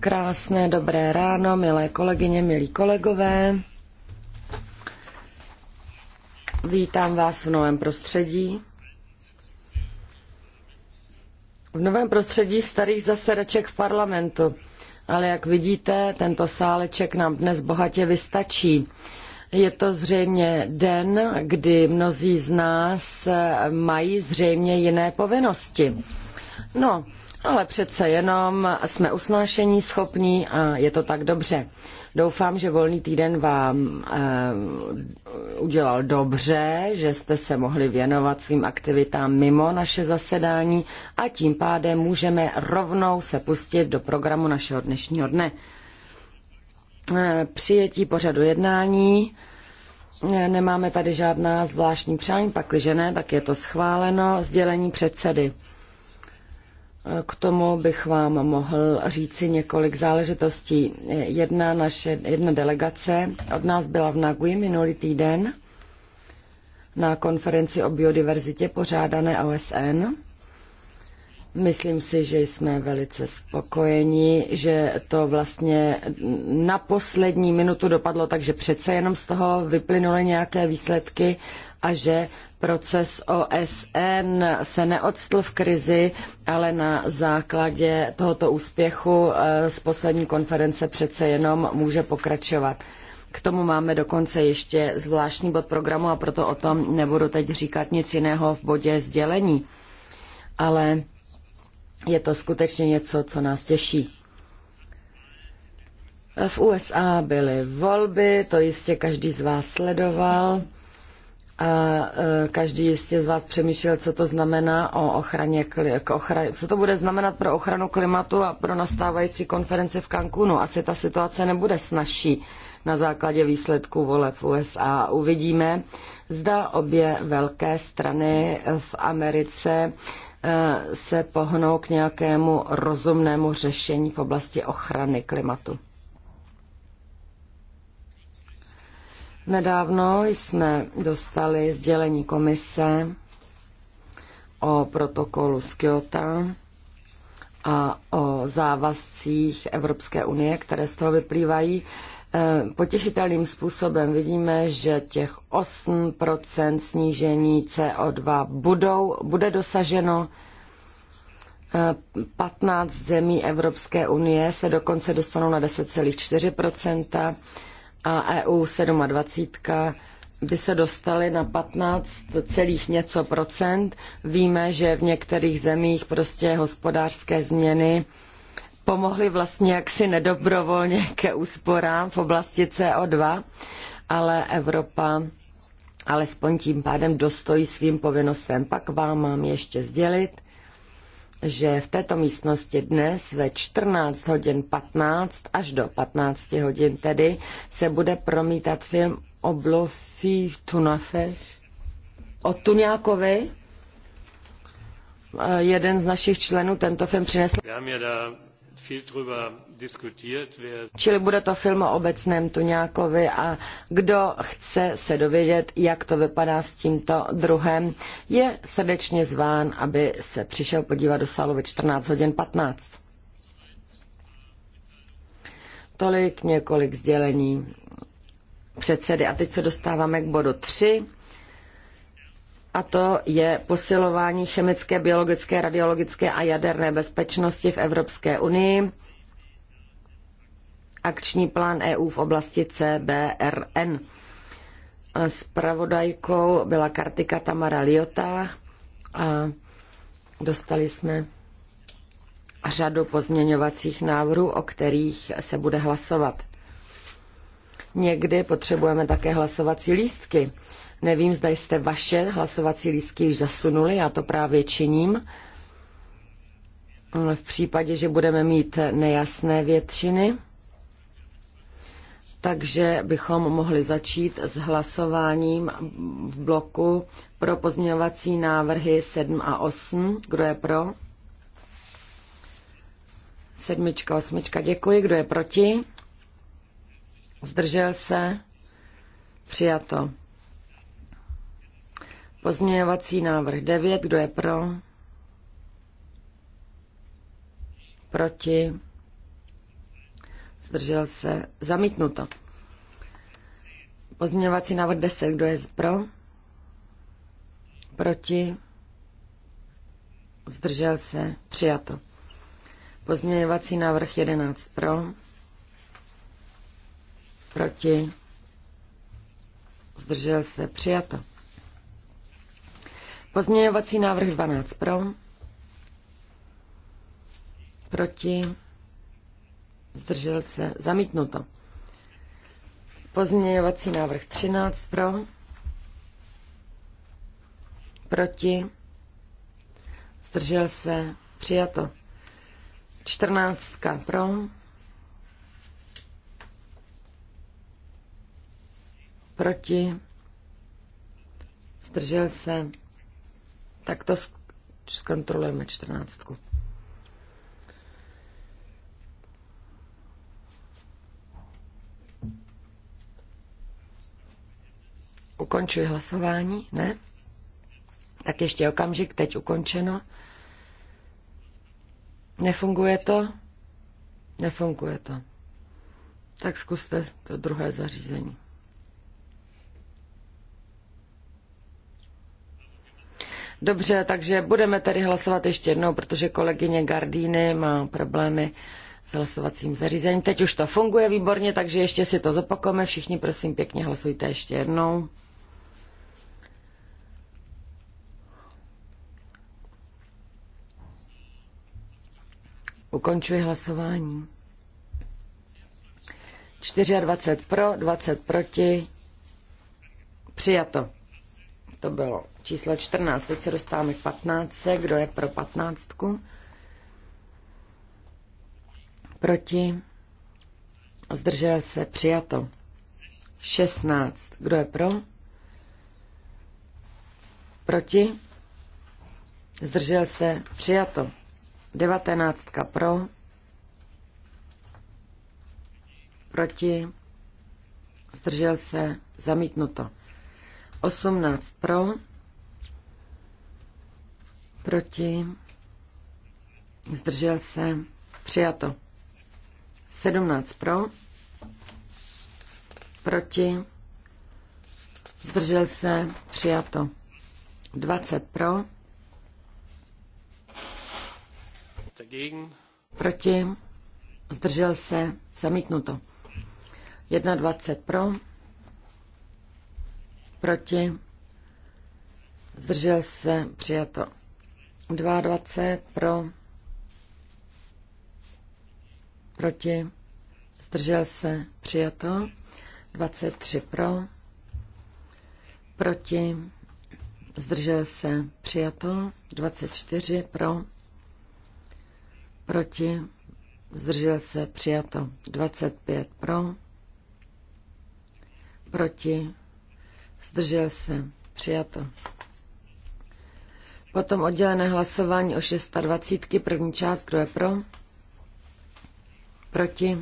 Krásné dobré ráno, milé kolegyně, milí kolegové. Vítám vás v novém prostředí. V novém prostředí starých zasedaček v parlamentu. Ale jak vidíte, tento sáleček nám dnes bohatě vystačí. Je to zřejmě den, kdy mnozí z nás mají zřejmě jiné povinnosti. No, ale přece jenom jsme usnášení schopní a je to tak dobře. Doufám, že volný týden vám e, udělal dobře, že jste se mohli věnovat svým aktivitám mimo naše zasedání a tím pádem můžeme rovnou se pustit do programu našeho dnešního dne přijetí pořadu jednání. Nemáme tady žádná zvláštní přání, pakliže ne, tak je to schváleno. Sdělení předsedy. K tomu bych vám mohl říci několik záležitostí. Jedna, naše, jedna delegace od nás byla v Nagui minulý týden na konferenci o biodiverzitě pořádané OSN. Myslím si, že jsme velice spokojeni, že to vlastně na poslední minutu dopadlo, takže přece jenom z toho vyplynuly nějaké výsledky a že proces OSN se neodstl v krizi, ale na základě tohoto úspěchu eh, z poslední konference přece jenom může pokračovat. K tomu máme dokonce ještě zvláštní bod programu a proto o tom nebudu teď říkat nic jiného v bodě sdělení. Ale je to skutečně něco, co nás těší. V USA byly volby, to jistě každý z vás sledoval a e, každý jistě z vás přemýšlel, co to znamená o ochraně, k ochraně, co to bude znamenat pro ochranu klimatu a pro nastávající konferenci v Cancunu. Asi ta situace nebude snažší na základě výsledků voleb v USA. Uvidíme, zda obě velké strany v Americe Eh, se pohnou k nějakému rozumnému řešení v oblasti ochrany klimatu. Nedávno jsme dostali sdělení komise o protokolu z Kyoto a o závazcích Evropské unie, které z toho vyplývají. Eh, potěšitelným způsobem vidíme, že těch 8% snížení CO2 budou, bude dosaženo. 15 eh, zemí Evropské unie se dokonce dostanou na 10,4% a EU 27 by se dostaly na 15 celých něco procent. Víme, že v některých zemích prostě hospodářské změny pomohli vlastně jaksi nedobrovolně ke úsporám v oblasti CO2, ale Evropa alespoň tím pádem dostojí svým povinnostem. Pak vám mám ještě sdělit, že v této místnosti dnes ve 14 hodin 15 až do 15 hodin tedy se bude promítat film Oblofí v Tunafeš o Tuňákovi. Eh, jeden z našich členů tento film přinesl. Čili bude to film o obecném Tuňákovi a kdo chce se dovědět, jak to vypadá s tímto druhem, je srdečně zván, aby se přišel podívat do sálu ve 14 hodin 15. Tolik několik sdělení předsedy. A teď se dostáváme k bodu 3 a to je posilování chemické, biologické, radiologické a jaderné bezpečnosti v Evropské unii. Akční plán EU v oblasti CBRN. Spravodajkou byla Kartika Tamara Liotá a dostali jsme řadu pozměňovacích návrhů, o kterých se bude hlasovat. Někdy potřebujeme také hlasovací lístky Nevím, zda jste vaše hlasovací lístky již zasunuli, já to právě činím. V případě, že budeme mít nejasné většiny, takže bychom mohli začít s hlasováním v bloku pro pozměňovací návrhy 7 a 8. Kdo je pro? Sedmička, osmička, děkuji. Kdo je proti? Zdržel se? Přijato. Pozměňovací návrh 9, kdo je pro? Proti? Zdržel se? Zamítnuto. Pozměňovací návrh 10, kdo je pro? Proti? Zdržel se? Přijato. Pozměňovací návrh 11 pro? Proti? Zdržel se? Přijato. Pozměňovací návrh 12 pro. Proti. Zdržel se. Zamítnuto. Pozměňovací návrh 13 pro. Proti. Zdržel se. Přijato. 14 pro. Proti. Zdržel se. Tak to zkontrolujeme čtrnáctku. Ukončuji hlasování, ne? Tak ještě okamžik, teď ukončeno. Nefunguje to? Nefunguje to. Tak zkuste to druhé zařízení. Dobře, takže budeme tedy hlasovat ještě jednou, protože kolegyně Gardíny má problémy s hlasovacím zařízením. Teď už to funguje výborně, takže ještě si to zopakujeme. Všichni prosím pěkně hlasujte ještě jednou. Ukončuji hlasování. 24 pro, 20 proti. Přijato. To bylo číslo 14. Teď se dostáváme k 15. Kdo je pro 15? Proti? Zdržel se. Přijato. 16. Kdo je pro? Proti? Zdržel se. Přijato. 19. Pro? Proti? Zdržel se. Zamítnuto. 18 pro, proti, zdržel se, přijato. 17 pro, proti, zdržel se, přijato. 20 pro, proti, zdržel se, zamítnuto. 21 pro, Proti? Zdržel se? Přijato. 22 pro. Proti? Zdržel se? Přijato. 23 pro. Proti? Zdržel se? Přijato. 24 pro. Proti? Zdržel se? Přijato. 25 pro. Proti? Zdržel se. Přijato. Potom oddělené hlasování o 620. První část. Kdo je pro? Proti?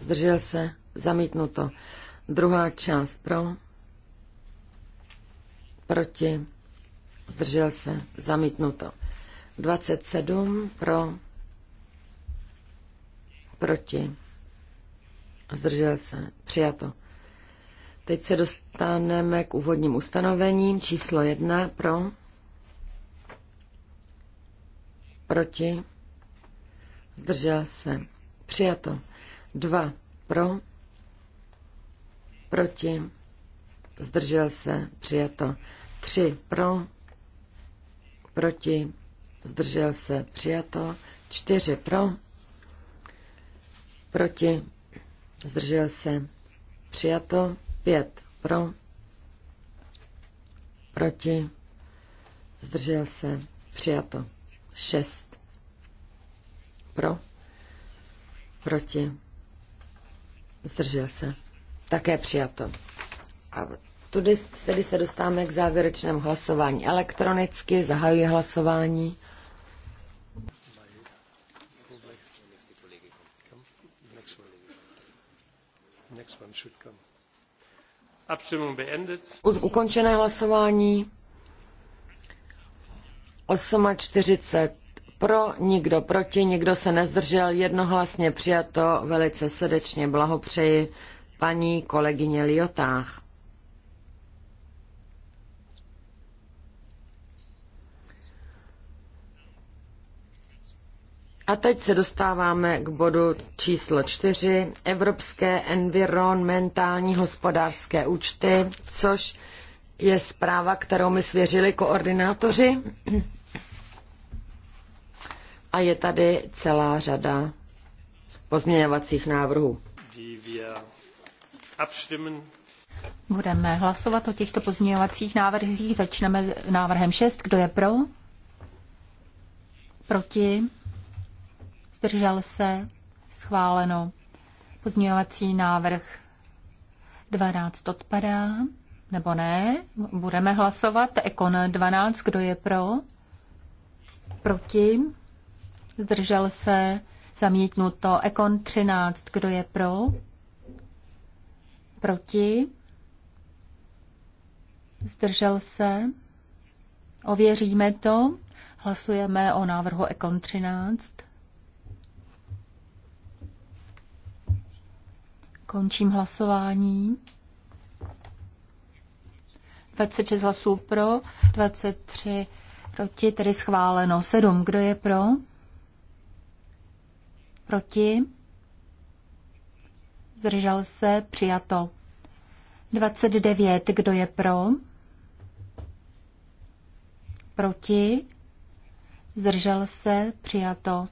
Zdržel se. Zamítnuto. Druhá část. Pro? Proti? Zdržel se. Zamítnuto. 27 pro, proti, zdržel se, přijato. Teď se dostaneme k úvodním ustanovením. Číslo jedna pro. Proti. Zdržel se. Přijato. Dva pro. Proti. Zdržel se. Přijato. Tři pro. Proti. Zdržel se. Přijato. Čtyři pro. Proti. Zdržel se. Přijato. Pět pro, proti, zdržel se, přijato. Šest pro, proti, zdržel se, také přijato. A tudy, tedy se dostáváme k závěrečnému hlasování. Elektronicky zahajuji hlasování. Next one should come. Ukončené hlasování. 8.40 pro, nikdo proti, nikdo se nezdržel, jednohlasně přijato, velice srdečně blahopřeji paní kolegyně Liotách. A teď se dostáváme k bodu číslo čtyři, Evropské environmentální hospodářské účty, což je zpráva, kterou mi svěřili koordinátoři. A je tady celá řada pozměňovacích návrhů. Budeme hlasovat o těchto pozměňovacích návrzích. Začneme návrhem 6. Kdo je pro? Proti? zdržel se, schváleno. Pozměňovací návrh 12 odpadá, nebo ne? Budeme hlasovat. Ekon 12, kdo je pro? Proti? Zdržel se? Zamítnuto. Ekon 13, kdo je pro? Proti? Zdržel se? Ověříme to. Hlasujeme o návrhu Ekon 13. Končím hlasování. 26 hlasů pro, 23 proti, tedy schváleno. 7. Kdo je pro? Proti? Zdržel se? Přijato. 29. Kdo je pro? Proti? Zdržel se? Přijato.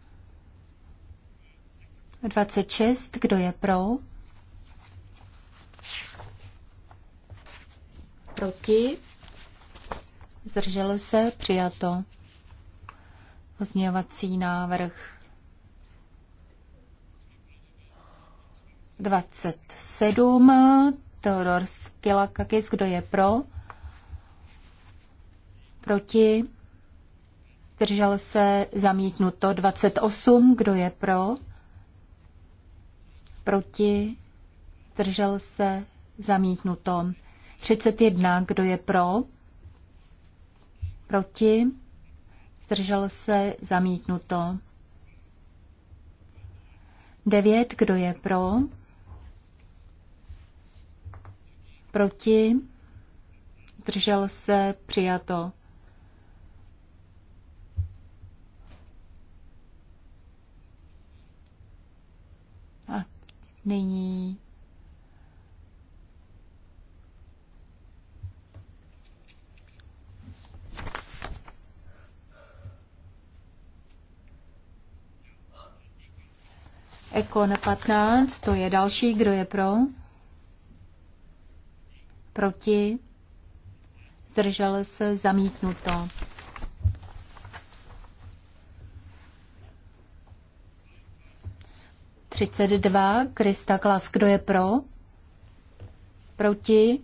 26. Kdo je pro? Proti? Zdržel se? Přijato. Pozměňovací návrh 27. Teodor Skilakakis, kdo je pro? Proti? Zdržel se zamítnuto 28. Kdo je pro? Proti? Zdržel se zamítnuto 31. Kdo je pro? Proti? Zdržel se? Zamítnuto. 9. Kdo je pro? Proti? Zdržel se? Přijato. A nyní Ekon 15, to je další, kdo je pro? Proti? Zdržel se zamítnuto. Třicet dva, Krista Klas, kdo je pro? Proti?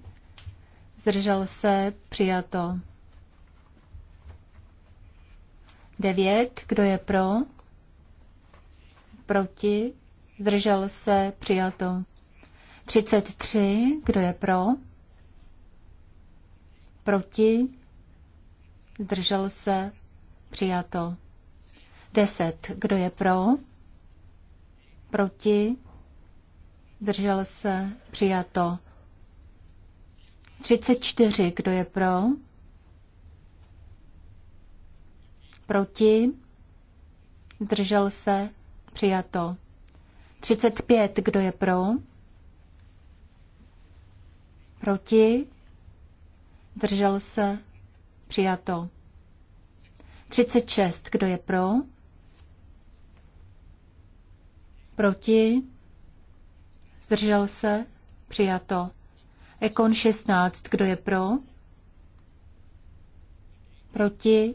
Zdržel se přijato. Devět, kdo je pro? proti, zdržel se, přijato. 33, kdo je pro, proti, zdržel se, přijato. 10, kdo je pro, proti, zdržel se, přijato. 34, kdo je pro, proti, zdržel se, Přijato. 35. Kdo je pro? Proti? Držel se? Přijato. 36. Kdo je pro? Proti? Zdržel se? Přijato. Ekon 16. Kdo je pro? Proti?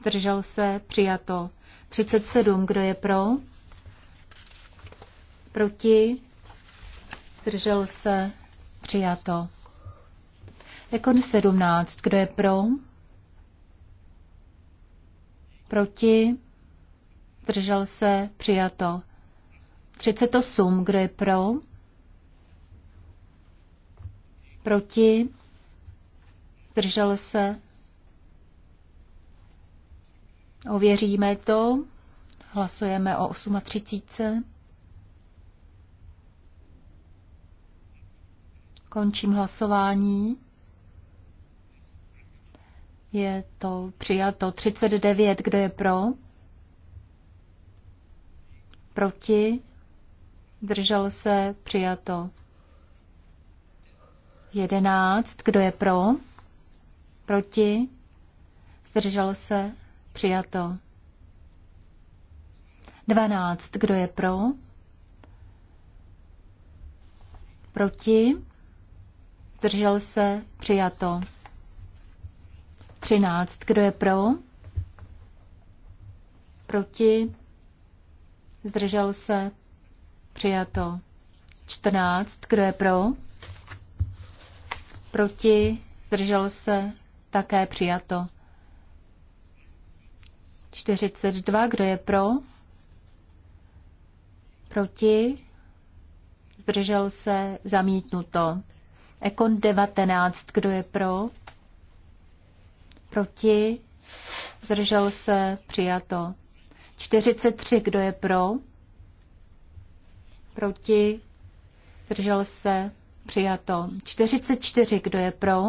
Zdržel se? Přijato. 37. Kdo je pro? Proti? Zdržel se? Přijato. Ekon 17. Kdo je pro? Proti? Zdržel se? Přijato. 38. Kdo je pro? Proti? Zdržel se? Ověříme to. Hlasujeme o 8.30. Končím hlasování. Je to přijato 39, kdo je pro? Proti? Držel se přijato 11, kdo je pro? Proti? Zdržel se Přijato. 12. Kdo je pro? Proti? Držel se? Přijato. 13. Kdo je pro? Proti? Zdržel se? Přijato. 14. Kdo je pro? Proti? Zdržel se? Také přijato. 42, kdo je pro? Proti? Zdržel se? Zamítnuto. Ekon 19, kdo je pro? Proti? Zdržel se? Přijato. 43, kdo je pro? Proti? Zdržel se? Přijato. 44, kdo je pro?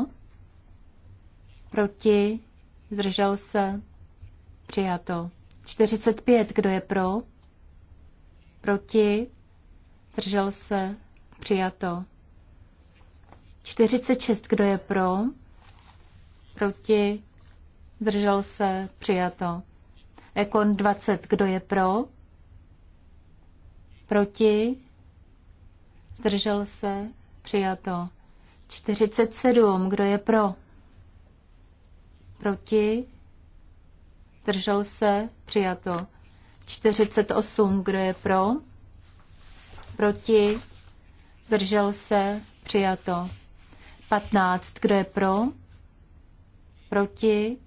Proti? Zdržel se? Přijato. 45. Kdo je pro? Proti? Držel se? Přijato. 46. Kdo je pro? Proti? Držel se? Přijato. Ekon 20. Kdo je pro? Proti? Držel se? Přijato. 47. Kdo je pro? Proti? Držel se? Přijato. 48. Kdo je pro? Proti? Držel se? Přijato. 15. Kdo je pro? Proti?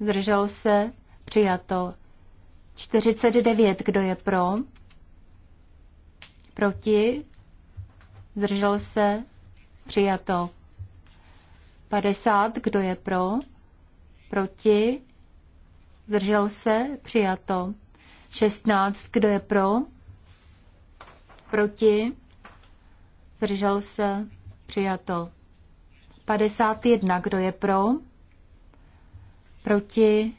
Držel se? Přijato. 49. Kdo je pro? Proti? Držel se? Přijato. 50. Kdo je pro? Proti? Zdržel se? Přijato. 16. Kdo je pro? Proti? Zdržel se? Přijato. 51. Kdo je pro? Proti?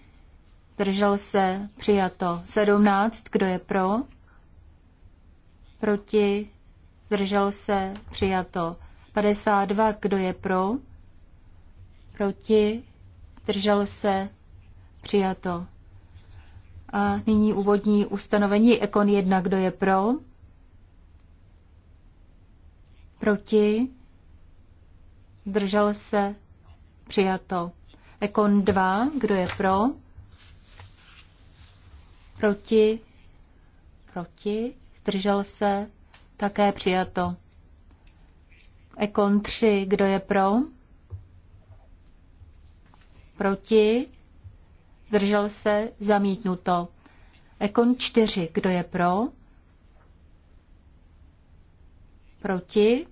Zdržel se? Přijato. 17. Kdo je pro? Proti? Zdržel se? Přijato. 52. Kdo je pro? Proti? Držel se? Přijato. A nyní úvodní ustanovení Ekon 1. Kdo je pro? Proti? Držel se? Přijato. Ekon 2. Kdo je pro? Proti? Proti? držel se? Také přijato. Ekon 3. Kdo je pro? Proti? zdržel se, zamítnuto. Ekon 4, kdo je pro? Proti?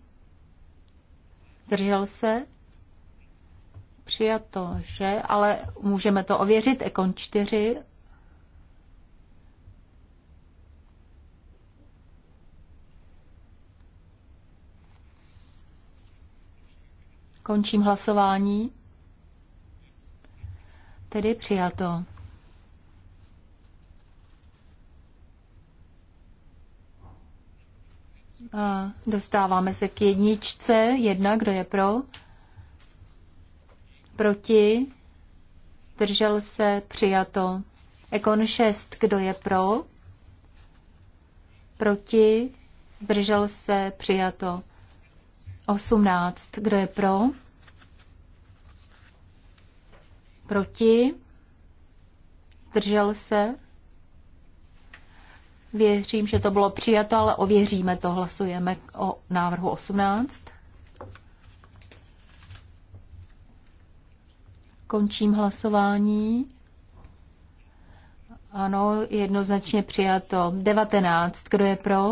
Zdržel se? Přijato, že? Ale můžeme to ověřit. Ekon 4, Končím hlasování tedy přijato. A dostáváme se k jedničce. Jedna, kdo je pro? Proti? Držel se? Přijato. Ekon 6, kdo je pro? Proti? Držel se? Přijato. 18, kdo je pro? Proti? Zdržel se? Věřím, že to bylo přijato, ale ověříme to. Hlasujeme o návrhu 18. Končím hlasování. Ano, jednoznačně přijato. 19. Kdo je pro?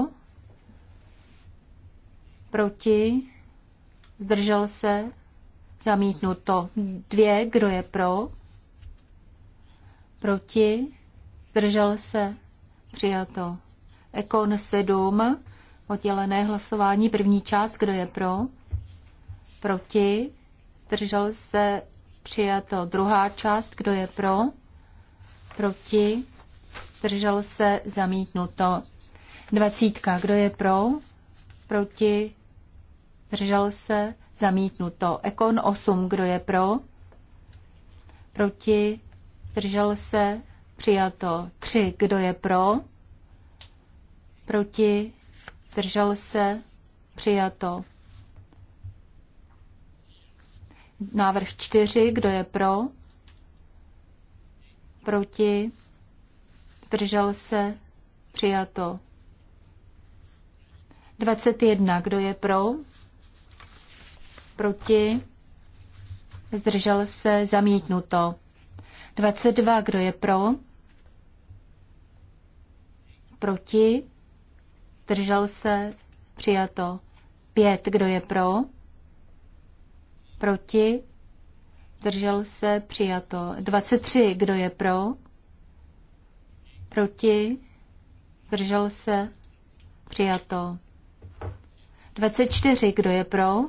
Proti? Zdržel se? Zamítnuto. Dvě, kdo je pro? Proti? Držel se? Přijato. Ekon 7. Oddělené hlasování. První část, kdo je pro? Proti? Držel se? Přijato. Druhá část, kdo je pro? Proti? Držel se? Zamítnuto. Dvacítka, kdo je pro? Proti? Držel se? zamítnuto. Ekon 8, kdo je pro? Proti? Držel se? Přijato. 3, kdo je pro? Proti? Držel se? Přijato. Návrh 4, kdo je pro? Proti? Držel se? Přijato. 21, kdo je pro? proti, zdržel se, zamítnuto. 22, kdo je pro, proti, zdržel se, přijato. 5, kdo je pro, proti, zdržel se, přijato. 23, kdo je pro, proti, zdržel se, přijato. 24, kdo je pro?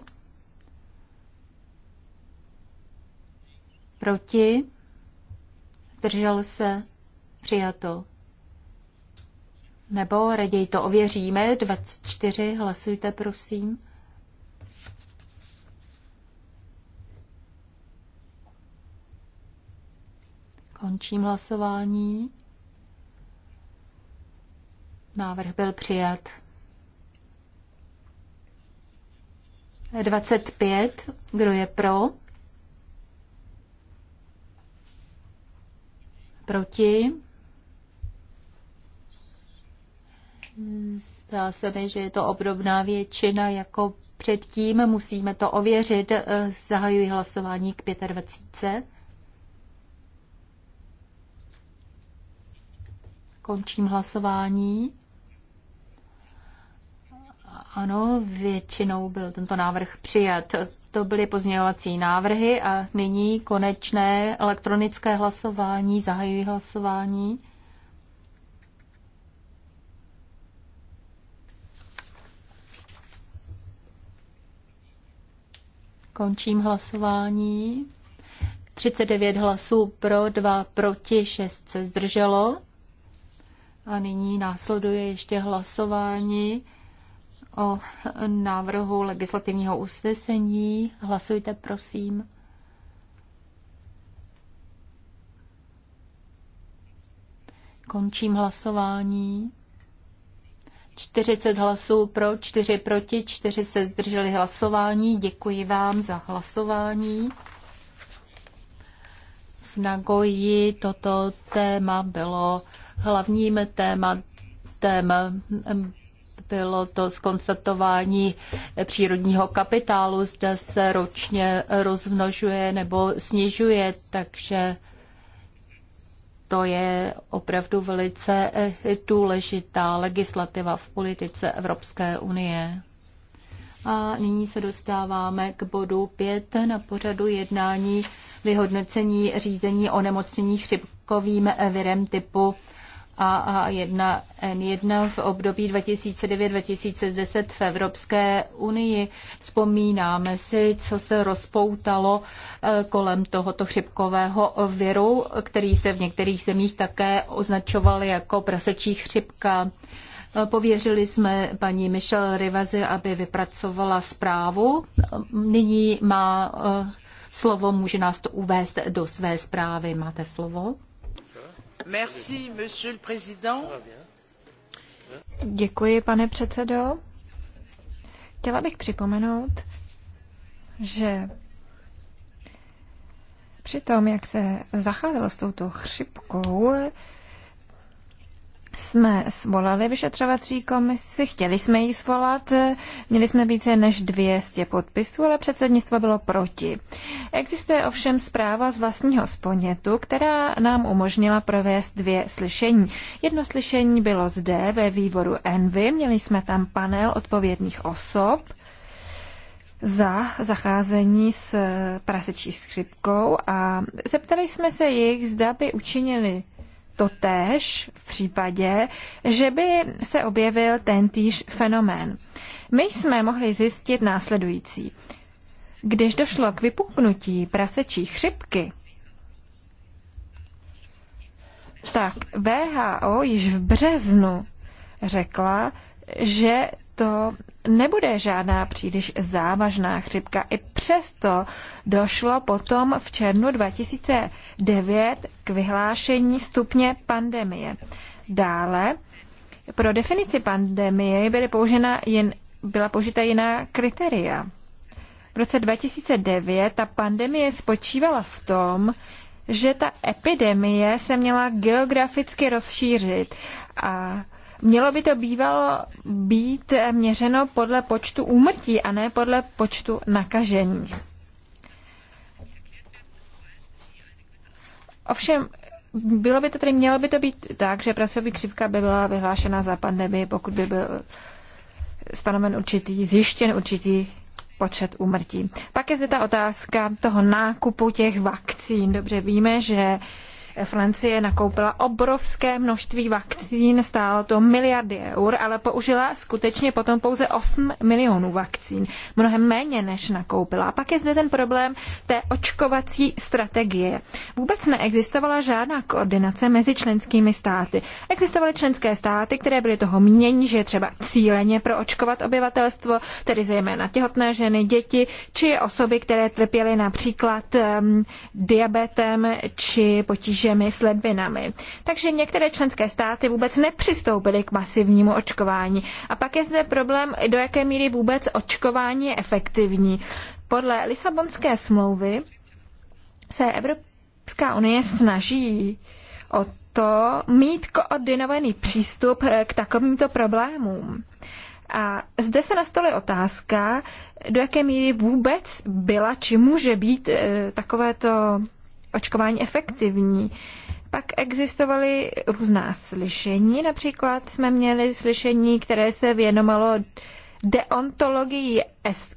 Proti? Zdržel se? Přijato. Nebo raději to ověříme. 24. Hlasujte, prosím. Končím hlasování. Návrh byl přijat. 25. Kdo je pro? Proti? Zdá se mi, že je to obdobná většina jako předtím. Musíme to ověřit. Zahajuji hlasování k 25. Končím hlasování. Ano, většinou byl tento návrh přijat. To byly pozměňovací návrhy a nyní konečné elektronické hlasování. Zahajuji hlasování. Končím hlasování. 39 hlasů pro, 2 proti, 6 se zdrželo. A nyní následuje ještě hlasování o návrhu legislativního usnesení. Hlasujte, prosím. Končím hlasování. 40 hlasů pro, 4 proti, 4 se zdrželi hlasování. Děkuji vám za hlasování. V Nagoji toto téma bylo hlavním tématem bylo to skonstatování přírodního kapitálu, zda se ročně rozmnožuje nebo snižuje, takže to je opravdu velice eh, důležitá legislativa v politice Evropské unie. A nyní se dostáváme k bodu 5 na pořadu jednání vyhodnocení řízení o nemocnění chřipkovým virem typu aa 1 n 1 v období 2009-2010 v Evropské unii. Vzpomínáme si, co se rozpoutalo eh, kolem tohoto chřipkového viru, který se v některých zemích také označoval jako prasečí chřipka. Eh, pověřili jsme paní Michelle Rivazi, aby vypracovala zprávu. Nyní má eh, slovo, může nás to uvést do své zprávy. Máte slovo? Děkuji, pane předsedo. Chtěla bych připomenout, že při tom, jak se zacházelo s touto chřipkou, jsme svolali vyšetřovací komisi, chtěli jsme ji svolat, měli jsme více než 200 podpisů, ale předsednictvo bylo proti. Existuje ovšem zpráva z vlastního sponětu, která nám umožnila provést dvě slyšení. Jedno slyšení bylo zde ve výboru Envy, měli jsme tam panel odpovědných osob, za zacházení s eh, prasečí skřipkou a zeptali jsme se jich, zda by učinili totéž v případě, že by se objevil tentýž fenomén. My jsme mohli zjistit následující. Když došlo k vypuknutí prasečí chřipky, tak VHO již v březnu řekla, že to nebude žádná příliš závažná chřipka. I přesto došlo potom v červnu 2009 k vyhlášení stupně pandemie. Dále pro definici pandemie byly použena jen, byla použita jiná kritéria. V roce 2009 ta pandemie spočívala v tom, že ta epidemie se měla geograficky rozšířit a Mělo by to bývalo být měřeno podle počtu úmrtí a ne podle počtu nakažených. Ovšem, bylo by to tedy, mělo by to být tak, že pracovní křivka by byla vyhlášena za pandemii, pokud by byl stanoven určitý, zjištěn určitý počet úmrtí. Pak je zde ta otázka toho nákupu těch vakcín. Dobře víme, že Francie nakoupila obrovské množství vakcín, stálo to miliardy eur, ale použila skutečně potom pouze 8 milionů vakcín. Mnohem méně, než nakoupila. A pak je zde ten problém té očkovací strategie. Vůbec neexistovala žádná koordinace mezi členskými státy. Existovaly členské státy, které byly toho mění, že je třeba cíleně proočkovat obyvatelstvo, tedy zejména těhotné ženy, děti, či osoby, které trpěly například um, diabetem či potíže všemi sledbinami. Takže některé členské státy vůbec nepřistoupily k masivnímu očkování. A pak je zde problém, do jaké míry vůbec očkování je efektivní. Podle Lisabonské smlouvy se Evropská unie snaží o to mít koordinovaný přístup eh, k takovýmto problémům. A zde se nastaly otázka, do jaké míry vůbec byla či může být e, takovéto očkování efektivní. Pak existovaly různá slyšení, například jsme měli slyšení, které se věnovalo deontologii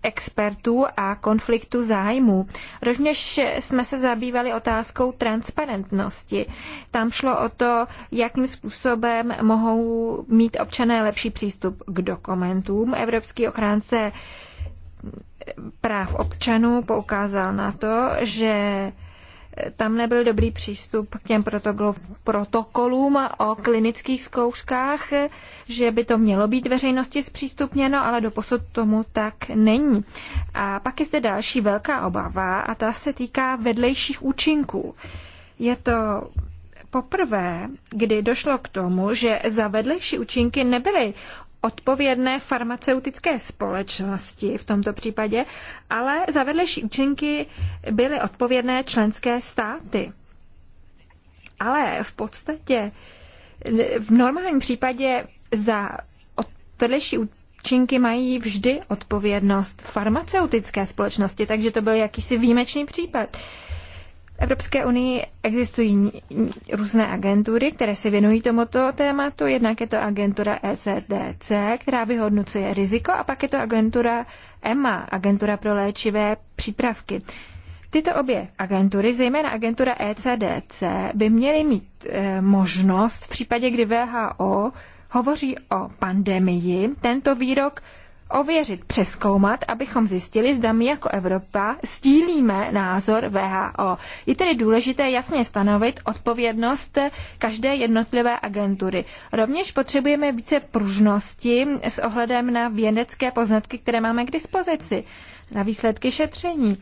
expertů a konfliktu zájmů. Rovněž jsme se zabývali otázkou transparentnosti. Tam šlo o to, jakým způsobem mohou mít občané lepší přístup k dokumentům. Evropský ochránce práv občanů poukázal na to, že tam nebyl dobrý přístup k těm protokolům o klinických zkouškách, že by to mělo být veřejnosti zpřístupněno, ale doposud tomu tak není. A pak je zde další velká obava a ta se týká vedlejších účinků. Je to poprvé, kdy došlo k tomu, že za vedlejší účinky nebyly odpovědné farmaceutické společnosti v tomto případě, ale za vedlejší účinky byly odpovědné členské státy. Ale v podstatě v normálním případě za vedlejší účinky mají vždy odpovědnost farmaceutické společnosti, takže to byl jakýsi výjimečný případ. Uh, v Evropské unii existují různé agentury, které se věnují tomuto tématu. Jednak je to agentura ECDC, která vyhodnocuje riziko, a pak je to agentura EMA, agentura pro léčivé přípravky. Tyto obě agentury, zejména agentura ECDC, by měly mít e, možnost v případě, kdy VHO hovoří o pandemii, tento výrok ověřit, přeskoumat, abychom zjistili, zda my jako Evropa stílíme názor VHO. Je tedy důležité jasně stanovit odpovědnost každé jednotlivé agentury. Rovněž potřebujeme více pružnosti s ohledem na vědecké poznatky, které máme k dispozici, na výsledky šetření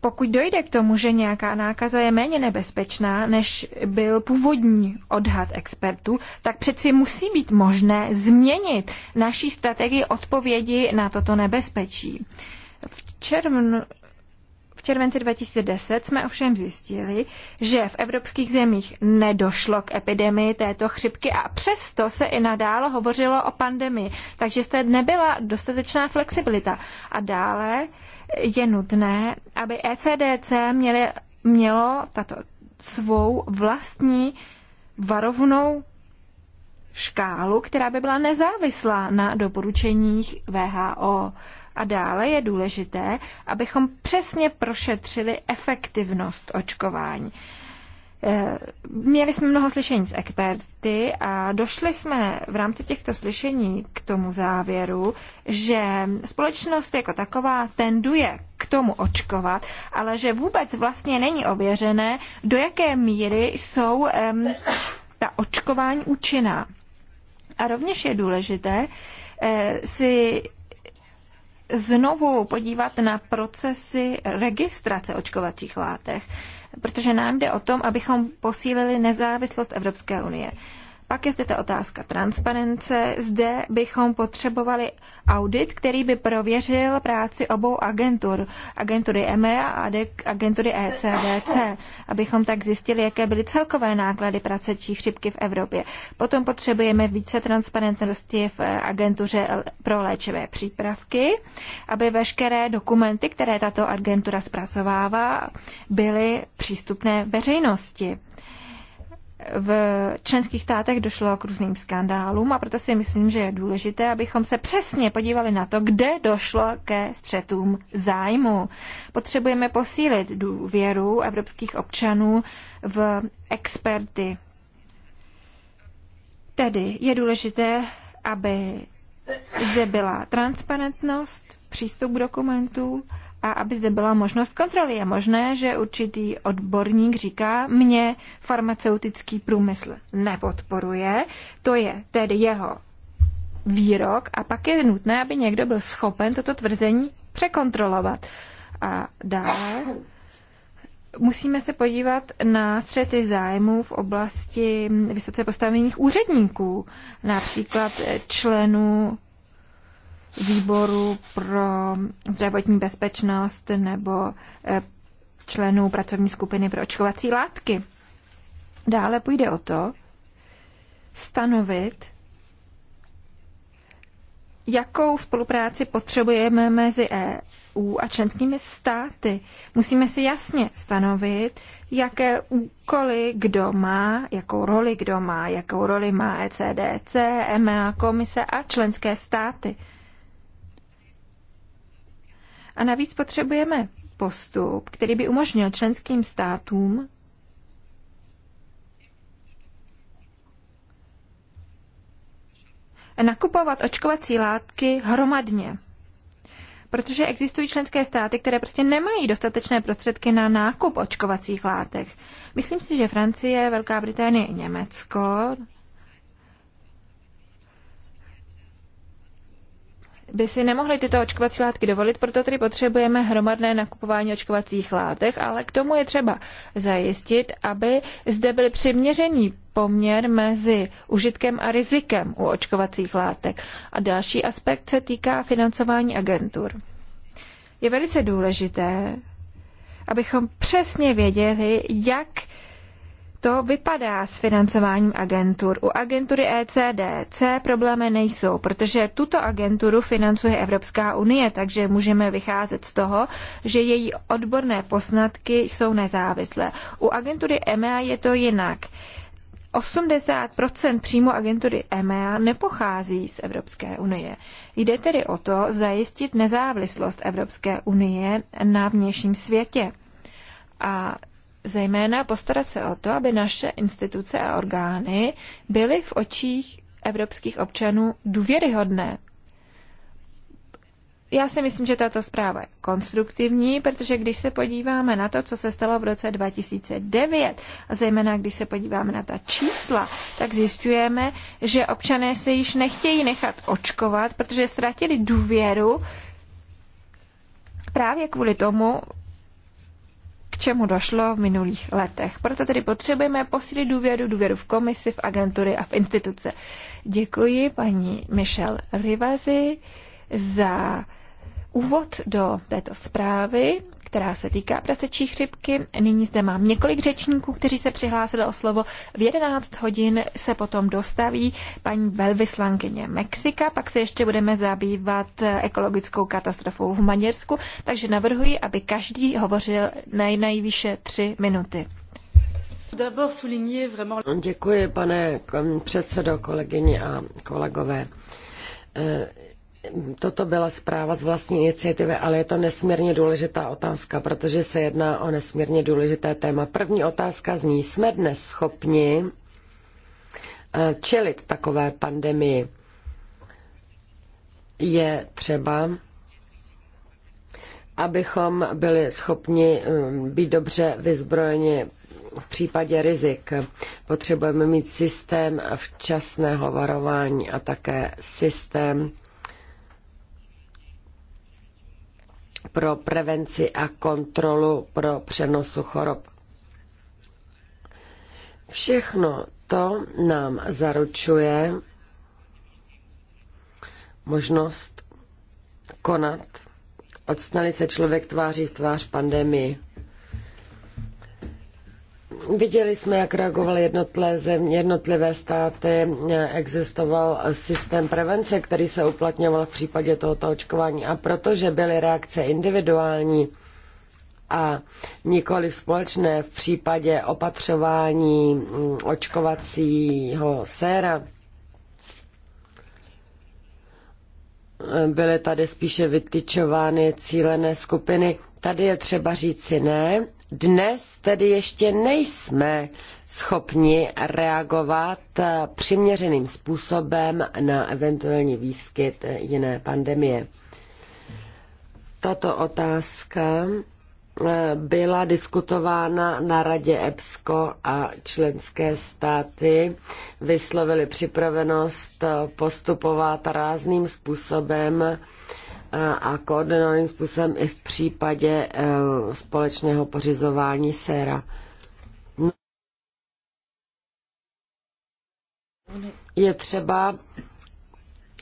pokud dojde k tomu, že nějaká nákaza je méně nebezpečná, než byl původní odhad expertů, tak přeci musí být možné změnit naší strategii odpovědi na toto nebezpečí. V, červnu, v červenci 2010 jsme ovšem zjistili, že v evropských zemích nedošlo k epidemii této chřipky a přesto se i nadále hovořilo o pandemii, takže zde nebyla dostatečná flexibilita. A dále je nutné, aby ECDC měli, mělo tato svou vlastní varovnou škálu, která by byla nezávislá na doporučeních VHO. A dále je důležité, abychom přesně prošetřili efektivnost očkování. Eh, měli jsme mnoho slyšení s experty a došli jsme v rámci těchto slyšení k tomu závěru, že společnost jako taková tenduje k tomu očkovat, ale že vůbec vlastně není ověřené, do jaké míry jsou um, ta očkování účinná. A rovněž je důležité uh, si znovu podívat na procesy registrace očkovacích látek. Uh, protože nám jde o tom, abychom posílili nezávislost Evropské unie. Pak je zde ta otázka transparence. Zde bychom potřebovali audit, který by prověřil práci obou agentur, agentury EME e a agentury ECDC, abychom tak zjistili, jaké byly celkové náklady pracečí chřipky v Evropě. Potom potřebujeme více transparentnosti v eh, agentuře pro léčivé přípravky, aby veškeré dokumenty, které tato agentura zpracovává, byly přístupné veřejnosti v členských státech došlo k různým skandálům a proto si myslím, že je důležité, abychom se přesně podívali na to, kde došlo ke střetům zájmu. Potřebujeme posílit důvěru evropských občanů v experty. Tedy je důležité, aby zde byla transparentnost, přístup k dokumentům a aby zde byla možnost kontroly. Je možné, že určitý odborník říká, mě farmaceutický průmysl nepodporuje, to je tedy jeho výrok a pak je nutné, aby někdo byl schopen toto tvrzení překontrolovat. A dále musíme se podívat na střety zájmů v oblasti vysoce postavených úředníků, například členů výboru pro zdravotní bezpečnost nebo eh, členů pracovní skupiny pro očkovací látky. Dále půjde o to stanovit, jakou spolupráci potřebujeme mezi EU a členskými státy. Musíme si jasně stanovit, jaké úkoly kdo má, jakou roli kdo má, jakou roli má ECDC, EMA, komise a členské státy. A navíc potřebujeme postup, který by umožnil členským státům nakupovat očkovací látky hromadně. Protože existují členské státy, které prostě nemají dostatečné prostředky na nákup očkovacích látek. Myslím si, že Francie, Velká Británie i Německo by si nemohli tyto očkovací látky dovolit, proto tedy potřebujeme hromadné nakupování očkovacích látek, ale k tomu je třeba zajistit, aby zde byl přiměřený poměr mezi užitkem a rizikem u očkovacích látek. A další aspekt se týká financování agentur. Je velice důležité, abychom přesně věděli, jak to vypadá s financováním agentur. U agentury ECDC problémy nejsou, protože tuto agenturu financuje Evropská unie, takže můžeme vycházet z toho, že její odborné posnatky jsou nezávislé. U agentury EMEA je to jinak. 80 příjmu agentury EMEA nepochází z Evropské unie. Jde tedy o to zajistit nezávislost Evropské unie na vnějším světě. A zejména postarat se o to, aby naše instituce a orgány byly v očích evropských občanů důvěryhodné. Já si myslím, že tato zpráva je konstruktivní, protože když se podíváme na to, co se stalo v roce 2009, a zejména když se podíváme na ta čísla, tak zjistujeme, že občané se již nechtějí nechat očkovat, protože ztratili důvěru právě kvůli tomu, k čemu došlo v minulých letech. Proto tedy potřebujeme posílit důvěru, důvěru v komisi, v agentury a v instituce. Děkuji paní Michelle Rivazi za úvod do této zprávy která se týká prasečí chřipky. Nyní zde mám několik řečníků, kteří se přihlásili o slovo. V 11 hodin se potom dostaví paní velvyslankyně Mexika, pak se ještě budeme zabývat ekologickou katastrofou v Maďarsku, takže navrhuji, aby každý hovořil nej, nejvýše minuty. Děkuji, pane předsedo, kolegyně a kolegové. Eh, Toto byla zpráva z vlastní iniciativy, ale je to nesmírně důležitá otázka, protože se jedná o nesmírně důležité téma. První otázka zní, jsme dnes schopni eh, čelit takové pandemii? Je třeba abychom byli schopni eh, být dobře vyzbrojeni v případě rizik. Potřebujeme mít systém včasného varování a také systém pro prevenci a kontrolu pro přenosu chorob. Všechno to nám zaručuje možnost konat, odstnali se člověk tváří v tvář pandemii. Viděli jsme, jak reagovaly jednotlivé země, jednotlivé státy. Existoval systém prevence, který se uplatňoval v případě tohoto očkování. A protože byly reakce individuální a nikoli společné v případě opatřování mm, očkovacího séra, byly tady spíše vytyčovány cílené skupiny. Tady je třeba říci ne, dnes tedy ještě nejsme schopni reagovat přiměřeným způsobem na eventuální výskyt jiné pandemie. Tato otázka eh, byla diskutována na radě EPSCO a členské státy vyslovily připravenost eh, postupovat rázným způsobem a koordinovaným způsobem i v případě eh, společného pořizování séra. No. Je třeba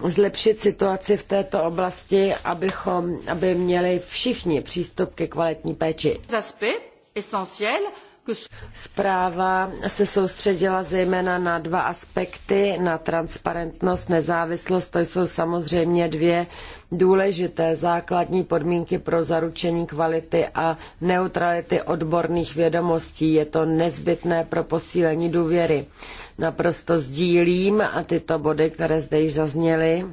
zlepšit situaci v této oblasti, abychom, aby měli všichni přístup ke kvalitní péči. Aspect essentiel Zpráva se soustředila zejména na dva aspekty, na transparentnost, nezávislost. To jsou samozřejmě dvě důležité základní podmínky pro zaručení kvality a neutrality odborných vědomostí. Je to nezbytné pro posílení důvěry. Naprosto sdílím a tyto body, které zde již zazněly,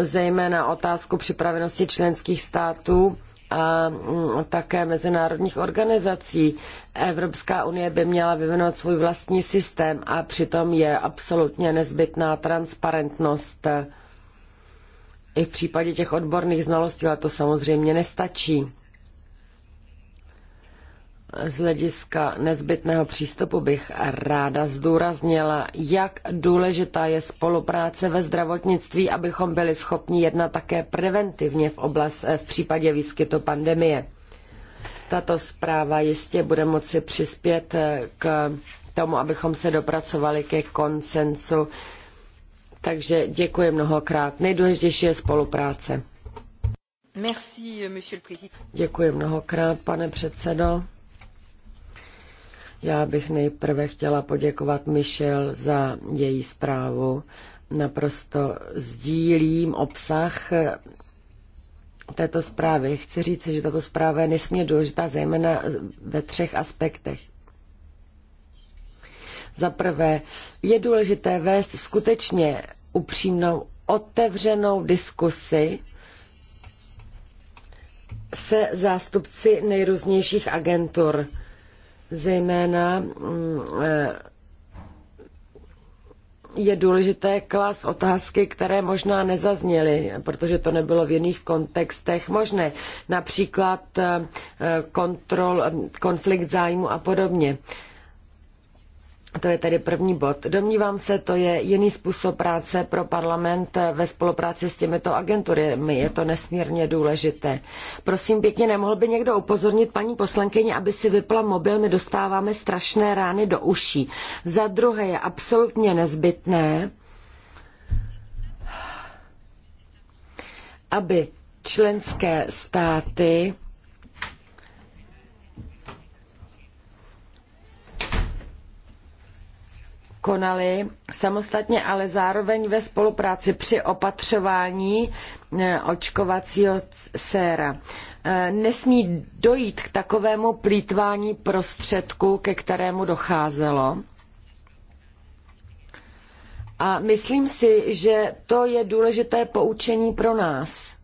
zejména otázku připravenosti členských států a mm, také mezinárodních organizací. Evropská unie by měla vyvinout svůj vlastní systém a přitom je absolutně nezbytná transparentnost i v případě těch odborných znalostí, ale to samozřejmě nestačí. Z hlediska nezbytného přístupu bych ráda zdůraznila, jak důležitá je spolupráce ve zdravotnictví, abychom byli schopni jednat také preventivně v, oblast, v případě výskytu pandemie. Tato zpráva jistě bude moci přispět eh, k tomu, abychom se dopracovali ke konsensu. Takže děkuji mnohokrát. Nejdůležitější je spolupráce. Merci, Děkuji mnohokrát, pane předsedo. Já bych nejprve chtěla poděkovat Michelle za její zprávu. Naprosto sdílím obsah této zprávy. Chci říct, že tato zpráva je nesmírně důležitá, zejména ve třech aspektech. Za prvé, je důležité vést skutečně upřímnou, otevřenou diskusi se zástupci nejrůznějších agentur Zejména mm, eh, je důležité klást otázky, které možná nezazněly, protože to nebylo v jiných kontextech možné. Například eh, kontrol, eh, konflikt zájmu a podobně. To je tedy první bod. Domnívám se, to je jiný způsob práce pro parlament ve spolupráci s těmito agenturami. Je to nesmírně důležité. Prosím pěkně, nemohl by někdo upozornit paní poslankyni, aby si vypla mobil, my dostáváme strašné rány do uší. Za druhé je absolutně nezbytné, aby členské státy konali samostatně, ale zároveň ve spolupráci při opatřování eh, očkovacího séra. Eh, nesmí dojít k takovému plítvání prostředku, ke kterému docházelo. A myslím si, že to je důležité poučení pro nás.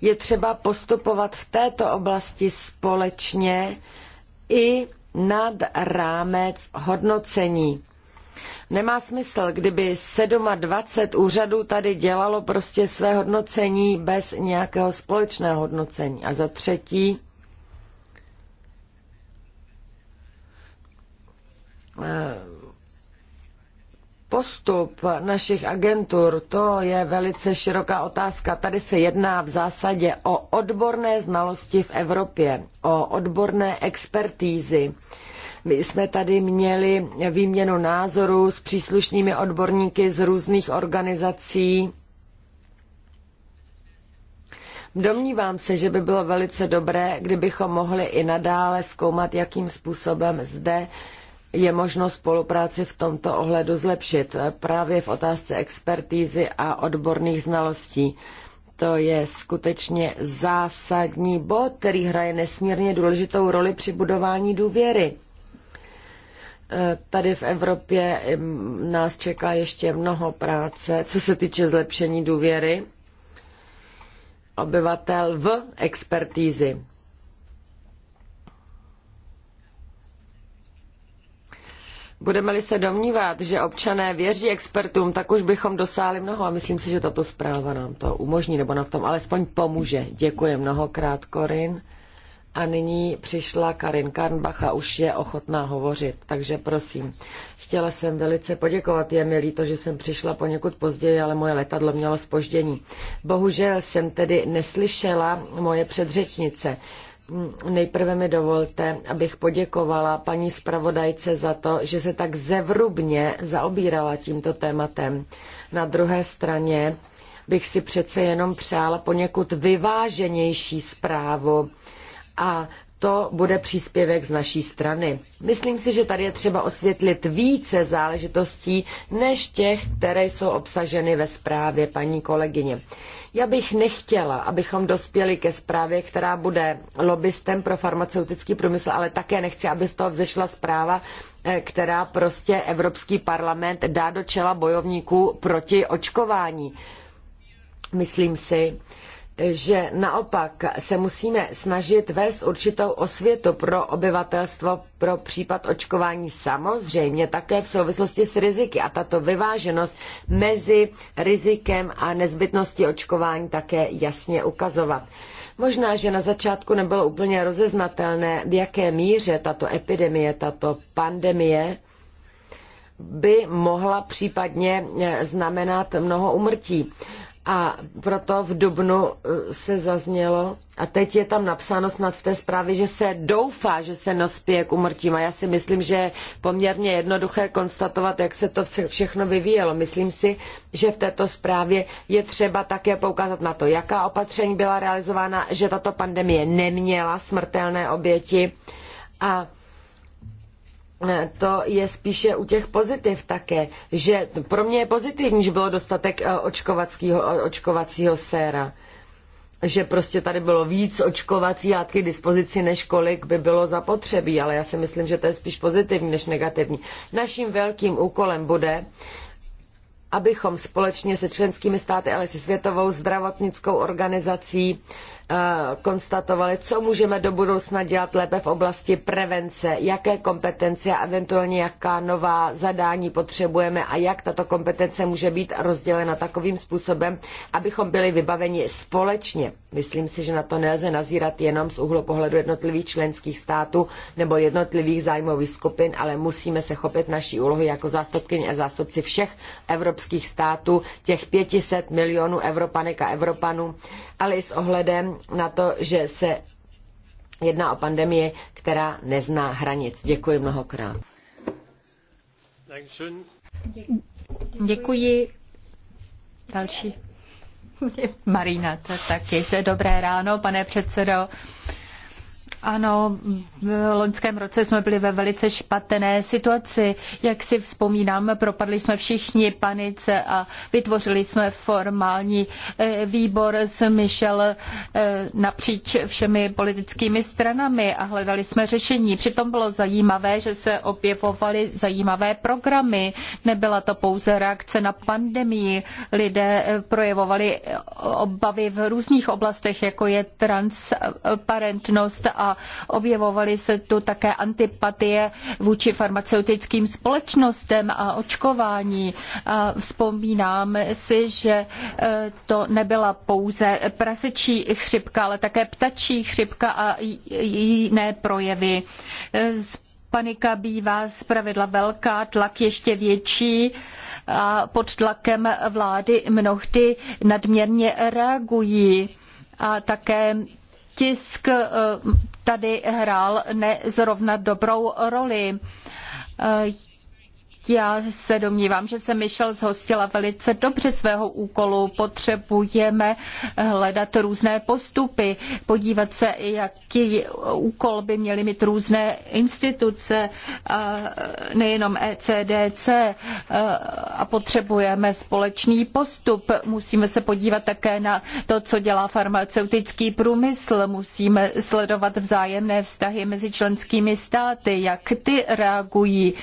Je třeba postupovat v této oblasti společně i nad rámec hodnocení. Nemá smysl, kdyby 27 úřadů tady dělalo prostě své hodnocení bez nějakého společného hodnocení. A za třetí, Postup našich agentur, to je velice široká otázka. Tady se jedná v zásadě o odborné znalosti v Evropě, o odborné expertízy. My jsme tady měli výměnu názorů s příslušnými odborníky z různých organizací. Domnívám se, že by bylo velice dobré, kdybychom mohli i nadále zkoumat, jakým způsobem zde je možno spolupráci v tomto ohledu zlepšit právě v otázce expertízy a odborných znalostí. To je skutečně zásadní bod, který hraje nesmírně důležitou roli při budování důvěry. Tady v Evropě nás čeká ještě mnoho práce, co se týče zlepšení důvěry obyvatel v expertízy. Budeme-li se domnívat, že občané věří expertům, tak už bychom dosáhli mnoho a myslím si, že tato zpráva nám to umožní, nebo nám v tom alespoň pomůže. Děkuji mnohokrát, Korin. A nyní přišla Karin Karnbach a už je ochotná hovořit, takže prosím. Chtěla jsem velice poděkovat, je mi líto, že jsem přišla poněkud později, ale moje letadlo mělo spoždění. Bohužel jsem tedy neslyšela moje předřečnice. Nejprve mi dovolte, abych poděkovala paní zpravodajce za to, že se tak zevrubně zaobírala tímto tématem. Na druhé straně bych si přece jenom přála poněkud vyváženější zprávu a to bude příspěvek z naší strany. Myslím si, že tady je třeba osvětlit více záležitostí než těch, které jsou obsaženy ve zprávě paní kolegyně. Já bych nechtěla, abychom dospěli ke zprávě, která bude lobbystem pro farmaceutický průmysl, ale také nechci, aby z toho vzešla zpráva, eh, která prostě Evropský parlament dá do čela bojovníků proti očkování. Myslím si, že naopak se musíme snažit vést určitou osvětu pro obyvatelstvo pro případ očkování samozřejmě také v souvislosti s riziky a tato vyváženost mezi rizikem a nezbytností očkování také jasně ukazovat. Možná, že na začátku nebylo úplně rozeznatelné, v jaké míře tato epidemie, tato pandemie by mohla případně eh, znamenat mnoho umrtí. A proto v Dubnu uh, se zaznělo, a teď je tam napsáno snad v té zprávě, že se doufá, že se nospěje k umrtím. A já si myslím, že je poměrně jednoduché konstatovat, jak se to všechno vyvíjelo. Myslím si, že v této zprávě je třeba také poukázat na to, jaká opatření byla realizována, že tato pandemie neměla smrtelné oběti. A to je spíše u těch pozitiv také, že pro mě je pozitivní, že bylo dostatek eh, očkovacího, eh, očkovacího séra. Že prostě tady bylo víc očkovací látky k dispozici, než kolik by bylo zapotřebí, ale já si myslím, že to je spíš pozitivní než negativní. Naším velkým úkolem bude, abychom společně se členskými státy, ale se Světovou zdravotnickou organizací Eh, konstatovali, co můžeme do budoucna dělat lépe v oblasti prevence, jaké kompetence a eventuálně jaká nová zadání potřebujeme a jak tato kompetence může být rozdělena takovým způsobem, abychom byli vybaveni společně. Myslím si, že na to nelze nazírat jenom z úhlu pohledu jednotlivých členských států nebo jednotlivých zájmových skupin, ale musíme se chopit naší úlohy jako zástupkyně a zástupci všech evropských států, těch 500 milionů Evropanek a Evropanů, ale i s ohledem na to, že se jedná o pandemii, která nezná hranic. Děkuji mnohokrát. Děkuji. Další. Marina, to taky. Dobré ráno, pane předsedo. Ano, v loňském roce jsme byli ve velice špatné situaci. Jak si vzpomínám, propadli jsme všichni panice a vytvořili jsme formální eh, výbor s Michel eh, napříč všemi politickými stranami a hledali jsme řešení. Přitom bylo zajímavé, že se objevovaly zajímavé programy. Nebyla to pouze reakce na pandemii. Lidé eh, projevovali obavy v různých oblastech, jako je transparentnost a objevovaly se tu také antipatie vůči farmaceutickým společnostem a očkování. A vzpomínáme si, že e, to nebyla pouze prasečí chřipka, ale také ptačí chřipka a jiné projevy. E, panika bývá zpravidla velká, tlak ještě větší a pod tlakem vlády mnohdy nadměrně reagují a také tisk eh, tady hrál nezrovna dobrou roli eh, já se domnívám, že se Michel zhostila velice dobře svého úkolu. Potřebujeme hledat různé postupy, podívat se, jaký úkol by měly mít různé instituce, nejenom ECDC, a potřebujeme společný postup. Musíme se podívat také na to, co dělá farmaceutický průmysl. Musíme sledovat vzájemné vztahy mezi členskými státy, jak ty reagují.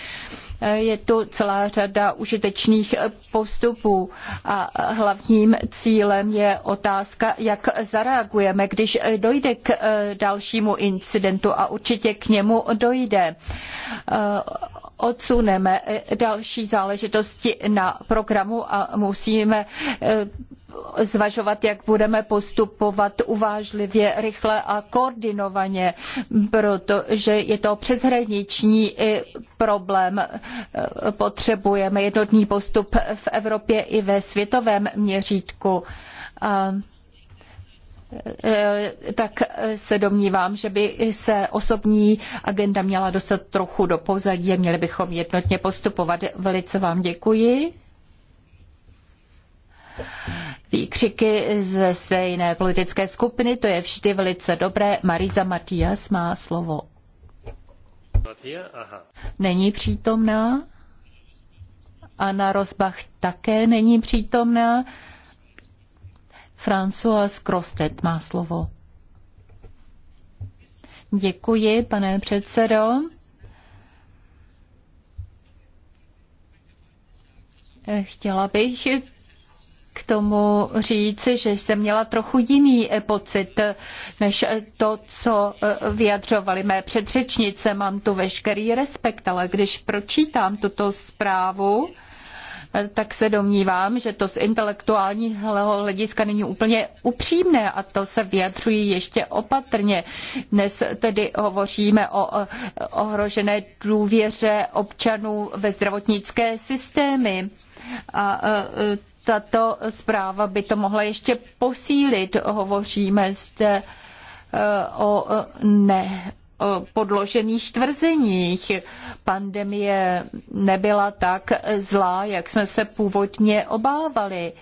Eh, je tu celá řada užitečných postupů a hlavním cílem je otázka, jak zareagujeme, když dojde k eh, dalšímu incidentu a určitě k němu dojde eh, odsuneme další záležitosti na programu a musíme zvažovat, jak budeme postupovat uvážlivě, rychle a koordinovaně, protože je to přeshraniční problém. Potřebujeme jednotný postup v Evropě i ve světovém měřítku. A e, tak se domnívám, že by se osobní agenda měla dostat trochu do pozadí a měli bychom jednotně postupovat. Velice vám děkuji výkřiky ze stejné politické skupiny, to je vždy velice dobré. Marisa Matias má slovo. Není přítomná. Anna Rozbach také není přítomná. François Krostet má slovo. Děkuji, pane předsedo. Chtěla bych k tomu říci, že jsem měla trochu jiný e, pocit e, než e, to, co vyjadřovali mé předřečnice. Mám tu veškerý respekt, ale když pročítám tuto zprávu, tak se domnívám, že to z intelektuálního hlediska není úplně upřímné a to se vyjadřují ještě opatrně. Dnes tedy hovoříme o ohrožené důvěře občanů ve zdravotnické systémy. A tato zpráva by to mohla ještě posílit. Hovoříme zde e, o ne podložených tvrzeních. Pandemie nebyla tak zlá, jak jsme se původně obávali.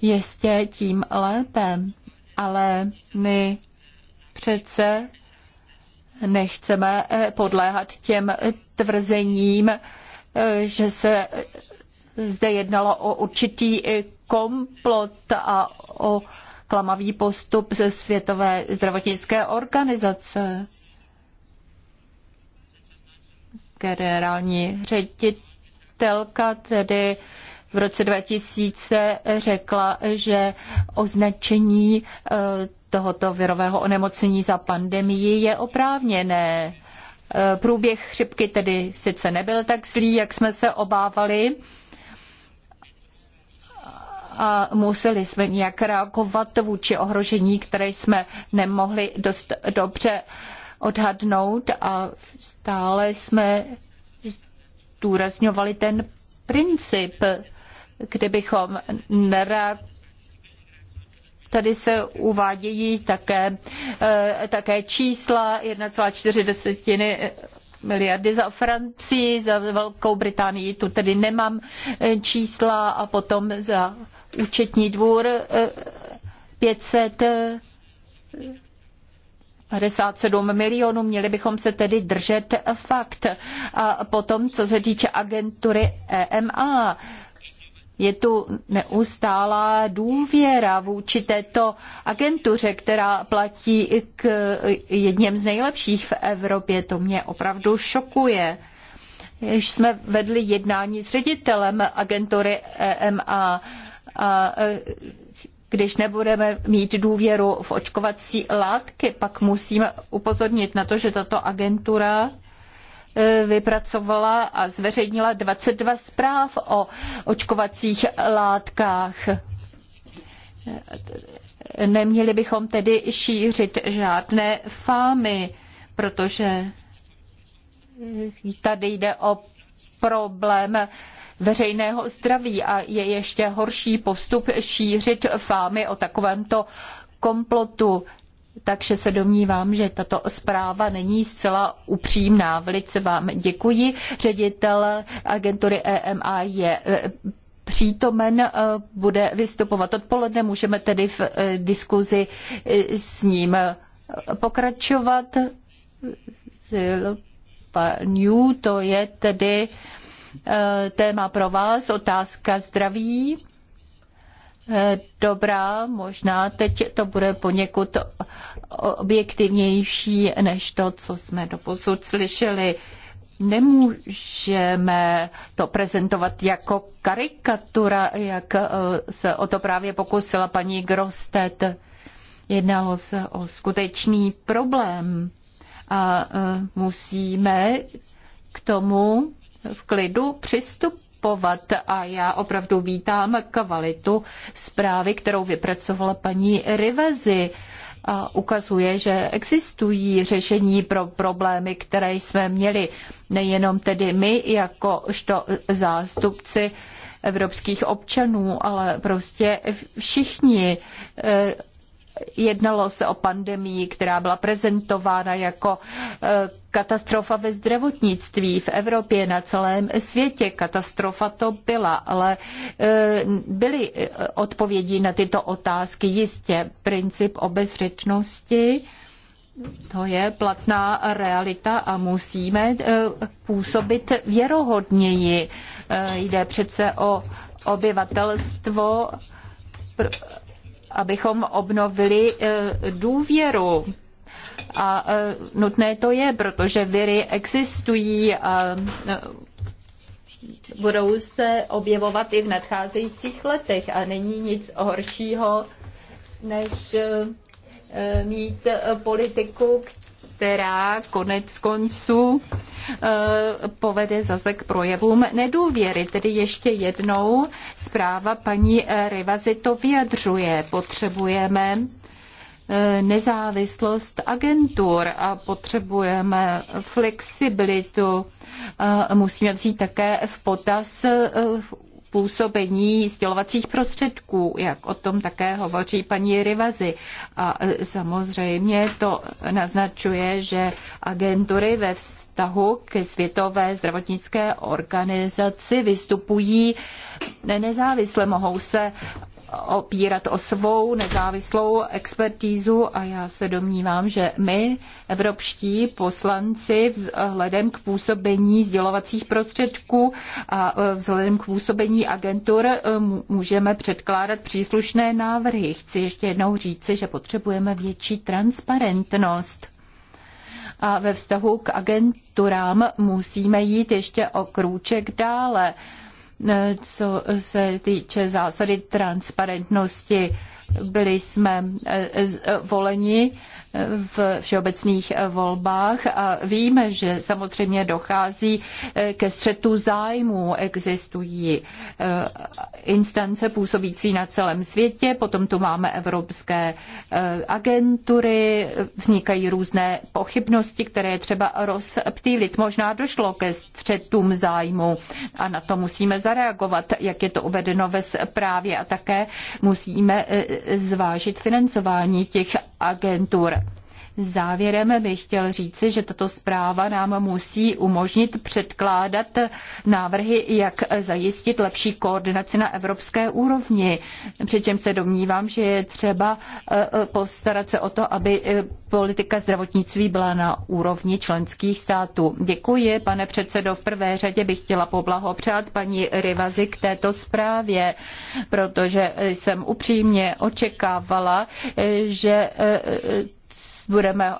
Jistě tím lépe, ale my přece nechceme e, podléhat těm tvrzením, e, že se zde jednalo o určitý komplot a o klamavý postup ze Světové zdravotnické organizace. Generální ředitelka tedy v roce 2000 řekla, že označení eh, tohoto virového onemocnění za pandemii je oprávněné. Eh, průběh chřipky tedy sice nebyl tak zlý, jak jsme se obávali, a museli jsme nějak reagovat vůči ohrožení, které jsme nemohli dost dobře odhadnout a stále jsme zdůrazňovali ten princip, kdybychom nereagovali Tady se uvádějí také, eh, také čísla 1,4 miliardy za Francii, za Velkou Británii, tu tedy nemám eh, čísla a potom za účetní dvůr 500 eh, 57 eh, milionů, měli bychom se tedy držet fakt. A potom, co se týče agentury EMA, je tu neustálá důvěra vůči této agentuře, která platí k jedním z nejlepších v Evropě. To mě opravdu šokuje. Když jsme vedli jednání s ředitelem agentury EMA, a e, když nebudeme mít důvěru v očkovací látky, pak musíme upozornit na to, že tato agentura E, vypracovala a zveřejnila 22 zpráv o očkovacích látkách. Neměli bychom tedy šířit žádné fámy, protože tady jde o problém veřejného zdraví a je ještě horší postup šířit fámy o takovémto komplotu takže se domnívám, že tato zpráva není zcela upřímná. Velice vám děkuji. Ředitel agentury EMA je e, přítomen, e, bude vystupovat odpoledne, můžeme tedy v e, diskuzi s ním pokračovat. New, to je tedy téma pro vás, otázka zdraví. Eh, dobrá, možná teď to bude poněkud objektivnější než to, co jsme doposud slyšeli. Nemůžeme to prezentovat jako karikatura, jak eh, se o to právě pokusila paní Grostet. Jednalo se o skutečný problém a eh, musíme k tomu v klidu přistupovat postupovat a já opravdu vítám kvalitu zprávy, kterou vypracovala paní Rivezi a ukazuje, že existují řešení pro problémy, které jsme měli nejenom tedy my, jakožto zástupci evropských občanů, ale prostě všichni Jednalo se o pandemii, která byla prezentována jako e, katastrofa ve zdravotnictví v Evropě, na celém světě. Katastrofa to byla, ale e, byly e, odpovědi na tyto otázky. Jistě princip obezřečnosti, to je platná realita a musíme působit věrohodněji. Jde přece o obyvatelstvo abychom obnovili eh, důvěru. A eh, nutné to je, protože viry existují a eh, budou se objevovat i v nadcházejících letech a není nic horšího, než mít politiku, která konec konců eh, povede zase k projevům nedůvěry. Tedy ještě jednou zpráva paní eh, Rivazi to vyjadřuje. Potřebujeme eh, nezávislost agentur a potřebujeme flexibilitu. Musíme vzít také v potaz v působení sdělovacích prostředků, jak o tom také hovoří paní Rivazy. A e, samozřejmě to naznačuje, že agentury ve vztahu k Světové zdravotnické organizaci vystupují nezávisle, mohou se opírat o svou nezávislou expertízu a já se domnívám, že my, evropští poslanci, vzhledem k působení sdělovacích prostředků a e, vzhledem k působení agentur e, můžeme předkládat příslušné návrhy. Chci ještě jednou říci, že potřebujeme větší transparentnost. A ve vztahu k agenturám musíme jít ještě o krůček dále. Eh, co se týče zásady transparentnosti. Byli jsme eh, eh, voleni v všeobecných volbách a víme, že samozřejmě dochází eh, ke střetu zájmů. Existují eh, instance působící na celém světě, potom tu máme evropské eh, agentury, vznikají různé pochybnosti, které je třeba rozptýlit. Možná došlo ke střetům zájmu a na to musíme zareagovat, jak je to uvedeno ve zprávě a také musíme zvážit financování těch agentur. Závěrem bych chtěl říci, že tato zpráva nám musí umožnit předkládat návrhy, jak zajistit lepší koordinaci na evropské úrovni. Přičem se domnívám, že je třeba e, e, postarat se o to, aby e, politika zdravotnictví byla na úrovni členských států. Děkuji, pane předsedo. V prvé řadě bych chtěla poblahopřát paní Rivazi k této zprávě, protože jsem upřímně očekávala, že budeme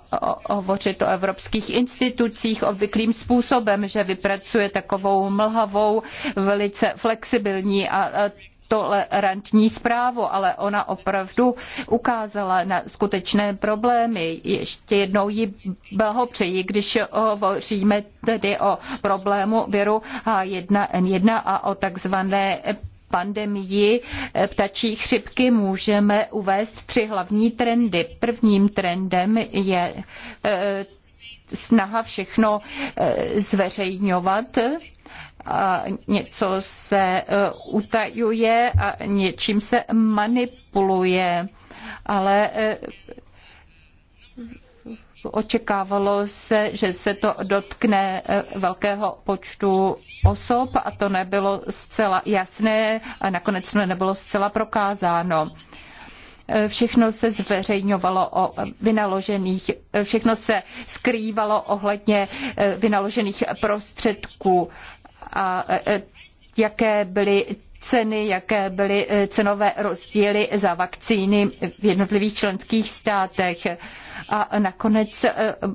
hovořit o evropských institucích obvyklým způsobem, že vypracuje takovou mlhavou, velice flexibilní a tolerantní zprávu, ale ona opravdu ukázala na skutečné problémy. Ještě jednou jí blahopřeji, když hovoříme tedy o problému viru H1N1 a o takzvané pandemii eh, ptačí chřipky můžeme uvést tři hlavní trendy. Prvním trendem je eh, snaha všechno eh, zveřejňovat a něco se utajuje a něčím se manipuluje. Ale Očekávalo se, že se to dotkne eh, velkého počtu osob a to nebylo zcela jasné a nakonec to nebylo zcela prokázáno eh, všechno se zveřejňovalo o vynaložených, eh, všechno se skrývalo ohledně vynaložených prostředků a jaké byly ceny, jaké byly cenové rozdíly za vakcíny v jednotlivých členských státech a nakonec eh,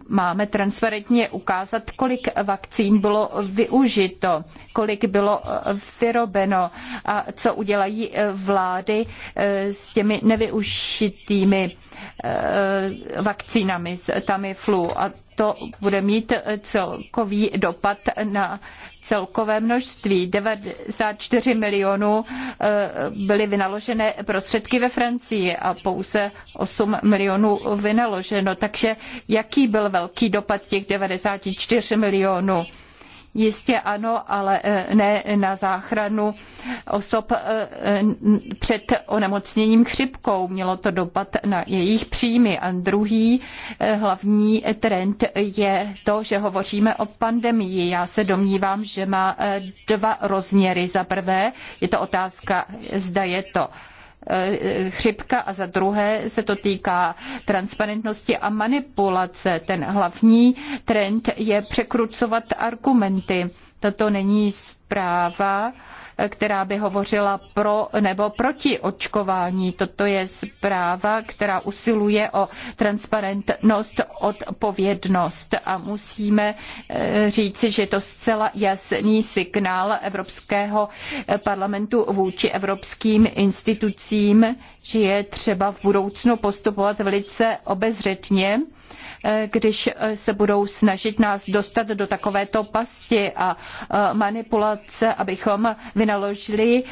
máme transparentně ukázat, kolik vakcín bylo využito, kolik bylo eh, vyrobeno a co udělají eh, vlády s těmi nevyužitými vakcínami, s Tamiflu a to bude mít celkový dopad na celkové množství. 94 milionů eh, byly vynaložené prostředky ve Francii a pouze 8 milionů vynaloženo. Takže jaký byl velký dopad těch 94 milionů? Jistě ano, ale eh, ne na záchranu osob eh, před onemocněním chřipkou. Mělo to dopad na jejich příjmy. A druhý eh, hlavní trend je to, že hovoříme o pandemii. Já se domnívám, že má dva rozměry. Za prvé je to otázka, zda je to Eh, chřipka a za druhé se to týká transparentnosti a manipulace. Ten hlavní trend je překrucovat argumenty. Toto není zpráva, která by hovořila pro nebo proti očkování. Toto je zpráva, která usiluje o transparentnost, odpovědnost a musíme eh, říci, že je to zcela jasný signál Evropského parlamentu vůči evropským institucím, že je třeba v budoucnu postupovat velice obezřetně Eh, když eh, se budou snažit nás dostat do takovéto pasti a eh, manipulace, abychom vynaložili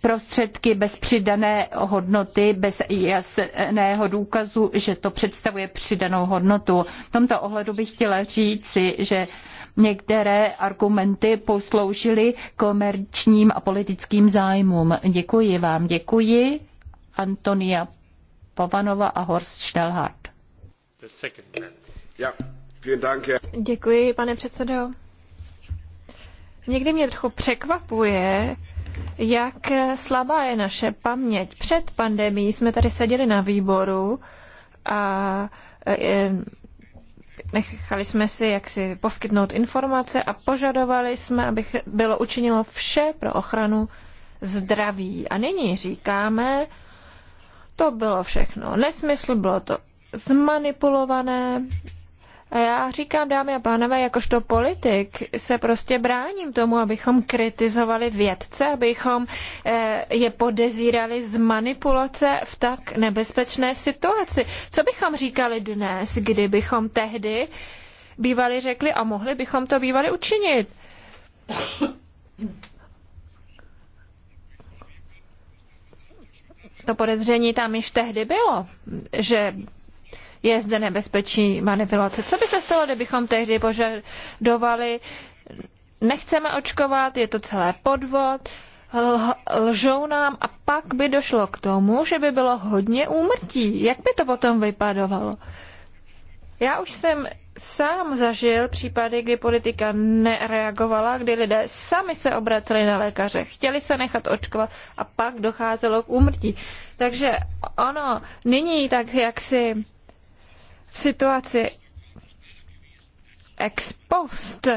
prostředky bez přidané hodnoty, bez jasného důkazu, že to představuje přidanou hodnotu. V tomto ohledu bych chtěla říci, že některé argumenty posloužily komerčním a politickým zájmům. Děkuji vám, děkuji. Antonia Pavanova a Horst Schnellhardt. Děkuji, pane předsedo. Někdy mě trochu překvapuje, jak slabá je naše paměť. Před pandemí jsme tady seděli na výboru a e, nechali jsme si jaksi poskytnout informace a požadovali jsme, aby bylo učiněno vše pro ochranu zdraví. A nyní říkáme, to bylo všechno nesmysl, bylo to zmanipulované. A já říkám, dámy a pánové, jakožto politik se prostě bráním tomu, abychom kritizovali vědce, abychom eh, je podezírali z manipulace v tak nebezpečné situaci. Co bychom říkali dnes, kdybychom tehdy bývali řekli a mohli bychom to bývali učinit? To podezření tam již tehdy bylo, že je zde nebezpečí manipulace. Co by se stalo, kdybychom tehdy požadovali, nechceme očkovat, je to celé podvod, lžou nám a pak by došlo k tomu, že by bylo hodně úmrtí. Jak by to potom vypadovalo? Já už jsem sám zažil případy, kdy politika nereagovala, kdy lidé sami se obraceli na lékaře, chtěli se nechat očkovat a pak docházelo k úmrtí. Takže ono nyní tak, jak si situaci ex post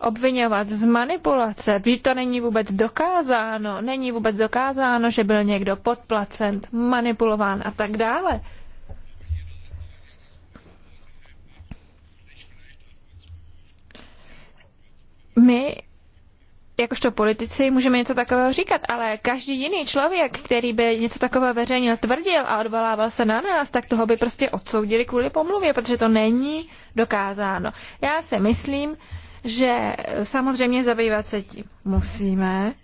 obvinovat z manipulace, když to není vůbec dokázáno, není vůbec dokázáno, že byl někdo podplacen, manipulován a tak dále. My jakožto politici můžeme něco takového říkat, ale každý jiný člověk, který by něco takového veřejně tvrdil a odvolával se na nás, tak toho by prostě odsoudili kvůli pomluvě, protože to není dokázáno. Já se myslím, že samozřejmě zabývat se tím musíme.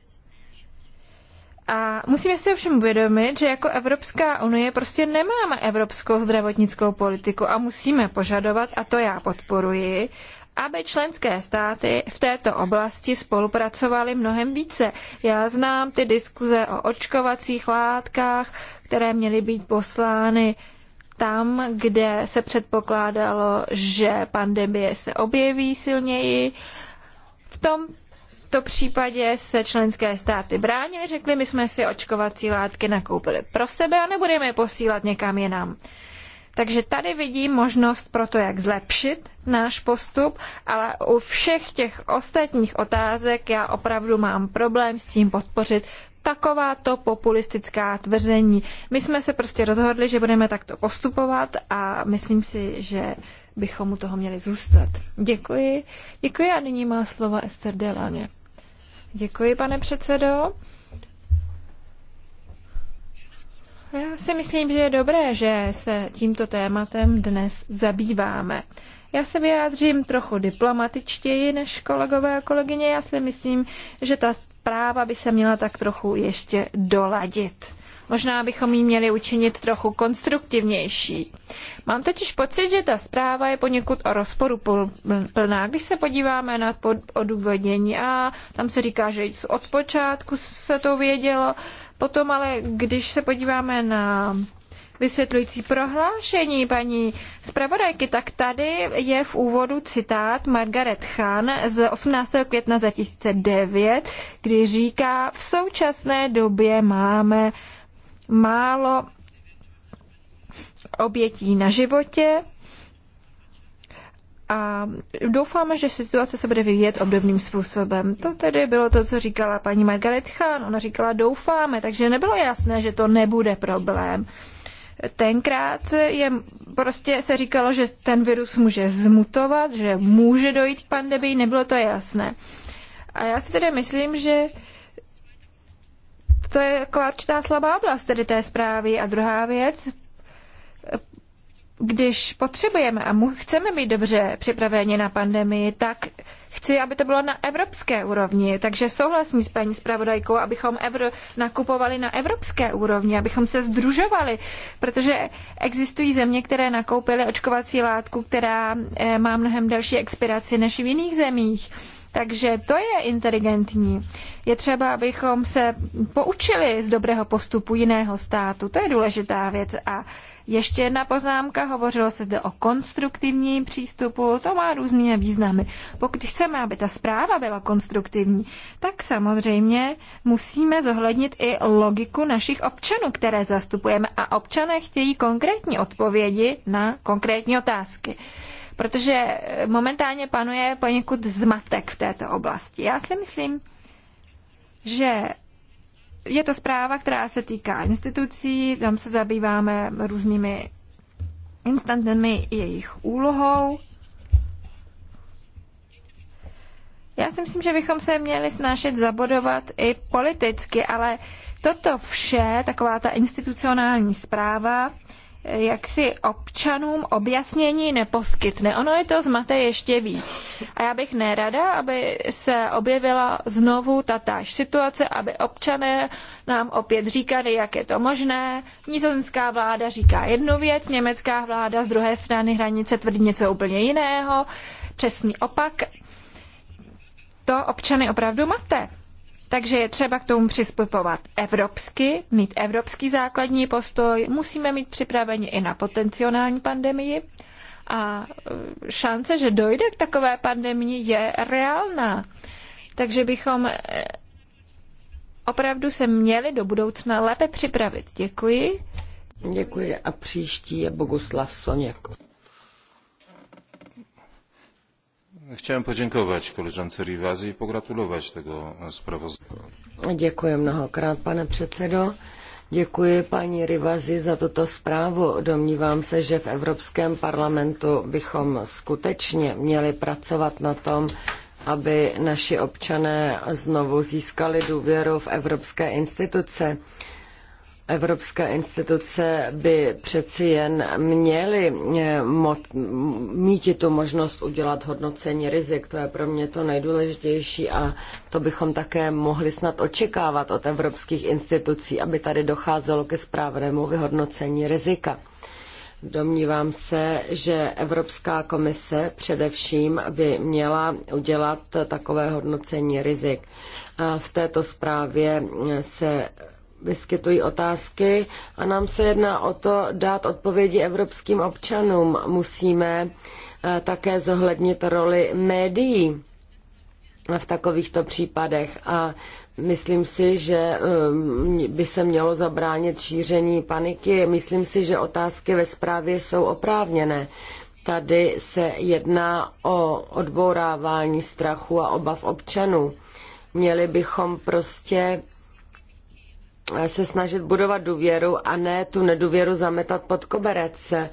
A musíme si ovšem uvědomit, že jako Evropská unie prostě nemáme evropskou zdravotnickou politiku a musíme požadovat, a to já podporuji, aby členské státy v této oblasti spolupracovaly mnohem více. Já znám ty diskuze o očkovacích látkách, které měly být poslány tam, kde se předpokládalo, že pandemie se objeví silněji. V tomto případě se členské státy bránily, řekly, my jsme si očkovací látky nakoupili pro sebe a nebudeme je posílat někam jinam. Takže tady vidím možnost pro to, jak zlepšit náš postup, ale u všech těch ostatních otázek já opravdu mám problém s tím podpořit takováto populistická tvrzení. My jsme se prostě rozhodli, že budeme takto postupovat a myslím si, že bychom u toho měli zůstat. Děkuji. Děkuji a nyní má slova Ester Delaně. Děkuji, pane předsedo. Já si myslím, že je dobré, že se tímto tématem dnes zabýváme. Já se vyjádřím trochu diplomatičtěji než kolegové a kolegyně. Já si myslím, že ta práva by se měla tak trochu ještě doladit. Možná bychom ji měli učinit trochu konstruktivnější. Mám totiž pocit, že ta zpráva je poněkud o rozporu plná. Když se podíváme na odůvodnění A, tam se říká, že od počátku se to vědělo, Potom ale, když se podíváme na vysvětlující prohlášení paní zpravodajky, tak tady je v úvodu citát Margaret Khan z 18. května 2009, kdy říká, v současné době máme málo obětí na životě, a doufáme, že situace se bude vyvíjet obdobným způsobem. To tedy bylo to, co říkala paní Margaret Khan. Ona říkala doufáme, takže nebylo jasné, že to nebude problém. Tenkrát je, prostě se říkalo, že ten virus může zmutovat, že může dojít k pandemii, nebylo to jasné. A já si tedy myslím, že to je taková určitá slabá oblast tedy té zprávy. A druhá věc, když potřebujeme a mu, chceme být dobře připraveni na pandemii, tak chci, aby to bylo na evropské úrovni. Takže souhlasím s paní zpravodajkou, abychom evro, nakupovali na evropské úrovni, abychom se združovali, protože existují země, které nakoupily očkovací látku, která eh, má mnohem delší expiraci než v jiných zemích. Takže to je inteligentní. Je třeba, abychom se poučili z dobrého postupu jiného státu. To je důležitá věc. A ještě jedna poznámka, hovořilo se zde o konstruktivním přístupu, to má různé významy. Pokud chceme, aby ta zpráva byla konstruktivní, tak samozřejmě musíme zohlednit i logiku našich občanů, které zastupujeme a občané chtějí konkrétní odpovědi na konkrétní otázky protože momentálně panuje poněkud zmatek v této oblasti. Já si myslím, že je to zpráva, která se týká institucí, tam se zabýváme různými instantnými jejich úlohou. Já si myslím, že bychom se měli snažit zabodovat i politicky, ale toto vše, taková ta institucionální zpráva, jak si občanům objasnění neposkytne. Ono je to zmate ještě víc. A já bych nerada, aby se objevila znovu tatáž situace, aby občané nám opět říkali, jak je to možné. Nizozemská vláda říká jednu věc, německá vláda z druhé strany hranice tvrdí něco úplně jiného, přesný opak. To občany opravdu mate. Takže je třeba k tomu přistupovat evropsky, mít evropský základní postoj, musíme mít připraveni i na potenciální pandemii a e, šance, že dojde k takové pandemii, je reálná. Takže bychom e, opravdu se měli do budoucna lépe připravit. Děkuji. Děkuji a příští je Boguslav Soněk. Chciałem poděkovat koleżance Rivazy i pogratulować tego sprawozdania. Děkuji mnohokrát, pane předsedo. Děkuji paní Rivazi za tuto zprávu. Domnívám se, že v Evropském parlamentu bychom skutečně měli pracovat na tom, aby naši občané znovu získali důvěru v evropské instituce evropské instituce by přeci jen měly eh, mít tu možnost udělat hodnocení rizik. To je pro mě to nejdůležitější a to bychom také mohli snad očekávat od evropských institucí, aby tady docházelo ke správnému vyhodnocení rizika. Domnívám se, že Evropská komise především by měla udělat takové hodnocení rizik. V této zprávě se vyskytují otázky a nám se jedná o to dát odpovědi evropským občanům. Musíme eh, také zohlednit roli médií v takovýchto případech a myslím si, že eh, by se mělo zabránit šíření paniky. Myslím si, že otázky ve zprávě jsou oprávněné. Tady se jedná o odbourávání strachu a obav občanů. Měli bychom prostě se snažit budovat důvěru a ne tu nedůvěru zametat pod koberec. Eh,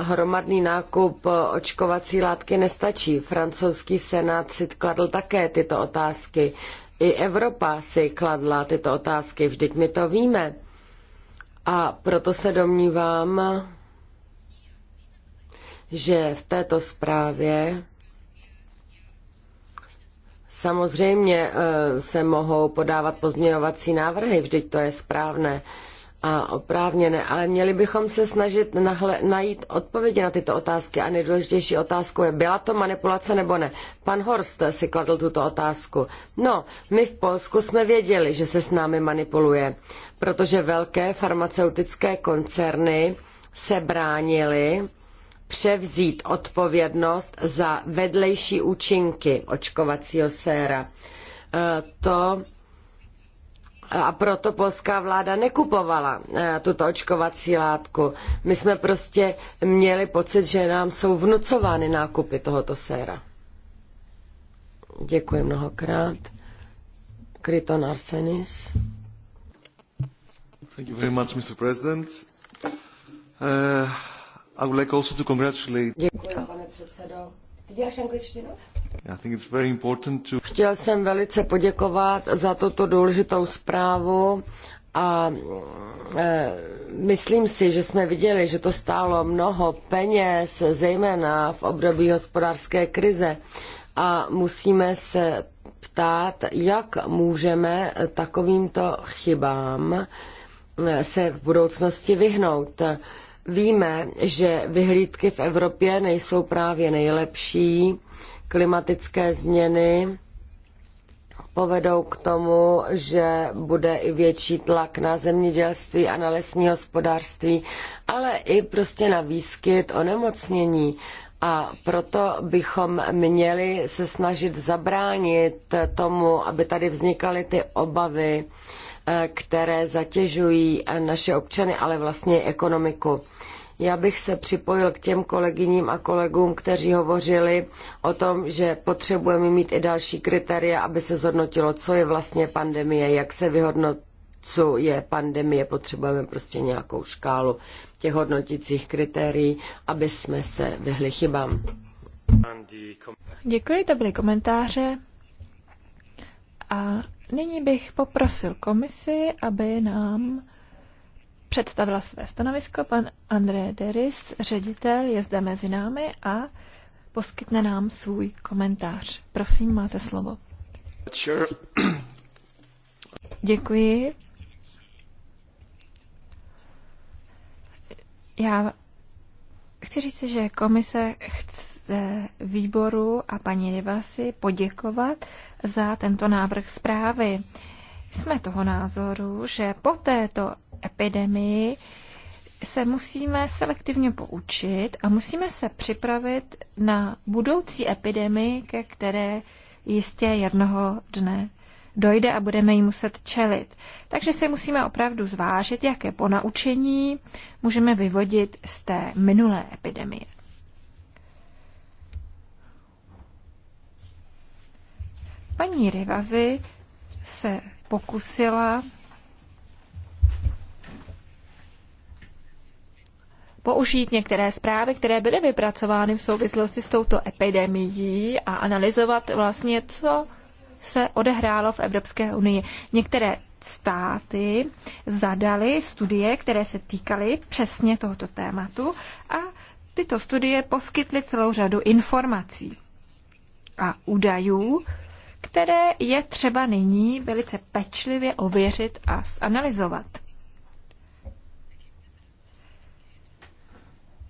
hromadný nákup eh, očkovací látky nestačí. Francouzský senát si kladl také tyto otázky. I Evropa si kladla tyto otázky, vždyť my to víme. A proto se domnívám, že v této zprávě Samozřejmě eh, se mohou podávat pozměňovací návrhy, vždyť to je správné a oprávněné, ale měli bychom se snažit nahle, najít odpovědi na tyto otázky a nejdůležitější otázkou je, byla to manipulace nebo ne. Pan Horst si kladl tuto otázku. No, my v Polsku jsme věděli, že se s námi manipuluje, protože velké farmaceutické koncerny se bránily převzít odpovědnost za vedlejší účinky očkovacího séra. E, to a proto polská vláda nekupovala e, tuto očkovací látku. My jsme prostě měli pocit, že nám jsou vnucovány nákupy tohoto séra. Děkuji mnohokrát. Kryton Arsenis. Thank you very much, Mr. President. Uh... I would like also to congratulate... Děkuji, pane předsedo. Ty děláš angličtinu? To... Chtěl jsem velice poděkovat za tuto důležitou zprávu a e, myslím si, že jsme viděli, že to stálo mnoho peněz, zejména v období hospodářské krize. A musíme se ptát, jak můžeme takovýmto chybám e, se v budoucnosti vyhnout. Víme, že vyhlídky v Evropě nejsou právě nejlepší. Klimatické změny povedou k tomu, že bude i větší tlak na zemědělství a na lesní hospodářství, ale i prostě na výskyt onemocnění. A proto bychom měli se snažit zabránit tomu, aby tady vznikaly ty obavy, Eh, které zatěžují naše občany, ale vlastně i ekonomiku. Já bych se připojil k těm kolegyním a kolegům, kteří hovořili o tom, že potřebujeme mít i další kritéria, aby se zhodnotilo, co je vlastně pandemie, jak se vyhodnocuje pandemie. Potřebujeme prostě nějakou škálu těch hodnotících kritérií, aby jsme se vyhli chybám. Děkuji, to byly komentáře. A Nyní bych poprosil komisi, aby nám představila své stanovisko. Pan André Deris, ředitel, je zde mezi námi a poskytne nám svůj komentář. Prosím, máte slovo. Sure. Děkuji. Já chci říct, že komise chce výboru a paní Rivasi poděkovat za tento návrh zprávy. Jsme toho názoru, že po této epidemii se musíme selektivně poučit a musíme se připravit na budoucí epidemii, ke které jistě jednoho dne dojde a budeme ji muset čelit. Takže si musíme opravdu zvážit, jaké ponaučení můžeme vyvodit z té minulé epidemie. Paní Rivazy se pokusila použít některé zprávy, které byly vypracovány v souvislosti s touto epidemií a analyzovat vlastně, co se odehrálo v Evropské unii. Některé státy zadaly studie, které se týkaly přesně tohoto tématu a tyto studie poskytly celou řadu informací a údajů které je třeba nyní velice pečlivě ověřit a zanalizovat.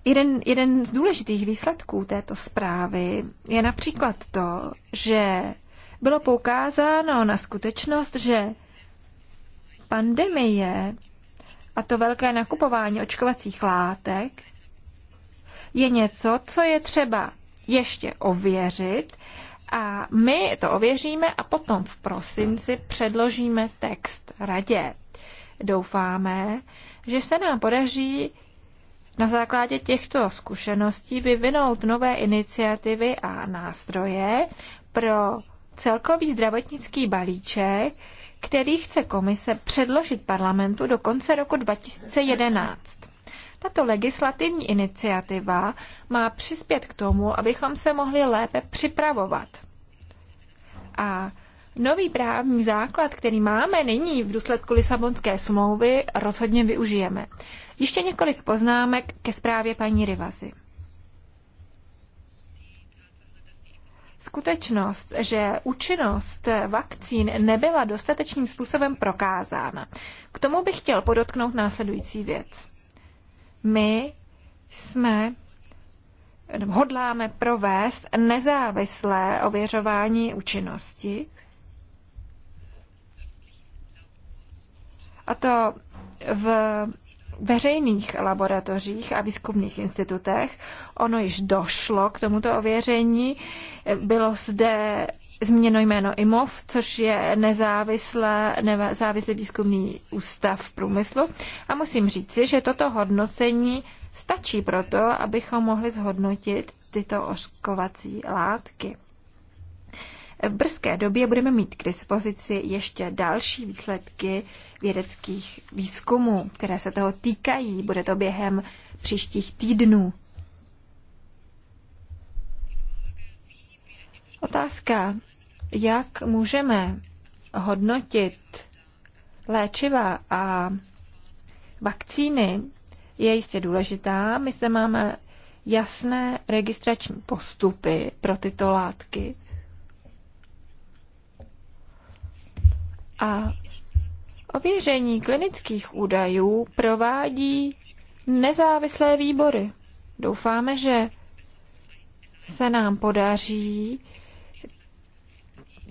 Jeden, jeden z důležitých výsledků této zprávy je například to, že bylo poukázáno na skutečnost, že pandemie a to velké nakupování očkovacích látek je něco, co je třeba ještě ověřit a my to ověříme a potom v prosinci předložíme text radě. Doufáme, že se nám podaří na základě těchto zkušeností vyvinout nové iniciativy a nástroje pro celkový zdravotnický balíček, který chce komise předložit parlamentu do konce roku 2011. Tato legislativní iniciativa má přispět k tomu, abychom se mohli lépe připravovat. A nový právní základ, který máme nyní v důsledku Lisabonské smlouvy, rozhodně využijeme. Ještě několik poznámek ke zprávě paní Rivazy. Skutečnost, že účinnost vakcín nebyla dostatečným způsobem prokázána. K tomu bych chtěl podotknout následující věc. My jsme hodláme provést nezávislé ověřování účinnosti. A to v veřejných laboratořích a výzkumných institutech. Ono již došlo k tomuto ověření. Bylo zde změněno jméno IMOV, což je nezávislý výzkumný ústav v průmyslu. A musím říci, že toto hodnocení stačí proto, abychom mohli zhodnotit tyto oškovací látky. V brzké době budeme mít k dispozici ještě další výsledky vědeckých výzkumů, které se toho týkají. Bude to během příštích týdnů. Otázka, jak můžeme hodnotit léčiva a vakcíny, je jistě důležitá. My se máme jasné registrační postupy pro tyto látky. A ověření klinických údajů provádí nezávislé výbory. Doufáme, že se nám podaří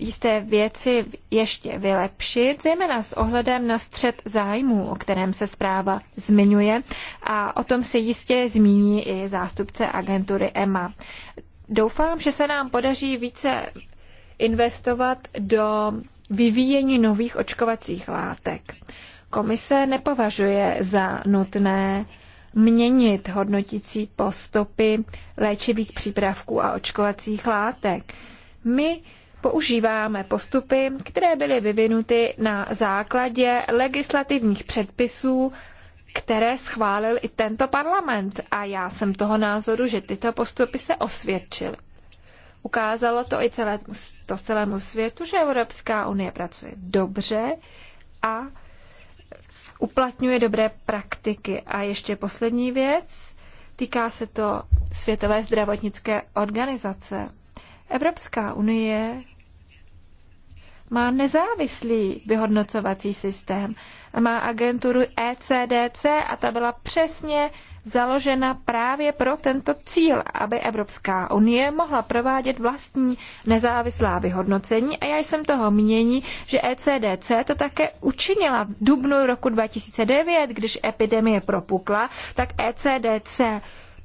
jisté věci ještě vylepšit, zejména s ohledem na střed zájmů, o kterém se zpráva zmiňuje a o tom se jistě zmíní i zástupce agentury EMA. Doufám, že se nám podaří více investovat do vyvíjení nových očkovacích látek. Komise nepovažuje za nutné měnit hodnotící postupy léčivých přípravků a očkovacích látek. My používáme postupy, které byly vyvinuty na základě legislativních předpisů, které schválil i tento parlament. A já jsem toho názoru, že tyto postupy se osvědčily. Ukázalo to i celému, to celému světu, že Evropská unie pracuje dobře a uplatňuje dobré praktiky. A ještě poslední věc, týká se to Světové zdravotnické organizace. Evropská unie má nezávislý vyhodnocovací systém. Má agenturu ECDC a ta byla přesně založena právě pro tento cíl, aby Evropská unie mohla provádět vlastní nezávislá vyhodnocení a já jsem toho mění, že ECDC to také učinila v dubnu roku 2009, když epidemie propukla, tak ECDC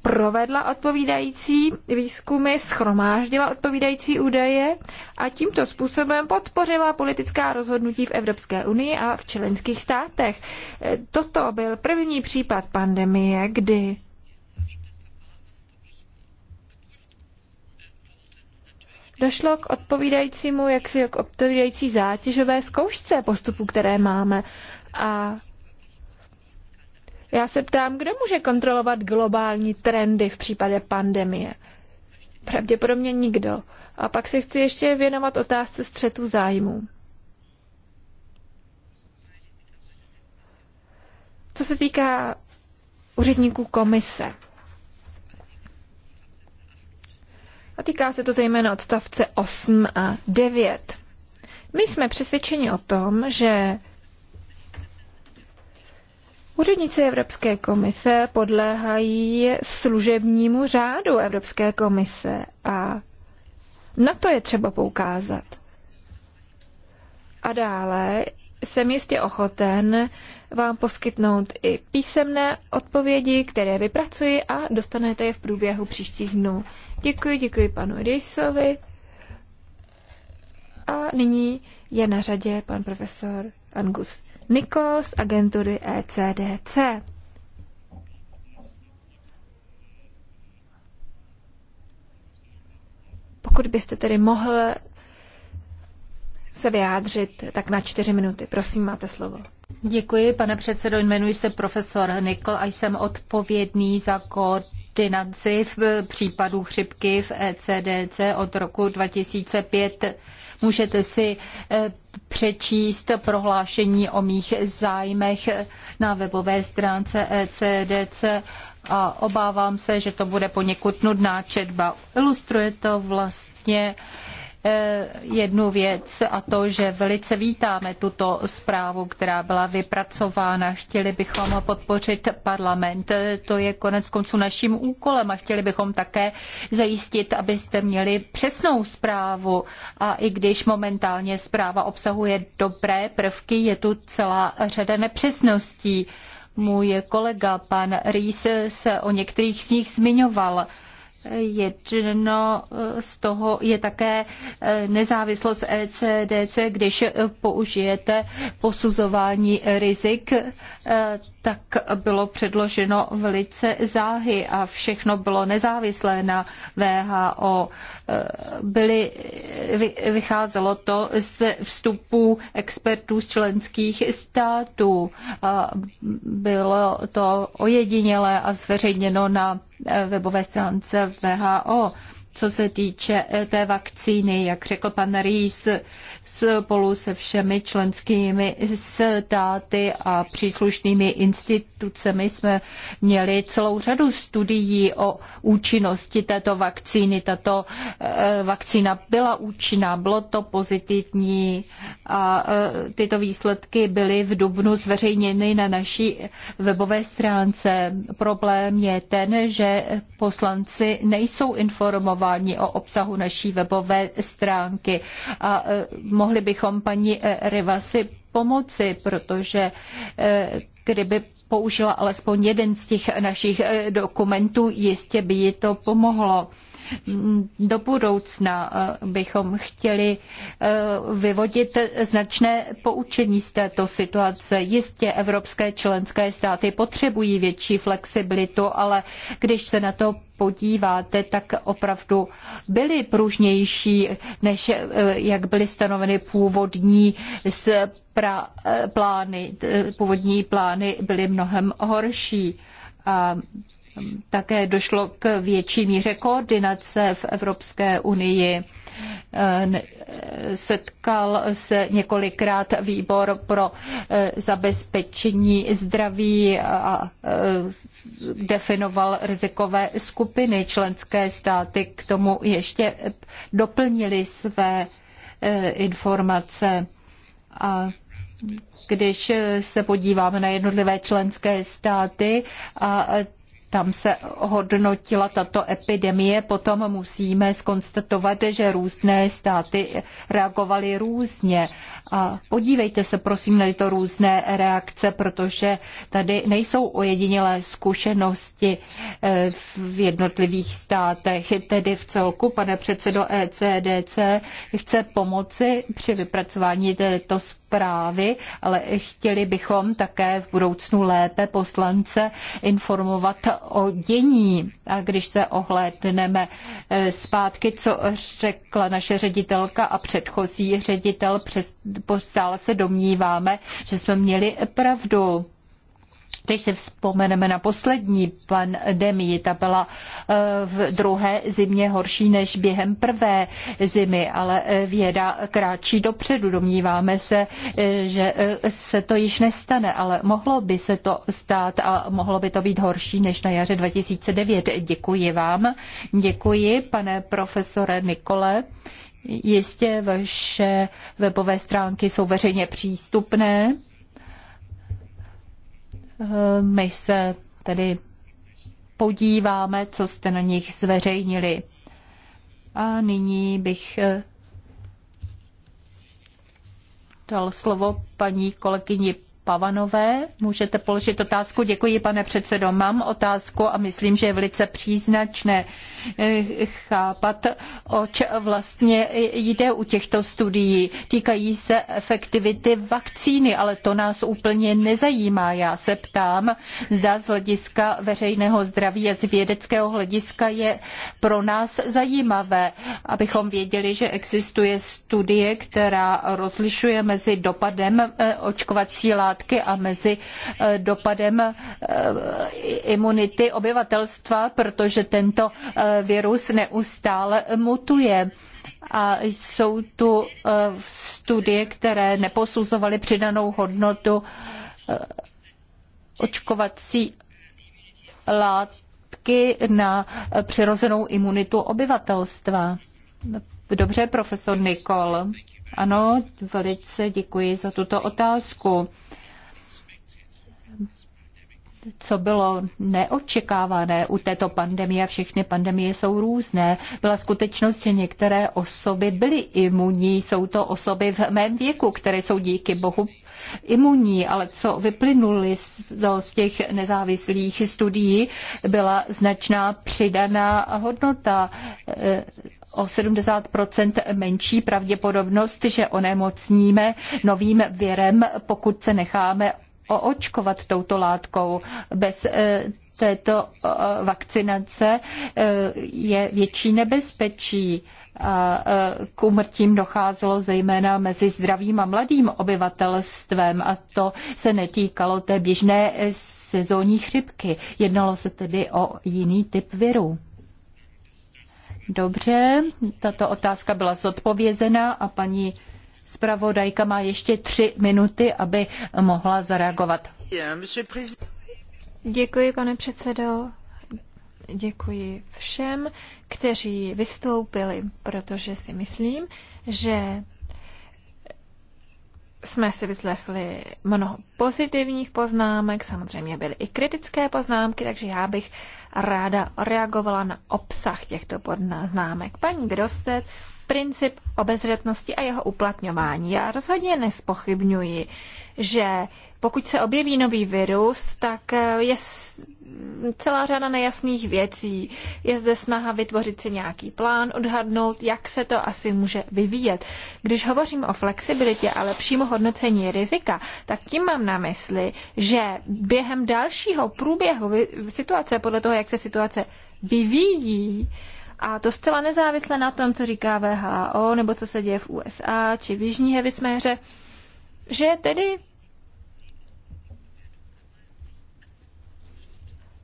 provedla odpovídající výzkumy, schromáždila odpovídající údaje a tímto způsobem podpořila politická rozhodnutí v Evropské unii a v členských státech. E, toto byl první případ pandemie, kdy došlo k odpovídajícímu, jaksi k odpovídající zátěžové zkoušce postupu, které máme. A já se ptám, kdo může kontrolovat globální trendy v případě pandemie? Pravděpodobně nikdo. A pak se chci ještě věnovat otázce střetu zájmů. Co se týká úředníků komise. A týká se to zejména odstavce 8 a 9. My jsme přesvědčeni o tom, že Úředníci Evropské komise podléhají služebnímu řádu Evropské komise a na to je třeba poukázat. A dále jsem jistě ochoten vám poskytnout i písemné odpovědi, které vypracuji a dostanete je v průběhu příštích dnů. Děkuji, děkuji panu Rysovi. A nyní je na řadě pan profesor Angus Nikol z agentury ECDC. Pokud byste tedy mohl se vyjádřit, tak na čtyři minuty. Prosím, máte slovo. Děkuji, pane předsedo. Jmenuji se profesor Nikl a jsem odpovědný za kód koordinaci v případu chřipky v ECDC od roku 2005. Můžete si eh, přečíst prohlášení o mých zájmech na webové stránce ECDC a obávám se, že to bude poněkud nudná četba. Ilustruje to vlastně Eh, jednu věc a to, že velice vítáme tuto zprávu, která byla vypracována. Chtěli bychom podpořit parlament, to je konec konců naším úkolem a chtěli bychom také zajistit, abyste měli přesnou zprávu a i když momentálně zpráva obsahuje dobré prvky, je tu celá řada nepřesností. Můj kolega pan Rýs se o některých z nich zmiňoval Jedno z toho je také eh, nezávislost ECDC, když použijete posuzování rizik, eh, tak bylo předloženo velice záhy a všechno bylo nezávislé na VHO. E, byly, vycházelo to z vstupů expertů z členských států. Bylo to ojedinělé a zveřejněno na webové stránce VHO. Co se týče té vakcíny, jak řekl pan Rýs, spolu se všemi členskými státy a příslušnými institucemi jsme měli celou řadu studií o účinnosti této vakcíny. Tato eh, vakcína byla účinná, bylo to pozitivní a eh, tyto výsledky byly v Dubnu zveřejněny na naší webové stránce. Problém je ten, že poslanci nejsou informováni o obsahu naší webové stránky a eh, mohli bychom paní eh, Rivasi pomoci, protože eh, kdyby použila alespoň jeden z těch našich eh, dokumentů, jistě by ji to pomohlo. Mm, do budoucna bychom chtěli vyvodit značné poučení z této situace. Jistě evropské členské státy potřebují větší flexibilitu, ale když se na to podíváte, tak opravdu byly pružnější, než eh, jak byly stanoveny původní pra, eh, plány. Eh, původní plány byly mnohem horší. A také došlo k větší míře koordinace v Evropské unii. Setkal se několikrát výbor pro e, zabezpečení zdraví a e, definoval rizikové skupiny. Členské státy k tomu ještě doplnili své e, informace. A když se podíváme na jednotlivé členské státy a tam se hodnotila tato epidemie, potom musíme skonstatovat, že různé státy reagovaly různě. A podívejte se prosím na tyto různé reakce, protože tady nejsou ojedinělé zkušenosti eh, v jednotlivých státech. Tedy v celku, pane předsedo ECDC, chce pomoci při vypracování této zprávy zprávy, ale chtěli bychom také v budoucnu lépe poslance informovat o dění. A když se ohlédneme eh, zpátky, co řekla naše ředitelka a předchozí ředitel, přes, stále se domníváme, že jsme měli pravdu když si vzpomeneme na poslední pandemii, ta byla eh, v druhé zimě horší než během prvé zimy, ale eh, věda kráčí dopředu. Domníváme se, eh, že se to již nestane, ale mohlo by se to stát a mohlo by to být horší než na jaře 2009. Děkuji vám. Děkuji, pane profesore Nikole. Jistě vaše webové stránky jsou veřejně přístupné. Eh, my se tedy podíváme, co jste na nich zveřejnili. A nyní bych eh, dal slovo paní kolegyni Pavanové. Můžete položit otázku. Děkuji, pane předsedo. Mám otázku a myslím, že je velice příznačné eh, chápat, co vlastně jde u těchto studií. Týkají se efektivity vakcíny, ale to nás úplně nezajímá. Já se ptám, zda z hlediska veřejného zdraví a z vědeckého hlediska je pro nás zajímavé, abychom věděli, že existuje studie, která rozlišuje mezi dopadem eh, očkovací látky látky a mezi eh, dopadem eh, imunity obyvatelstva, protože tento eh, virus neustále mutuje a jsou tu studie, které neposuzovaly přidanou hodnotu očkovací látky na přirozenou imunitu obyvatelstva. Dobře, profesor Nikol. Ano, velice děkuji za tuto otázku co bylo neočekávané u této pandemie, a všechny pandemie jsou různé, byla skutečnost, že některé osoby byly imunní. Jsou to osoby v mém věku, které jsou díky bohu imunní, ale co vyplynuli z, no, z těch nezávislých studií, byla značná přidaná hodnota eh, o 70 menší pravděpodobnost, že onemocníme novým virem, pokud se necháme oočkovat touto látkou. Bez eh, této eh, vakcinace eh, je větší nebezpečí. A k úmrtím docházelo zejména mezi zdravým a mladým obyvatelstvem a to se netýkalo té běžné sezónní chřipky. Jednalo se tedy o jiný typ viru. Dobře, tato otázka byla zodpovězena a paní Spravodajka má ještě tři minuty, aby mohla zareagovat. Děkuji, pane předsedo. Děkuji všem, kteří vystoupili, protože si myslím, že jsme si vyslechli mnoho pozitivních poznámek, samozřejmě byly i kritické poznámky, takže já bych ráda reagovala na obsah těchto poznámek. Paní Grostet princip obezřetnosti a jeho uplatňování. Já rozhodně nespochybňuji, že pokud se objeví nový virus, tak eh, je celá řada nejasných věcí. Je zde snaha vytvořit si nějaký plán, odhadnout, jak se to asi může vyvíjet. Když hovořím o flexibilitě a lepšímu hodnocení rizika, tak tím mám na mysli, že během dalšího průběhu situace, podle toho, jak se situace vyvíjí, a to zcela nezávisle na tom, co říká VHO, nebo co se děje v USA, či v Jižní hemisféře, že tedy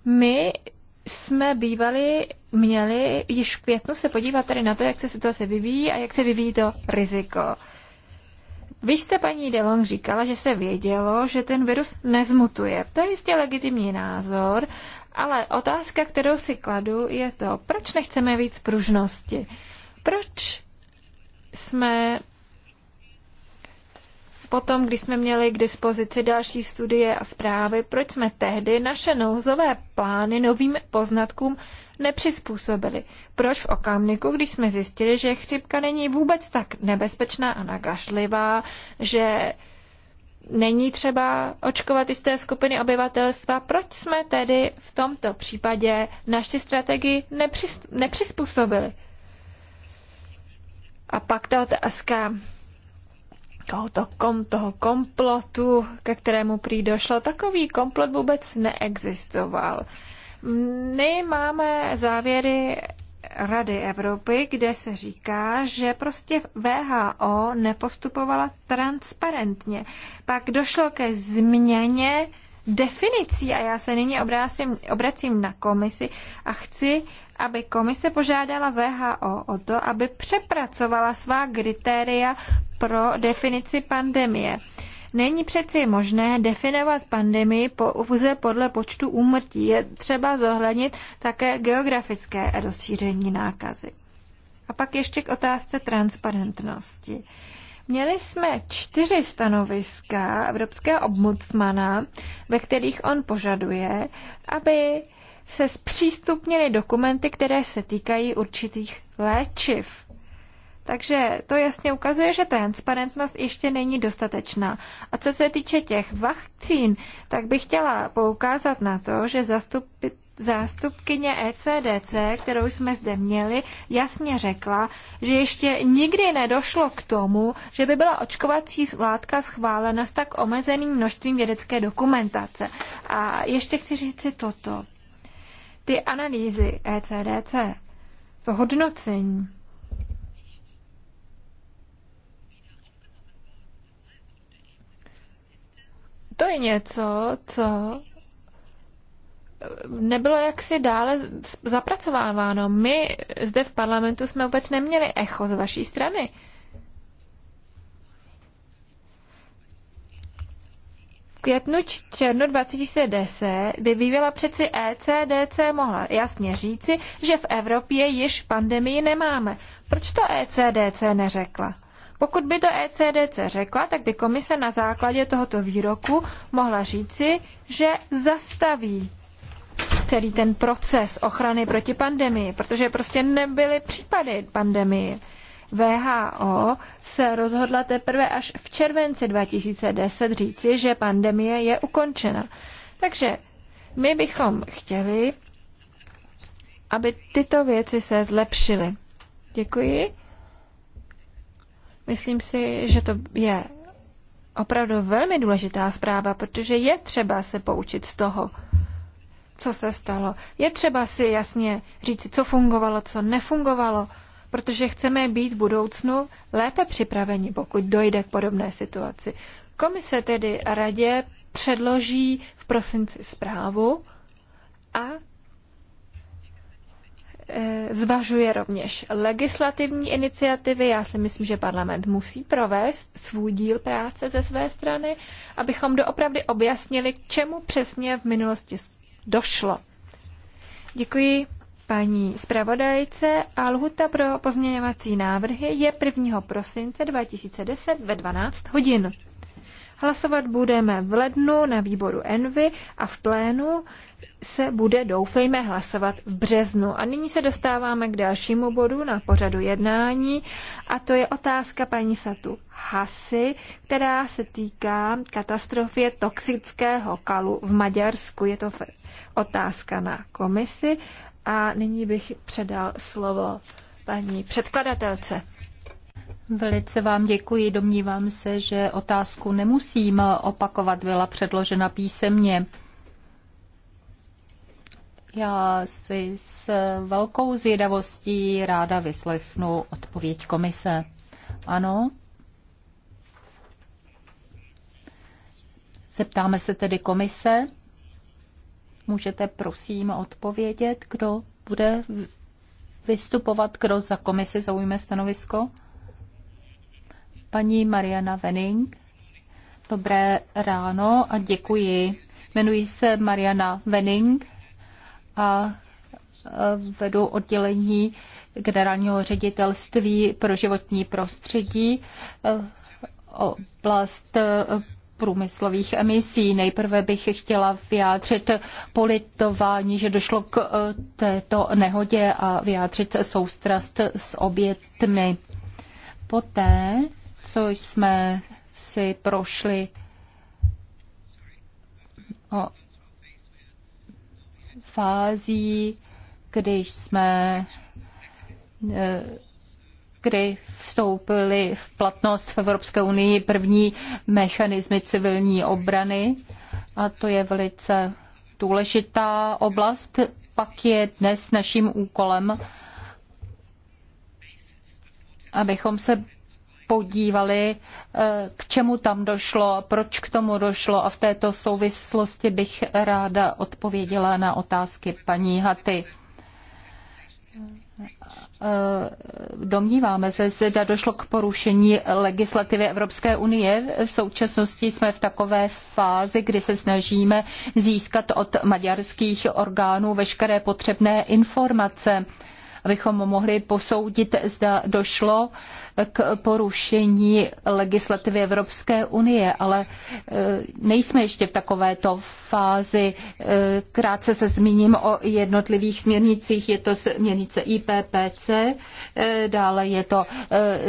my jsme bývali, měli již v květnu se podívat tady na to, jak se situace vyvíjí a jak se vyvíjí to riziko. Vy jste, paní Delong, říkala, že se vědělo, že ten virus nezmutuje. To je jistě legitimní názor ale otázka, kterou si kladu, je to, proč nechceme víc pružnosti? Proč jsme potom, když jsme měli k dispozici další studie a zprávy, proč jsme tehdy naše nouzové plány novým poznatkům nepřizpůsobili. Proč v okamžiku, když jsme zjistili, že chřipka není vůbec tak nebezpečná a nagašlivá, že není třeba očkovat jisté skupiny obyvatelstva, proč jsme tedy v tomto případě naši strategii nepřiz, nepřizpůsobili? A pak ta otázka tohoto kom, toho komplotu, ke kterému prý došlo, takový komplot vůbec neexistoval. My máme závěry Rady Evropy, kde se říká, že prostě VHO nepostupovala transparentně. Pak došlo ke změně definicí a já se nyní obracím, obracím na komisi a chci, aby komise požádala VHO o to, aby přepracovala svá kritéria pro definici pandemie. Není přeci možné definovat pandemii pouze podle počtu úmrtí. Je třeba zohlednit také geografické rozšíření nákazy. A pak ještě k otázce transparentnosti. Měli jsme čtyři stanoviska Evropského obmocmana, ve kterých on požaduje, aby se zpřístupnily dokumenty, které se týkají určitých léčiv. Takže to jasně ukazuje, že transparentnost ještě není dostatečná. A co se týče těch vakcín, tak bych chtěla poukázat na to, že zastupit Zástupkyně ECDC, kterou jsme zde měli, jasně řekla, že ještě nikdy nedošlo k tomu, že by byla očkovací látka schválena s tak omezeným množstvím vědecké dokumentace. A ještě chci říct si toto. Ty analýzy ECDC, to hodnocení, to je něco, co nebylo jaksi dále zapracováváno. My zde v parlamentu jsme vůbec neměli echo z vaší strany. květnu černu 2010 by bývala přeci ECDC mohla jasně říci, že v Evropě již pandemii nemáme. Proč to ECDC neřekla? Pokud by to ECDC řekla, tak by komise na základě tohoto výroku mohla říci, že zastaví celý ten proces ochrany proti pandemii, protože prostě nebyly případy pandemie. VHO se rozhodla teprve až v červenci 2010 říci, že pandemie je ukončena. Takže my bychom chtěli, aby tyto věci se zlepšily. Děkuji. Myslím si, že to je opravdu velmi důležitá zpráva, protože je třeba se poučit z toho, co se stalo. Je třeba si jasně říct, co fungovalo, co nefungovalo, protože chceme být v budoucnu lépe připraveni, pokud dojde k podobné situaci. Komise tedy radě předloží v prosinci zprávu a Eh, zvažuje rovněž legislativní iniciativy. Já si myslím, že parlament musí provést svůj díl práce ze své strany, abychom doopravdy objasnili, k čemu přesně v minulosti došlo. Děkuji paní zpravodajce a lhuta pro pozměňovací návrhy je 1. prosince 2010 ve 12 hodin. Hlasovat budeme v lednu na výboru Envy a v plénu se bude, doufejme, hlasovat v březnu. A nyní se dostáváme k dalšímu bodu na pořadu jednání a to je otázka paní Satu Hasy, která se týká katastrofie toxického kalu v Maďarsku. Je to otázka na komisi a nyní bych předal slovo paní předkladatelce. Velice vám děkuji. Domnívám se, že otázku nemusím opakovat, byla předložena písemně. Já si s velkou zvědavostí ráda vyslechnu odpověď komise. Ano? Zeptáme se tedy komise. Můžete prosím odpovědět, kdo bude vystupovat, kdo za komisi zaujme stanovisko? Paní Mariana Venning. Dobré ráno a děkuji. Jmenuji se Mariana Venning a vedu oddělení generálního ředitelství pro životní prostředí oblast průmyslových emisí. Nejprve bych chtěla vyjádřit politování, že došlo k této nehodě a vyjádřit soustrast s obětmi. Poté, co jsme si prošli fází, když jsme eh, kdy vstoupily v platnost v Evropské unii první mechanismy civilní obrany a to je velice důležitá oblast. Pak je dnes naším úkolem, abychom se podívali, eh, k čemu tam došlo, proč k tomu došlo a v této souvislosti bych ráda odpověděla na otázky paní Haty. Eh, domníváme se, zda došlo k porušení legislativy Evropské unie. V současnosti jsme v takové fázi, kdy se snažíme získat od maďarských orgánů veškeré potřebné informace abychom mohli posoudit, zda došlo k porušení legislativy Evropské unie, ale e, nejsme ještě v takovéto fázi. E, krátce se zmíním o jednotlivých směrnicích. Je to směrnice IPPC, e, dále je to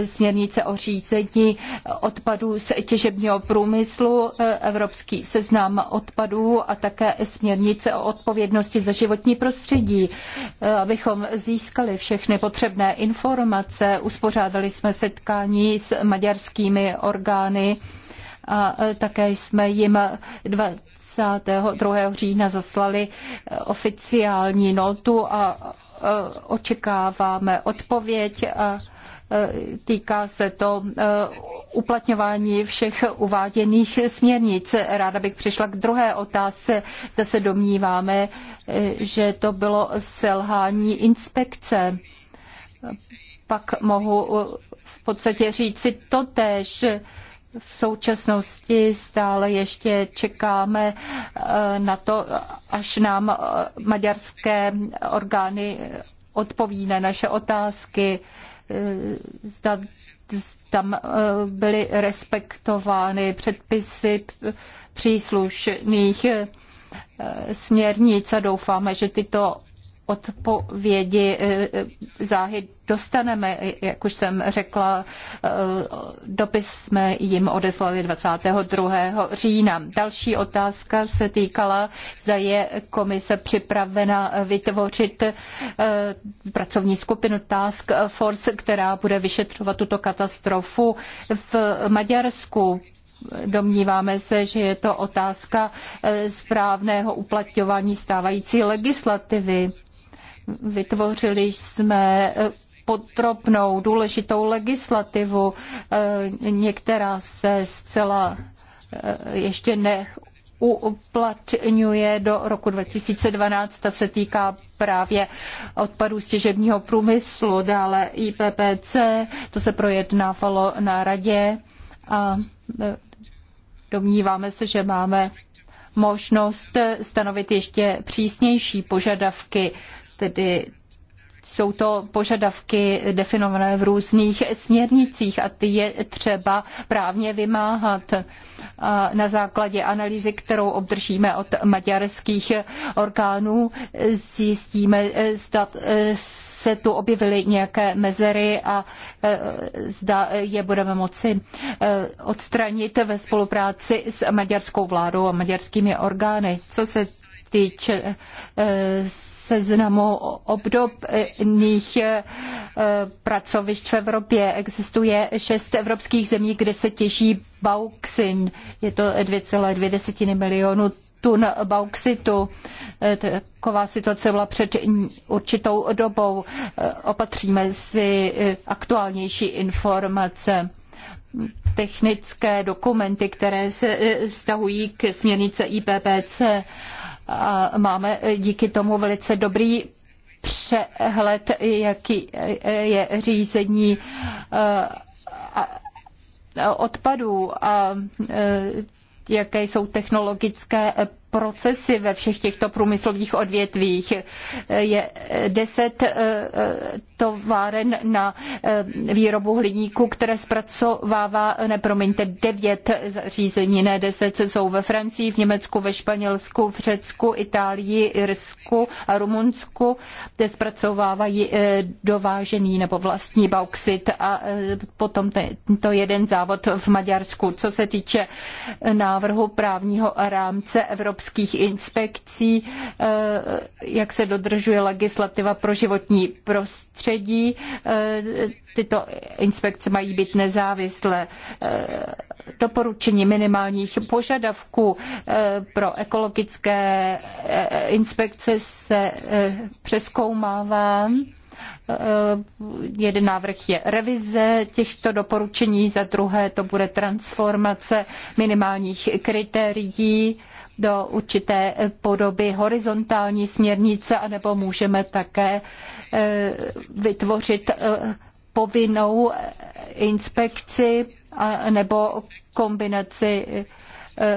směrnice o řízení odpadů z těžebního průmyslu, Evropský seznam odpadů a také směrnice o odpovědnosti za životní prostředí. Abychom získali všechny potřebné informace, uspořádali jsme setkání s maďarskými orgány a e, také jsme jim 22. října zaslali e, oficiální notu a e, očekáváme odpověď. A týká se to uplatňování všech uváděných směrnic. Ráda bych přišla k druhé otázce. Zde se domníváme, že to bylo selhání inspekce. Pak mohu v podstatě říci to tež. V současnosti stále ještě čekáme eh, na to, až nám eh, maďarské orgány odpoví na naše otázky, eh, zda tam byly respektovány předpisy příslušných směrnic a doufáme, že tyto odpovědi e, e, záhy dostaneme. Jak už jsem řekla, e, dopis jsme jim odeslali 22. října. Další otázka se týkala, zda je komise připravena vytvořit pracovní skupinu Task Force, která bude vyšetřovat tuto katastrofu v Maďarsku. Domníváme se, že je to otázka správného uplatňování stávající legislativy Vytvořili jsme eh, podrobnou, důležitou legislativu. Eh, některá se zcela eh, ještě neuplatňuje do roku 2012. Ta se týká právě odpadů z těžebního průmyslu, dále IPPC, to se projednávalo na radě a domníváme se, že máme možnost stanovit ještě přísnější požadavky tedy jsou to požadavky definované v různých směrnicích a ty je třeba právně vymáhat. na základě analýzy, kterou obdržíme od maďarských orgánů, zjistíme, zda e, se tu objevily nějaké mezery a e, zda je budeme moci e, odstranit ve spolupráci s maďarskou vládou a maďarskými orgány. Co se týče eh, seznamu obdobných eh, pracovišť v Evropě. Existuje šest evropských zemí, kde se těží bauxin. Je to 2,2 milionu tun bauxitu. Eh, taková situace byla před určitou dobou. Opatříme si aktuálnější informace technické dokumenty, které se stahují k směrnice IPPC a máme díky tomu velice dobrý přehled, jaký je řízení eh, odpadů a eh, jaké jsou technologické procesy ve všech těchto průmyslových odvětvích. Je deset eh, eh, továren na eh, výrobu hliníku, které zpracovává, nepromiňte, devět zařízení, ne deset, jsou ve Francii, v Německu, ve Španělsku, v Řecku, Itálii, Irsku a Rumunsku, kde zpracovávají dovážený nebo vlastní bauxit a potom tento jeden závod v Maďarsku. Co se týče návrhu právního rámce Evropské evropských inspekcí, eh, jak se dodržuje legislativa pro životní prostředí. Eh, tyto inspekce mají být nezávislé. Eh, doporučení minimálních požadavků pro ekologické inspekce se přeskoumává Eh, jeden návrh je revize těchto doporučení, za druhé to bude transformace minimálních kritérií do určité podoby horizontální směrnice, anebo můžeme také eh, vytvořit eh, povinnou inspekci nebo kombinaci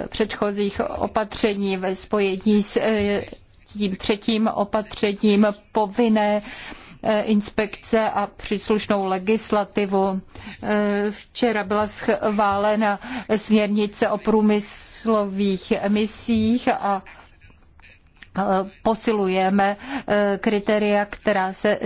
předchozích opatření ve spojení s tím třetím opatřením povinné Eh, inspekce a příslušnou legislativu. Eh, včera byla schválena směrnice o průmyslových emisích a eh, posilujeme kritéria, která se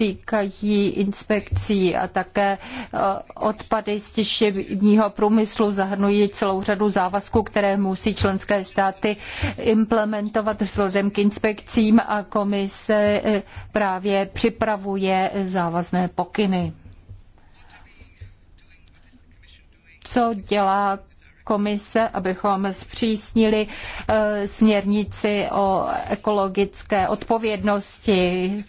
týkají inspekcí a také eh, odpady z těžebního průmyslu zahrnují celou řadu závazků, které musí členské státy implementovat vzhledem k inspekcím a komise eh, právě připravuje závazné pokyny. Co dělá komise, abychom zpřísnili eh, směrnici o ekologické odpovědnosti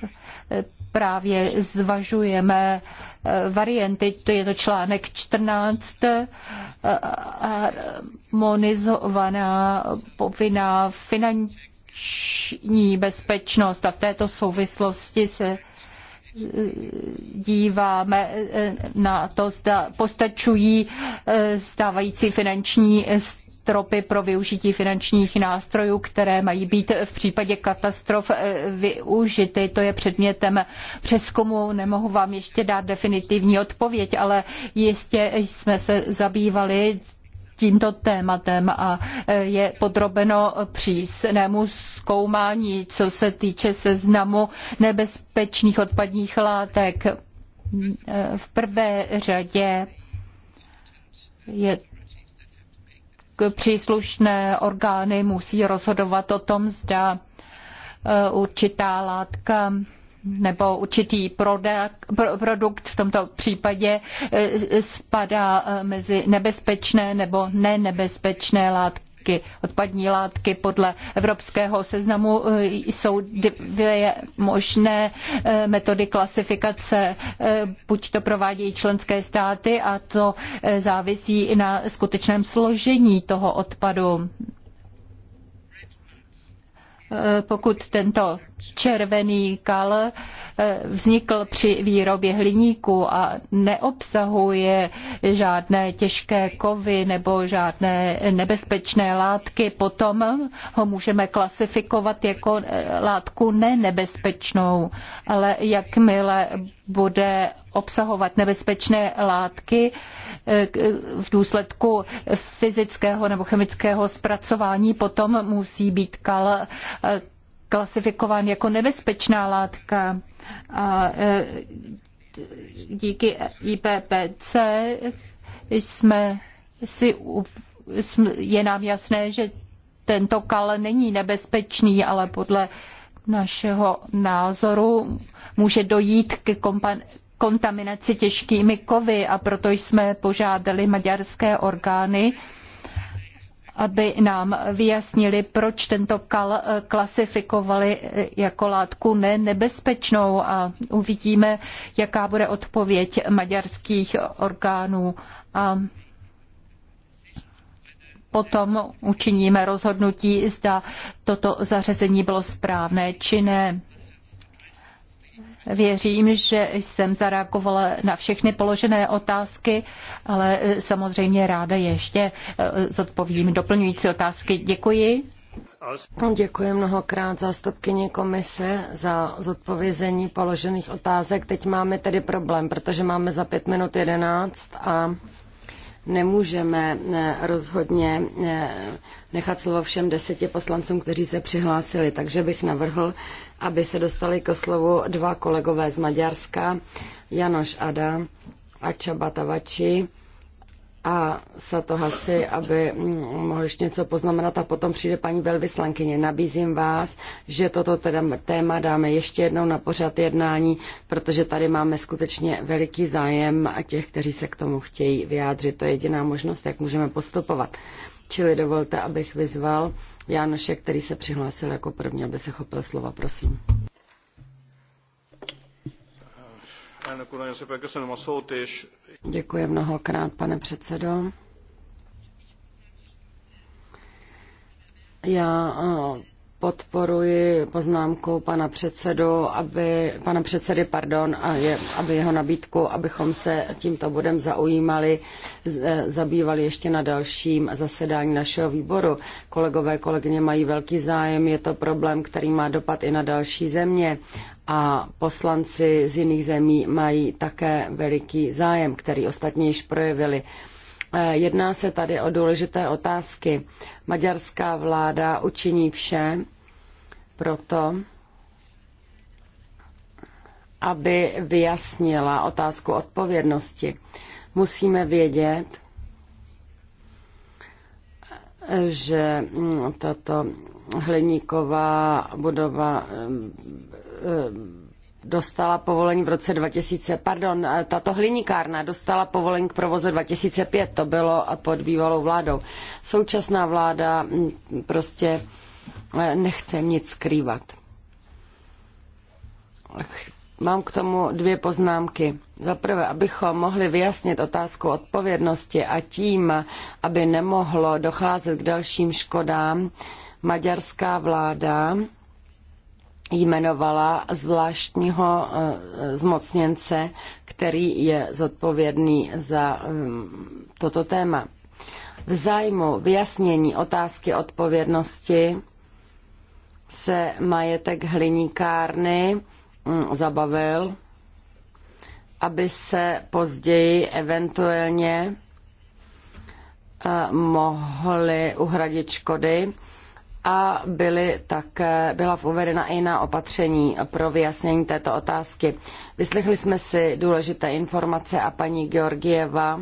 právě zvažujeme eh, varianty, to je to článek 14, eh, harmonizovaná povinná finanční bezpečnost a v této souvislosti se eh, díváme na to, zda postačují stávající finanční stropy pro využití finančních nástrojů, které mají být v případě katastrof eh, využity. To je předmětem přeskumu. Nemohu vám ještě dát definitivní odpověď, ale jistě jsme se zabývali tímto tématem a eh, je podrobeno přísnému zkoumání, co se týče seznamu nebezpečných odpadních látek. Eh, v prvé řadě je příslušné orgány musí rozhodovat o tom, zda e, určitá látka nebo určitý produkt v tomto případě e, spadá e, mezi nebezpečné nebo nenebezpečné látky látky, odpadní látky podle evropského seznamu eh, jsou dvě možné eh, metody klasifikace. Eh, buď to provádějí členské státy a to závisí na skutečném složení toho odpadu. Pokud tento červený kal eh, vznikl při výrobě hliníku a neobsahuje žádné těžké kovy nebo žádné nebezpečné látky. Potom ho můžeme klasifikovat jako eh, látku nenebezpečnou, ale jakmile bude obsahovat nebezpečné látky eh, v důsledku fyzického nebo chemického zpracování, potom musí být kal klasifikován jako nebezpečná látka. A e, díky IPPC jsme si, je nám jasné, že tento kal není nebezpečný, ale podle našeho názoru může dojít k kontaminaci těžkými kovy a proto jsme požádali maďarské orgány, aby nám vyjasnili, proč tento kal eh, klasifikovali eh, jako látku ne nebezpečnou a uvidíme, jaká bude odpověď maďarských orgánů. A potom učiníme rozhodnutí, zda toto zařazení bylo správné či ne. Věřím, že jsem zareagovala na všechny položené otázky, ale e, samozřejmě ráda ještě e, zodpovím doplňující otázky. Děkuji. Děkuji mnohokrát zástupkyně komise za zodpovězení položených otázek. Teď máme tedy problém, protože máme za pět minut jedenáct a nemůžeme eh, rozhodně eh, nechat slovo všem deseti poslancům, kteří se přihlásili, takže bych navrhl, aby se dostali ke slovu dva kolegové z Maďarska, Janoš Ada a Čaba Tavači a Satohasi, aby mm, mohl ještě něco poznamenat a potom přijde paní velvyslankyně. Nabízím vás, že toto teda téma dáme ještě jednou na pořad jednání, protože tady máme skutečně veliký zájem a těch, kteří se k tomu chtějí vyjádřit. To je jediná možnost, jak můžeme postupovat. Čili dovolte, abych vyzval Jánoše, který se přihlásil jako první, aby se chopil slova. Prosím. Děkuji mnohokrát, pane předsedo. Já eh, podporuji poznámkou pana předsedu, aby, pana předsedy, pardon, a je, aby jeho nabídku, abychom se tímto bodem zaujímali, e, zabývali ještě na dalším zasedání našeho výboru. Kolegové, kolegyně mají velký zájem, je to problém, který má dopad i na další země a poslanci z jiných zemí mají také veliký zájem, který ostatně již projevili. Eh, jedná se tady o důležité otázky. Maďarská vláda učiní vše proto, aby vyjasnila otázku odpovědnosti. Musíme vědět, že mm, tato hliníková budova mm, eh, dostala povolení v roce 2000, pardon, eh, tato hliníkárna dostala povolení k provozu 2005, to bylo pod bývalou vládou. Současná vláda mm, prostě eh, nechce nic skrývat. Mám k tomu dvě poznámky. Za prvé, abychom mohli vyjasnit otázku odpovědnosti a tím, aby nemohlo docházet k dalším škodám, maďarská vláda jmenovala zvláštního eh, zmocněnce, který je zodpovědný za mm, toto téma. V zájmu vyjasnění otázky odpovědnosti se majetek hliníkárny mm, zabavil, aby se později eventuálně eh, mohly uhradit škody, a byly také, byla uvedena i na opatření pro vyjasnění této otázky. Vyslechli jsme si důležité informace a paní Georgieva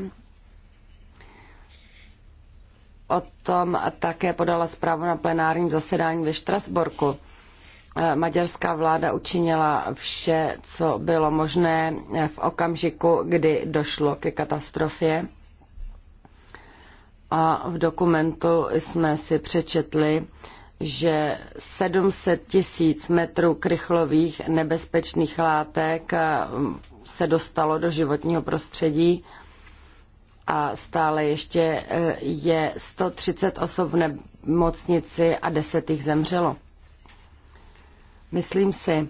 o tom také podala zprávu na plenárním zasedání ve Štrasborku. Eh, maďarská vláda učinila vše, co bylo možné eh, v okamžiku, kdy došlo ke katastrofě a v dokumentu jsme si přečetli, že 700 tisíc metrů krychlových nebezpečných látek eh, se dostalo do životního prostředí a stále ještě eh, je 130 osob v nemocnici a 10 jich zemřelo. Myslím si,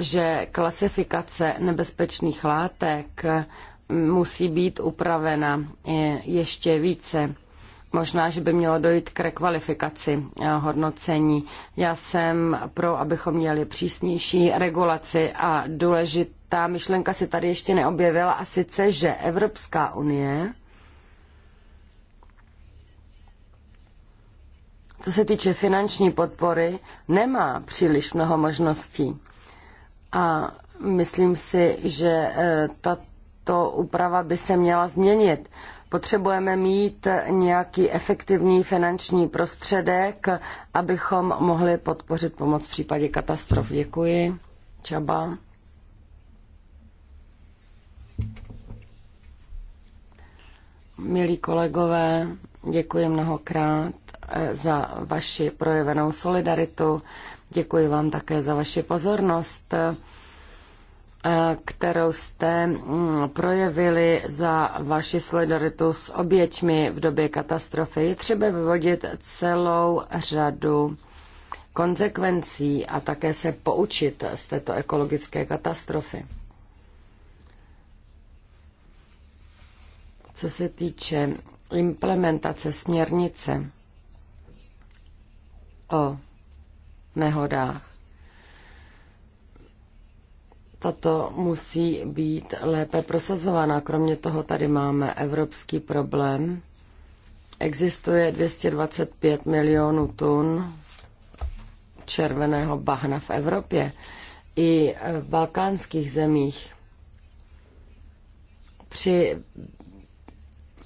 že klasifikace nebezpečných látek eh, musí být upravena ještě více Možná, že by mělo dojít k rekvalifikaci eh, hodnocení. Já jsem pro, abychom měli přísnější regulaci a důležitá myšlenka se tady ještě neobjevila a sice, že Evropská unie co se týče finanční podpory, nemá příliš mnoho možností. A myslím si, že eh, tato úprava by se měla změnit Potřebujeme mít nějaký efektivní finanční prostředek, abychom mohli podpořit pomoc v případě katastrof. Děkuji. Čaba. Milí kolegové, děkuji mnohokrát eh, za vaši projevenou solidaritu. Děkuji vám také za vaši pozornost. Eh, kterou jste mm, projevili za vaši solidaritu s oběťmi v době katastrofy, je třeba vyvodit celou řadu konsekvencí a také se poučit z této ekologické katastrofy. Co se týče implementace směrnice o nehodách, tato musí být lépe prosazována. Kromě toho tady máme evropský problém. Existuje 225 milionů tun červeného bahna v Evropě i v balkánských zemích. Při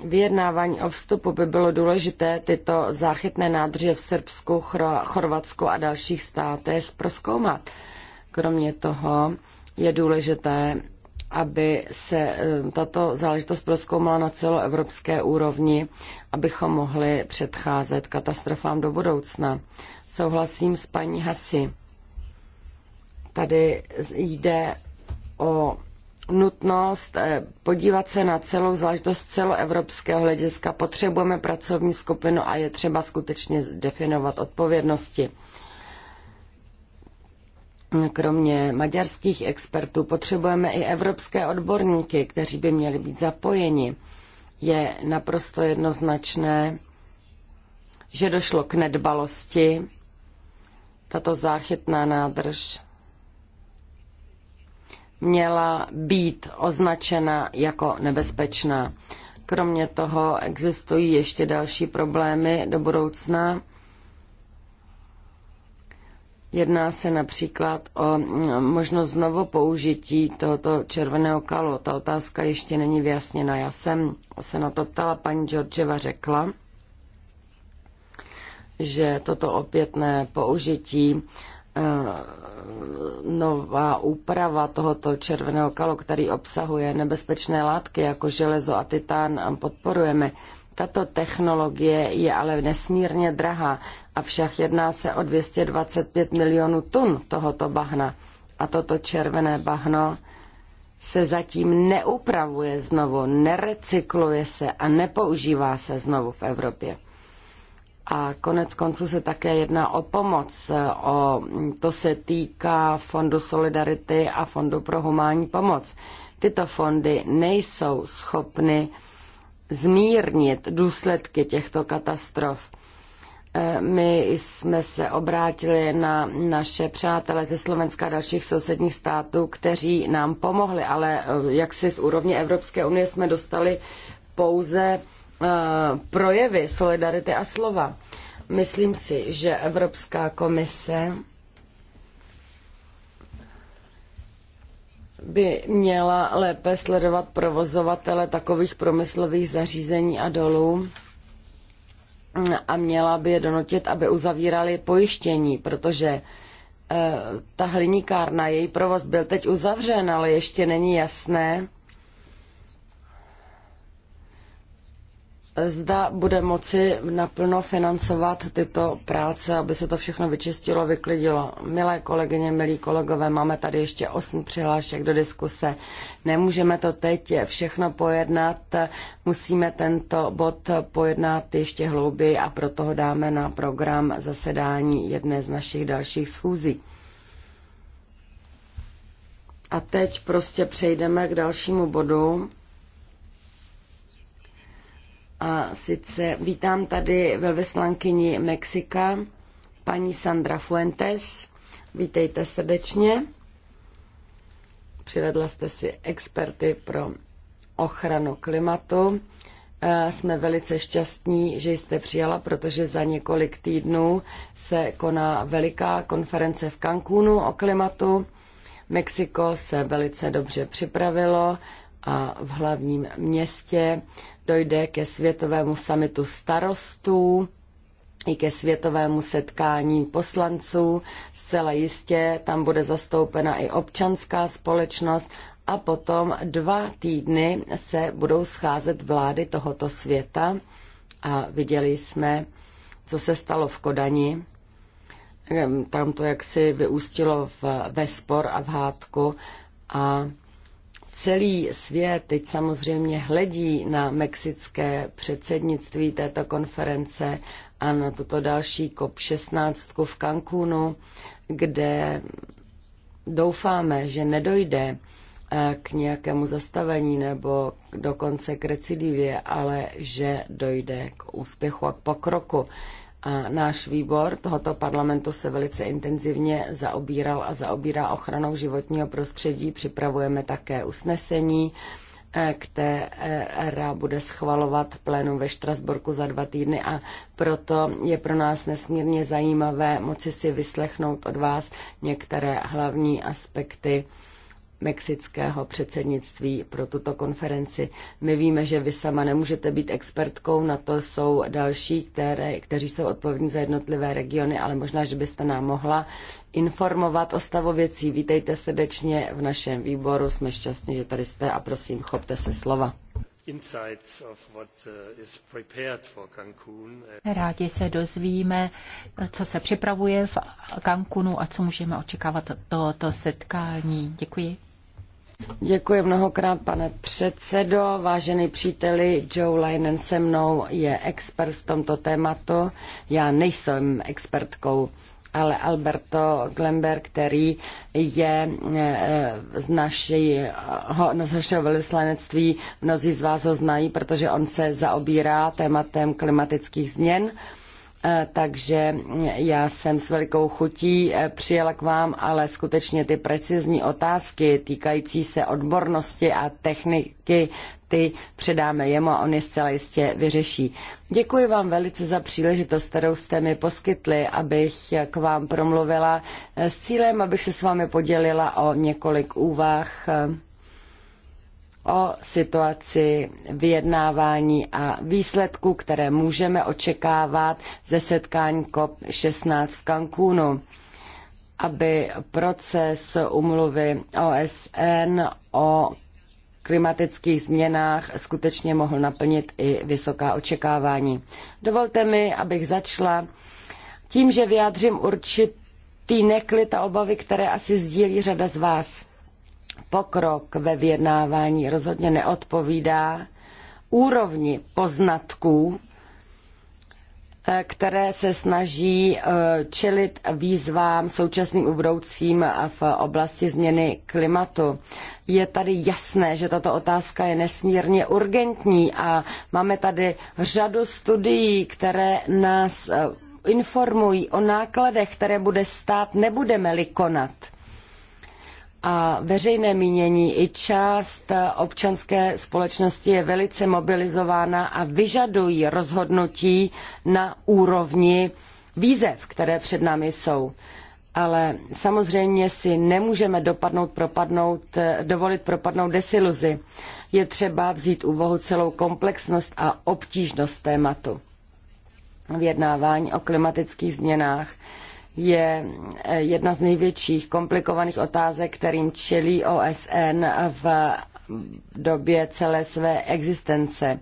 vyjednávání o vstupu by bylo důležité tyto záchytné nádrže v Srbsku, Chorvatsku a dalších státech proskoumat. Kromě toho je důležité, aby se eh, tato záležitost proskoumala na celoevropské úrovni, abychom mohli předcházet katastrofám do budoucna. Souhlasím s paní Hasi. Tady jde o nutnost eh, podívat se na celou záležitost celoevropského hlediska. Potřebujeme pracovní skupinu a je třeba skutečně definovat odpovědnosti kromě maďarských expertů potřebujeme i evropské odborníky, kteří by měli být zapojeni. Je naprosto jednoznačné, že došlo k nedbalosti. Tato záchytná nádrž měla být označena jako nebezpečná. Kromě toho existují ještě další problémy do budoucna Jedná se například o mm, možnost znovu použití tohoto červeného kalu. Ta otázka ještě není vyjasněna. Já jsem se na to ptala, paní Georgeva řekla, že toto opětné použití eh, nová úprava tohoto červeného kalu, který obsahuje nebezpečné látky jako železo a titán, podporujeme. Tato technologie je ale nesmírně drahá, avšak jedná se o 225 milionů tun tohoto bahna. A toto červené bahno se zatím neupravuje znovu, nerecykluje se a nepoužívá se znovu v Evropě. A konec konců se také jedná o pomoc. O, to se týká Fondu Solidarity a Fondu pro humánní pomoc. Tyto fondy nejsou schopny zmírnit důsledky těchto katastrof. Eh, my jsme se obrátili na naše přátelé ze Slovenska a dalších sousedních států, kteří nám pomohli, ale eh, jak si z úrovně Evropské unie jsme dostali pouze eh, projevy solidarity a slova. Myslím si, že Evropská komise by měla lépe sledovat provozovatele takových promyslových zařízení a dolů a měla by je donutit, aby uzavírali pojištění, protože eh, ta hliníkárna, její provoz byl teď uzavřen, ale ještě není jasné, zda bude moci naplno financovat tyto práce, aby se to všechno vyčistilo, vyklidilo. Milé kolegyně, milí kolegové, máme tady ještě osm přihlášek do diskuse. Nemůžeme to teď všechno pojednat, musíme tento bod pojednat ještě hlouběji a proto ho dáme na program zasedání jedné z našich dalších schůzí. A teď prostě přejdeme k dalšímu bodu. A sice vítám tady velvyslankyni Mexika, paní Sandra Fuentes. Vítejte srdečně. Přivedla jste si experty pro ochranu klimatu. Eh, jsme velice šťastní, že jste přijala, protože za několik týdnů se koná veliká konference v Cancúnu o klimatu. Mexiko se velice dobře připravilo a v hlavním městě dojde ke světovému samitu starostů i ke světovému setkání poslanců. Zcela jistě tam bude zastoupena i občanská společnost a potom dva týdny se budou scházet vlády tohoto světa a viděli jsme, co se stalo v Kodani. Tam to jaksi vyústilo v, ve spor a v hádku a Celý svět teď samozřejmě hledí na mexické předsednictví této konference a na tuto další COP16 v Cancúnu, kde doufáme, že nedojde eh, k nějakému zastavení nebo dokonce k recidivě, ale že dojde k úspěchu a k pokroku. A náš výbor tohoto parlamentu se velice intenzivně zaobíral a zaobírá ochranou životního prostředí. Připravujeme také usnesení, eh, které bude schvalovat plénum ve Štrasburku za dva týdny a proto je pro nás nesmírně zajímavé moci si vyslechnout od vás některé hlavní aspekty mexického předsednictví pro tuto konferenci. My víme, že vy sama nemůžete být expertkou, na to jsou další, které, kteří jsou odpovědní za jednotlivé regiony, ale možná, že byste nám mohla informovat o stavu věcí. Vítejte srdečně v našem výboru, jsme šťastní, že tady jste a prosím, chopte se slova. Uh, uh, Rádi se dozvíme, co se připravuje v Cancunu a co můžeme očekávat od tohoto setkání. Děkuji. Děkuji mnohokrát, pane předsedo. Vážený příteli, Joe Linen se mnou je expert v tomto tématu. Já nejsem expertkou ale Alberto Glember, který je eh, z, no, z našeho velvyslanectví, mnozí z vás ho znají, protože on se zaobírá tématem klimatických změn Eh, takže já jsem s velikou chutí eh, přijela k vám, ale skutečně ty precizní otázky týkající se odbornosti a techniky, ty předáme jemu a on je zcela jistě vyřeší. Děkuji vám velice za příležitost, kterou jste mi poskytli, abych k vám promluvila eh, s cílem, abych se s vámi podělila o několik úvah o situaci vyjednávání a výsledku, které můžeme očekávat ze setkání COP16 v Cancúnu, aby proces umluvy OSN o klimatických změnách skutečně mohl naplnit i vysoká očekávání. Dovolte mi, abych začala tím, že vyjádřím určitý neklid a obavy, které asi sdílí řada z vás pokrok ve vyjednávání rozhodně neodpovídá úrovni poznatků, eh, které se snaží eh, čelit výzvám současným ubroucím v oblasti změny klimatu. Je tady jasné, že tato otázka je nesmírně urgentní a máme tady řadu studií, které nás eh, informují o nákladech, které bude stát, nebudeme-li konat a veřejné mínění i část občanské společnosti je velice mobilizována a vyžadují rozhodnutí na úrovni výzev, které před námi jsou. Ale samozřejmě si nemůžeme dopadnout, propadnout, dovolit propadnout desiluzi. Je třeba vzít úvahu celou komplexnost a obtížnost tématu. Vyjednávání o klimatických změnách je eh, jedna z největších komplikovaných otázek, kterým čelí OSN v době celé své existence.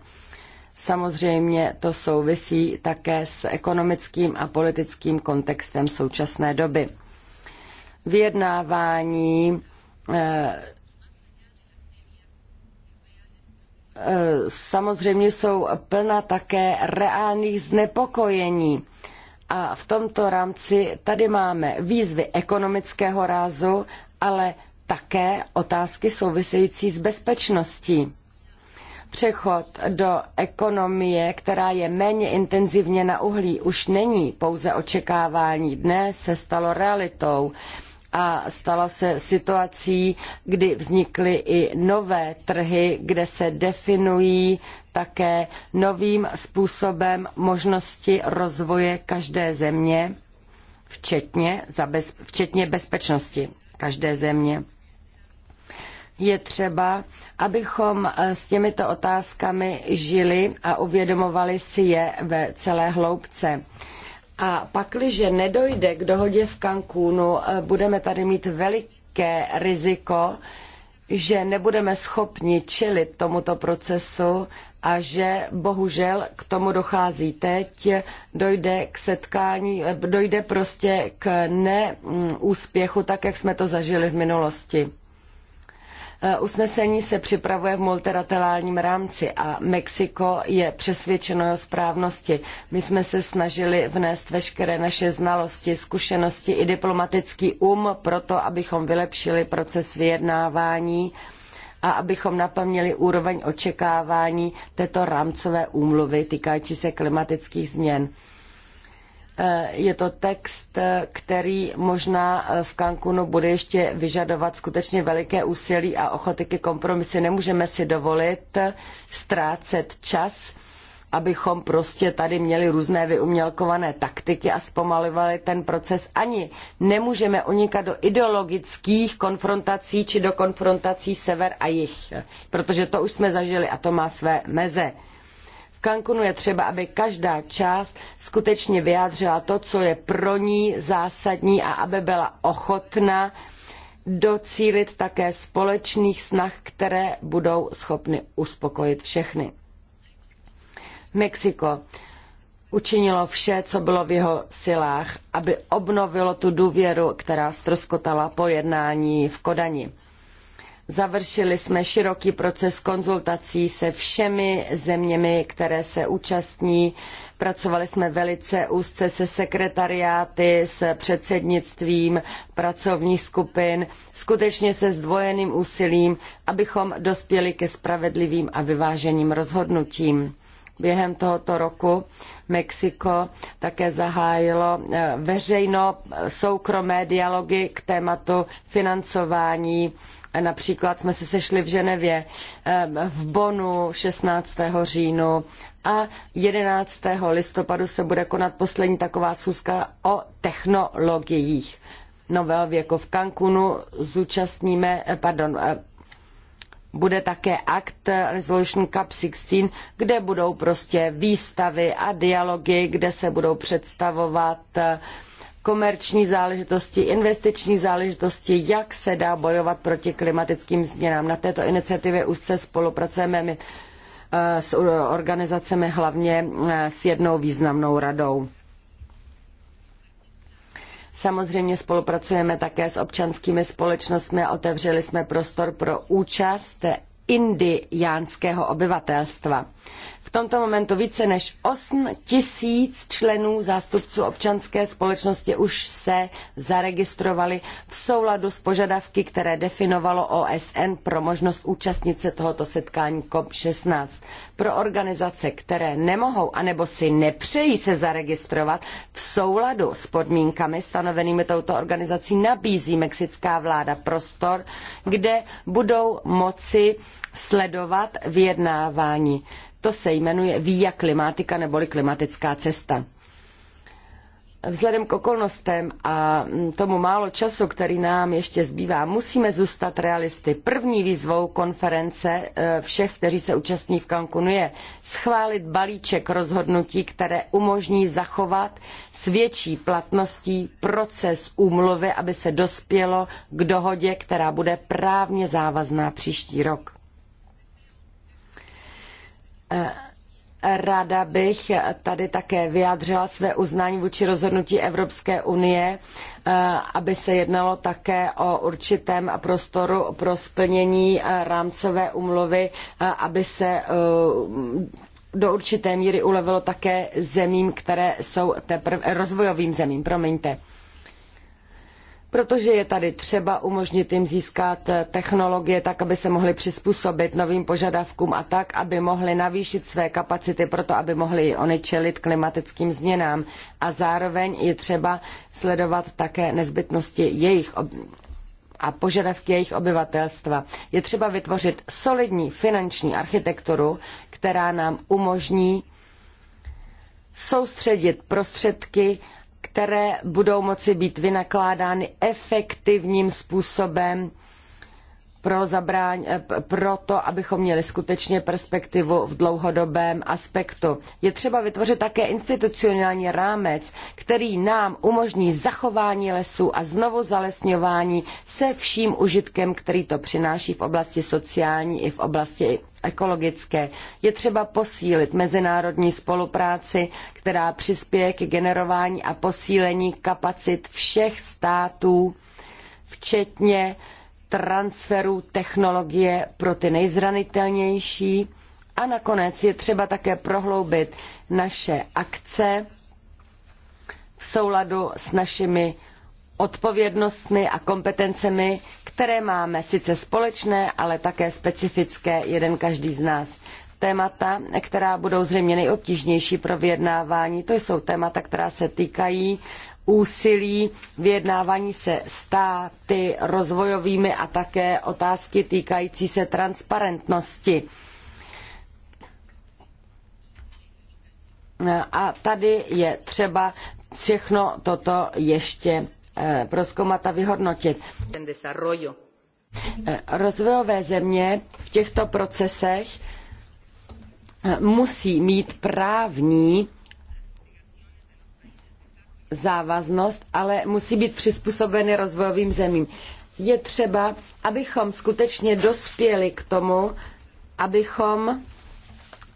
Samozřejmě to souvisí také s ekonomickým a politickým kontextem současné doby. Vyjednávání eh, eh, samozřejmě jsou plna také reálných znepokojení a v tomto rámci tady máme výzvy ekonomického rázu, ale také otázky související s bezpečností. Přechod do ekonomie, která je méně intenzivně na uhlí, už není pouze očekávání. Dnes se stalo realitou a stalo se situací, kdy vznikly i nové trhy, kde se definují také novým způsobem možnosti rozvoje každé země, včetně, včetně bezpečnosti každé země. Je třeba, abychom eh, s těmito otázkami žili a uvědomovali si je ve celé hloubce. A pakliže nedojde k dohodě v Cancúnu, eh, budeme tady mít veliké riziko, že nebudeme schopni čelit tomuto procesu a že bohužel k tomu dochází teď, dojde k setkání, dojde prostě k neúspěchu, tak jak jsme to zažili v minulosti. Eh, usnesení se připravuje v multilaterálním rámci a Mexiko je přesvědčeno o správnosti. My jsme se snažili vnést veškeré naše znalosti, zkušenosti i diplomatický um pro to, abychom vylepšili proces vyjednávání a abychom naplnili úroveň očekávání této rámcové úmluvy týkající se klimatických změn. E, je to text, e, který možná e, v Cancunu bude ještě vyžadovat skutečně veliké úsilí a ochoty ke kompromisy. Nemůžeme si dovolit ztrácet čas abychom prostě tady měli různé vyumělkované taktiky a zpomalovali ten proces. Ani nemůžeme unikat do ideologických konfrontací či do konfrontací sever a jih, protože to už jsme zažili a to má své meze. V Cancunu je třeba, aby každá část skutečně vyjádřila to, co je pro ní zásadní a aby byla ochotna docílit také společných snah, které budou schopny uspokojit všechny. Mexiko učinilo vše, co bylo v jeho silách, aby obnovilo tu důvěru, která ztroskotala po jednání v Kodani. Završili jsme široký proces konzultací se všemi zeměmi, které se účastní. Pracovali jsme velice úzce se sekretariáty, s předsednictvím pracovních skupin, skutečně se zdvojeným úsilím, abychom dospěli ke spravedlivým a vyváženým rozhodnutím. Během tohoto roku Mexiko také zahájilo eh, veřejno soukromé dialogy k tématu financování. Například jsme se sešli v Ženevě eh, v Bonu 16. říjnu a 11. listopadu se bude konat poslední taková schůzka o technologiích nového věku. V Cancunu zúčastníme, eh, pardon, bude také akt Resolution Cup 16, kde budou prostě výstavy a dialogy, kde se budou představovat eh, komerční záležitosti, investiční záležitosti, jak se dá bojovat proti klimatickým změnám. Na této iniciativě úzce spolupracujeme my eh, s organizacemi, hlavně eh, s jednou významnou radou. Samozřejmě spolupracujeme také s občanskými společnostmi a otevřeli jsme prostor pro účast indiánského obyvatelstva. V tomto momentu více než 8 tisíc členů zástupců občanské společnosti už se zaregistrovali v souladu s požadavky, které definovalo OSN pro možnost účastnit se tohoto setkání COP16. Pro organizace, které nemohou anebo si nepřejí se zaregistrovat v souladu s podmínkami stanovenými touto organizací, nabízí mexická vláda prostor, kde budou moci sledovat vyjednávání. To se jmenuje Via klimatika neboli klimatická cesta. Vzhledem k okolnostem a tomu málo času, který nám ještě zbývá, musíme zůstat realisty. První výzvou konference eh, všech, kteří se účastní v Cancunu, je schválit balíček rozhodnutí, které umožní zachovat s větší platností proces úmluvy, aby se dospělo k dohodě, která bude právně závazná příští rok. Eh, Ráda bych tady také vyjádřila své uznání vůči rozhodnutí Evropské unie, eh, aby se jednalo také o určitém prostoru pro splnění eh, rámcové umluvy, aby se do určité míry ulevilo také zemím, které jsou teprve rozvojovým zemím. Promiňte protože je tady třeba umožnit jim získat eh, technologie tak, aby se mohli přizpůsobit novým požadavkům a tak, aby mohli navýšit své kapacity proto, aby mohli i oni čelit klimatickým změnám. A zároveň je třeba sledovat také nezbytnosti jejich a požadavky jejich obyvatelstva. Je třeba vytvořit solidní finanční architekturu, která nám umožní soustředit prostředky které budou moci být vynakládány efektivním způsobem pro, eh, pro to, abychom měli skutečně perspektivu v dlouhodobém aspektu. Je třeba vytvořit také institucionální rámec, který nám umožní zachování lesů a znovu zalesňování se vším užitkem, který to přináší v oblasti sociální i v oblasti ekologické. Je třeba posílit mezinárodní spolupráci, která přispěje k generování a posílení kapacit všech států, včetně transferu technologie pro ty nejzranitelnější a nakonec je třeba také prohloubit naše akce v souladu s našimi odpovědnostmi a kompetencemi, které máme sice společné, ale také specifické jeden každý z nás. Témata, která budou zřejmě nejobtížnější pro vyjednávání, to jsou témata, která se týkají úsilí vyjednávání se státy rozvojovými a také otázky týkající se transparentnosti. A tady je třeba všechno toto ještě eh, prozkoumat a vyhodnotit. Eh, rozvojové země v těchto procesech eh, musí mít právní závaznost, ale musí být přizpůsobeny rozvojovým zemím. Je třeba, abychom skutečně dospěli k tomu, abychom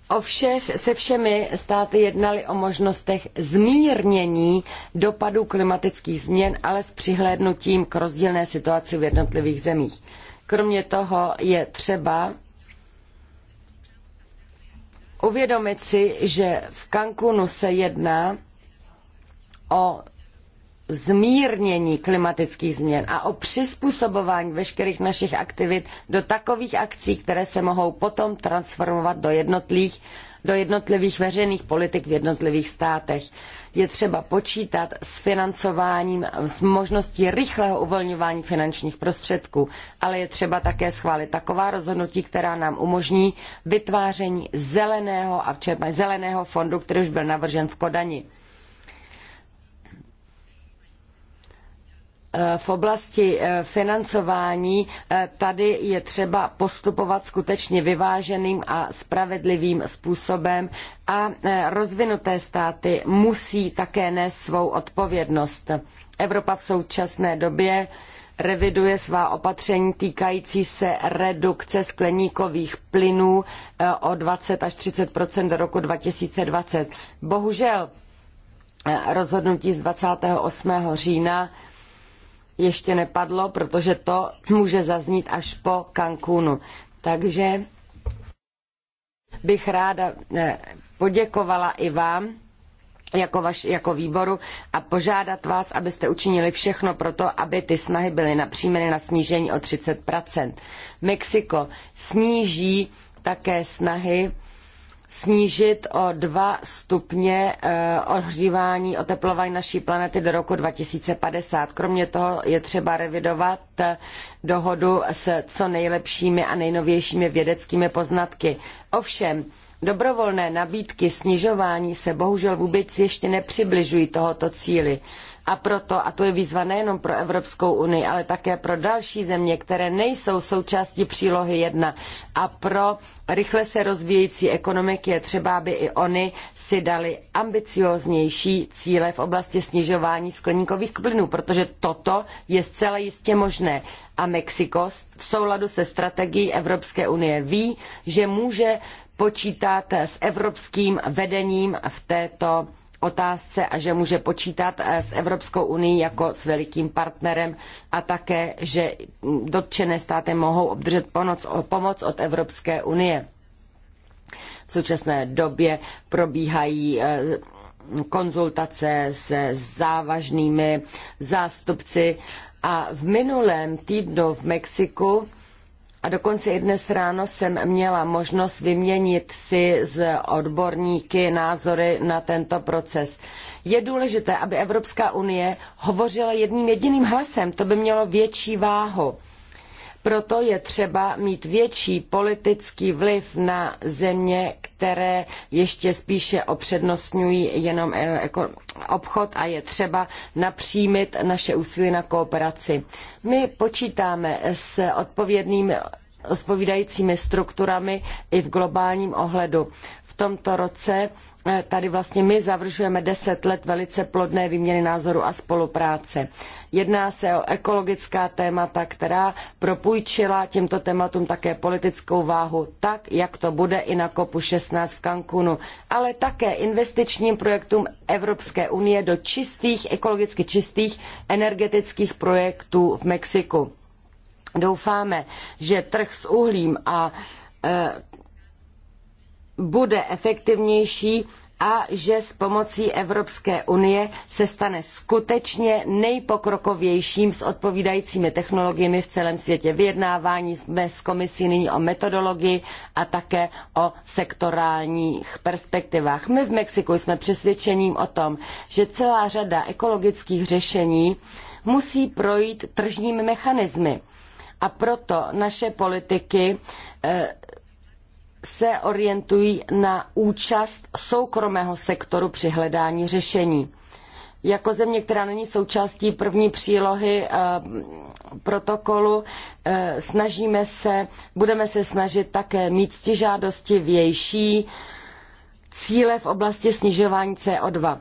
o všech, se všemi státy jednali o možnostech zmírnění dopadů klimatických změn, ale s přihlédnutím k rozdílné situaci v jednotlivých zemích. Kromě toho je třeba uvědomit si, že v Cancunu se jedná o zmírnění klimatických změn a o přizpůsobování veškerých našich aktivit do takových akcí, které se mohou potom transformovat do jednotlivých, do jednotlivých veřejných politik v jednotlivých státech. Je třeba počítat s financováním, s možností rychlého uvolňování finančních prostředků, ale je třeba také schválit taková rozhodnutí, která nám umožní vytváření zeleného a včetně zeleného fondu, který už byl navržen v Kodani Eh, v oblasti eh, financování eh, tady je třeba postupovat skutečně vyváženým a spravedlivým způsobem a rozvinuté státy musí také nést svou odpovědnost. Evropa v současné době reviduje svá opatření týkající se redukce skleníkových plynů o 20 až 30 do roku 2020. Bohužel rozhodnutí z 28. října ještě nepadlo, protože to může zaznít až po Cancúnu. Takže bych ráda eh, poděkovala i vám jako, vaš, jako výboru a požádat vás, abyste učinili všechno pro to, aby ty snahy byly napříjmeny na snížení o 30 Mexiko sníží také snahy snížit o 2 stupně eh, ohřívání, oteplování naší planety do roku 2050. Kromě toho je třeba revidovat eh, dohodu s co nejlepšími a nejnovějšími vědeckými poznatky. Ovšem, dobrovolné nabídky snižování se bohužel vůbec ještě nepřibližují tohoto cíli. A proto, a to je výzva nejenom pro Evropskou unii, ale také pro další země, které nejsou součástí přílohy 1 a pro rychle se rozvíjející ekonomiky je třeba, aby i oni si dali ambicióznější cíle v oblasti snižování skleníkových plynů, protože toto je zcela jistě možné. A Mexiko v souladu se strategií Evropské unie ví, že může počítat s evropským vedením v této otázce a že může počítat eh, s Evropskou unii jako s velikým partnerem a také, že dotčené státy mohou obdržet pomoc od Evropské unie. V současné době probíhají eh, konzultace se závažnými zástupci a v minulém týdnu v Mexiku a dokonce i dnes ráno jsem měla možnost vyměnit si z odborníky názory na tento proces. Je důležité, aby Evropská unie hovořila jedním jediným hlasem. To by mělo větší váhu proto je třeba mít větší politický vliv na země, které ještě spíše opřednostňují jenom eh, jako obchod a je třeba napřímit naše úsilí na kooperaci. My počítáme s odpovědnými odpovídajícími strukturami i v globálním ohledu v tomto roce. Eh, tady vlastně my završujeme deset let velice plodné výměny názorů a spolupráce. Jedná se o ekologická témata, která propůjčila těmto tématům také politickou váhu, tak, jak to bude i na kopu 16 v Cancunu, ale také investičním projektům Evropské unie do čistých, ekologicky čistých energetických projektů v Mexiku. Doufáme, že trh s uhlím a eh, bude efektivnější a že s pomocí Evropské unie se stane skutečně nejpokrokovějším s odpovídajícími technologiemi v celém světě. Vyjednávání jsme s komisí nyní o metodologii a také o sektorálních perspektivách. My v Mexiku jsme přesvědčením o tom, že celá řada ekologických řešení musí projít tržními mechanismy. A proto naše politiky eh, se orientují na účast soukromého sektoru při hledání řešení. Jako země, která není součástí první přílohy eh, protokolu, eh, snažíme se, budeme se snažit také mít ctižádosti vější cíle v oblasti snižování CO2.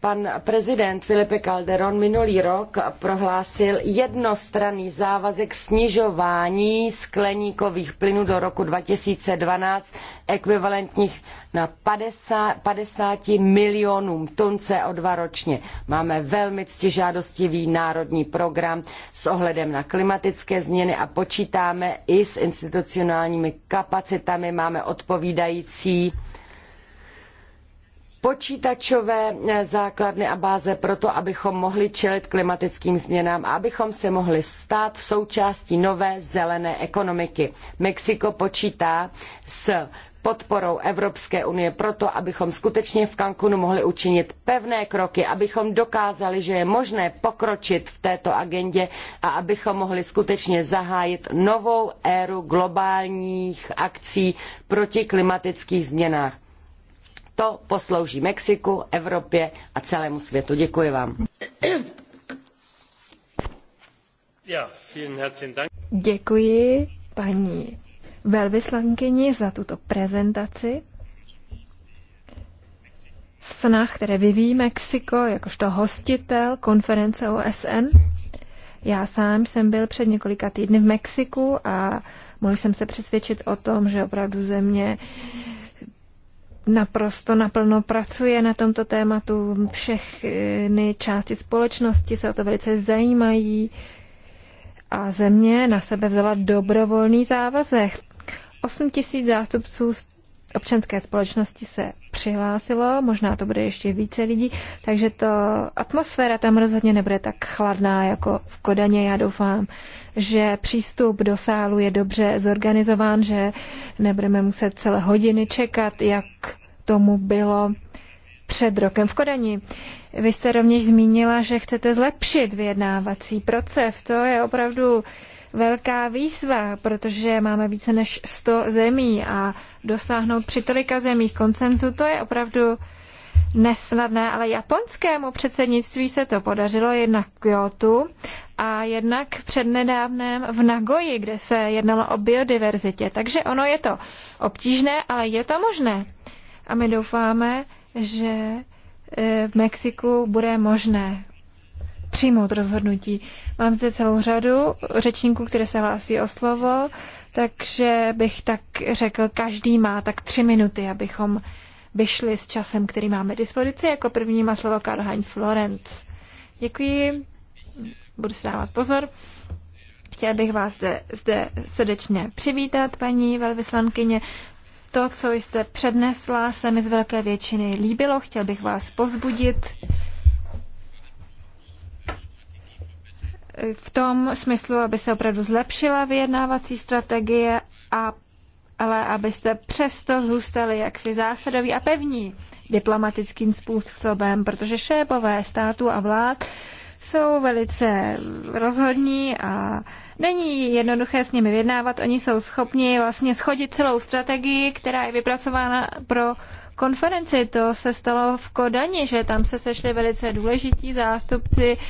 Pan prezident Felipe Calderón minulý rok prohlásil jednostranný závazek snižování skleníkových plynů do roku 2012 ekvivalentních na 50, 50 milionům tun CO2 ročně. Máme velmi ctižádostivý národní program s ohledem na klimatické změny a počítáme i s institucionálními kapacitami, máme odpovídající uh, počítačové eh, základny a báze pro to, abychom mohli čelit klimatickým změnám a abychom se mohli stát součástí nové zelené ekonomiky. Mexiko počítá s podporou Evropské unie proto, abychom skutečně v Cancunu mohli učinit pevné kroky, abychom dokázali, že je možné pokročit v této agendě a abychom mohli skutečně zahájit novou éru globálních akcí proti klimatickým změnám to poslouží Mexiku, Evropě a celému světu. Děkuji vám. Děkuji paní velvyslankyni za tuto prezentaci snah, které vyvíjí Mexiko jakožto hostitel konference OSN. Já sám jsem byl před několika týdny v Mexiku a mohl jsem se přesvědčit o tom, že opravdu země naprosto naplno pracuje na tomto tématu. Všechny části společnosti se o to velice zajímají a země na sebe vzala dobrovolný závazek. 8 tisíc zástupců občanské společnosti se přihlásilo, možná to bude ještě více lidí, takže to atmosféra tam rozhodně nebude tak chladná jako v Kodaně. Já doufám, že přístup do sálu je dobře zorganizován, že nebudeme muset celé hodiny čekat, jak tomu bylo před rokem v Kodani. Vy jste rovněž zmínila, že chcete zlepšit vyjednávací proces. To je opravdu velká výzva, protože máme více než 100 zemí a dosáhnout při tolika zemích koncenzu, to je opravdu nesnadné, ale japonskému předsednictví se to podařilo jednak k Kyoto a jednak přednedávném v Nagoji, kde se jednalo o biodiverzitě. Takže ono je to obtížné, ale je to možné. A my doufáme, že eh, v Mexiku bude možné přijmout rozhodnutí. Mám zde celou řadu řečníků, které se hlásí o slovo, takže bych tak řekl, každý má tak tři minuty, abychom vyšli s časem, který máme dispozici. Jako první má slovo Karl Hein Florenc. Děkuji, budu si dávat pozor. Chtěl bych vás zde, zde srdečně přivítat, paní velvyslankyně. To, co jste přednesla, se mi z velké většiny líbilo. Chtěl bych vás pozbudit v tom smyslu, aby se opravdu zlepšila vyjednávací strategie, a, ale abyste přesto zůstali jaksi zásadoví a pevní diplomatickým způsobem, protože šépové států a vlád jsou velice rozhodní a není jednoduché s nimi vyjednávat. Oni jsou schopni vlastně schodit celou strategii, která je vypracována pro konferenci. To se stalo v Kodani, že tam se sešli velice důležití zástupci uh,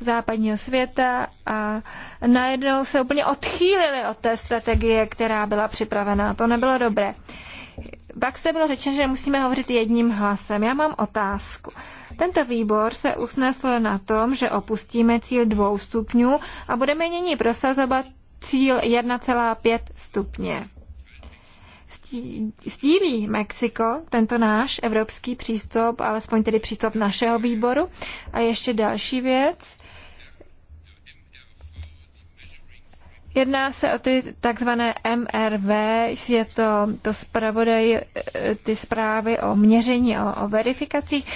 západního světa a najednou se úplně odchýlili od té strategie, která byla připravená. To nebylo dobré. Pak se bylo řečeno, že musíme hovořit jedním hlasem. Já mám otázku. Tento výbor se usnesl na tom, že opustíme cíl dvou stupňů a budeme nyní prosazovat cíl 1,5 stupně stílí Mexiko tento náš evropský přístup, alespoň tedy přístup našeho výboru. A ještě další věc. Jedná se o ty takzvané MRV, je to, to zpravodaj, eh, ty zprávy o měření, o, o verifikacích.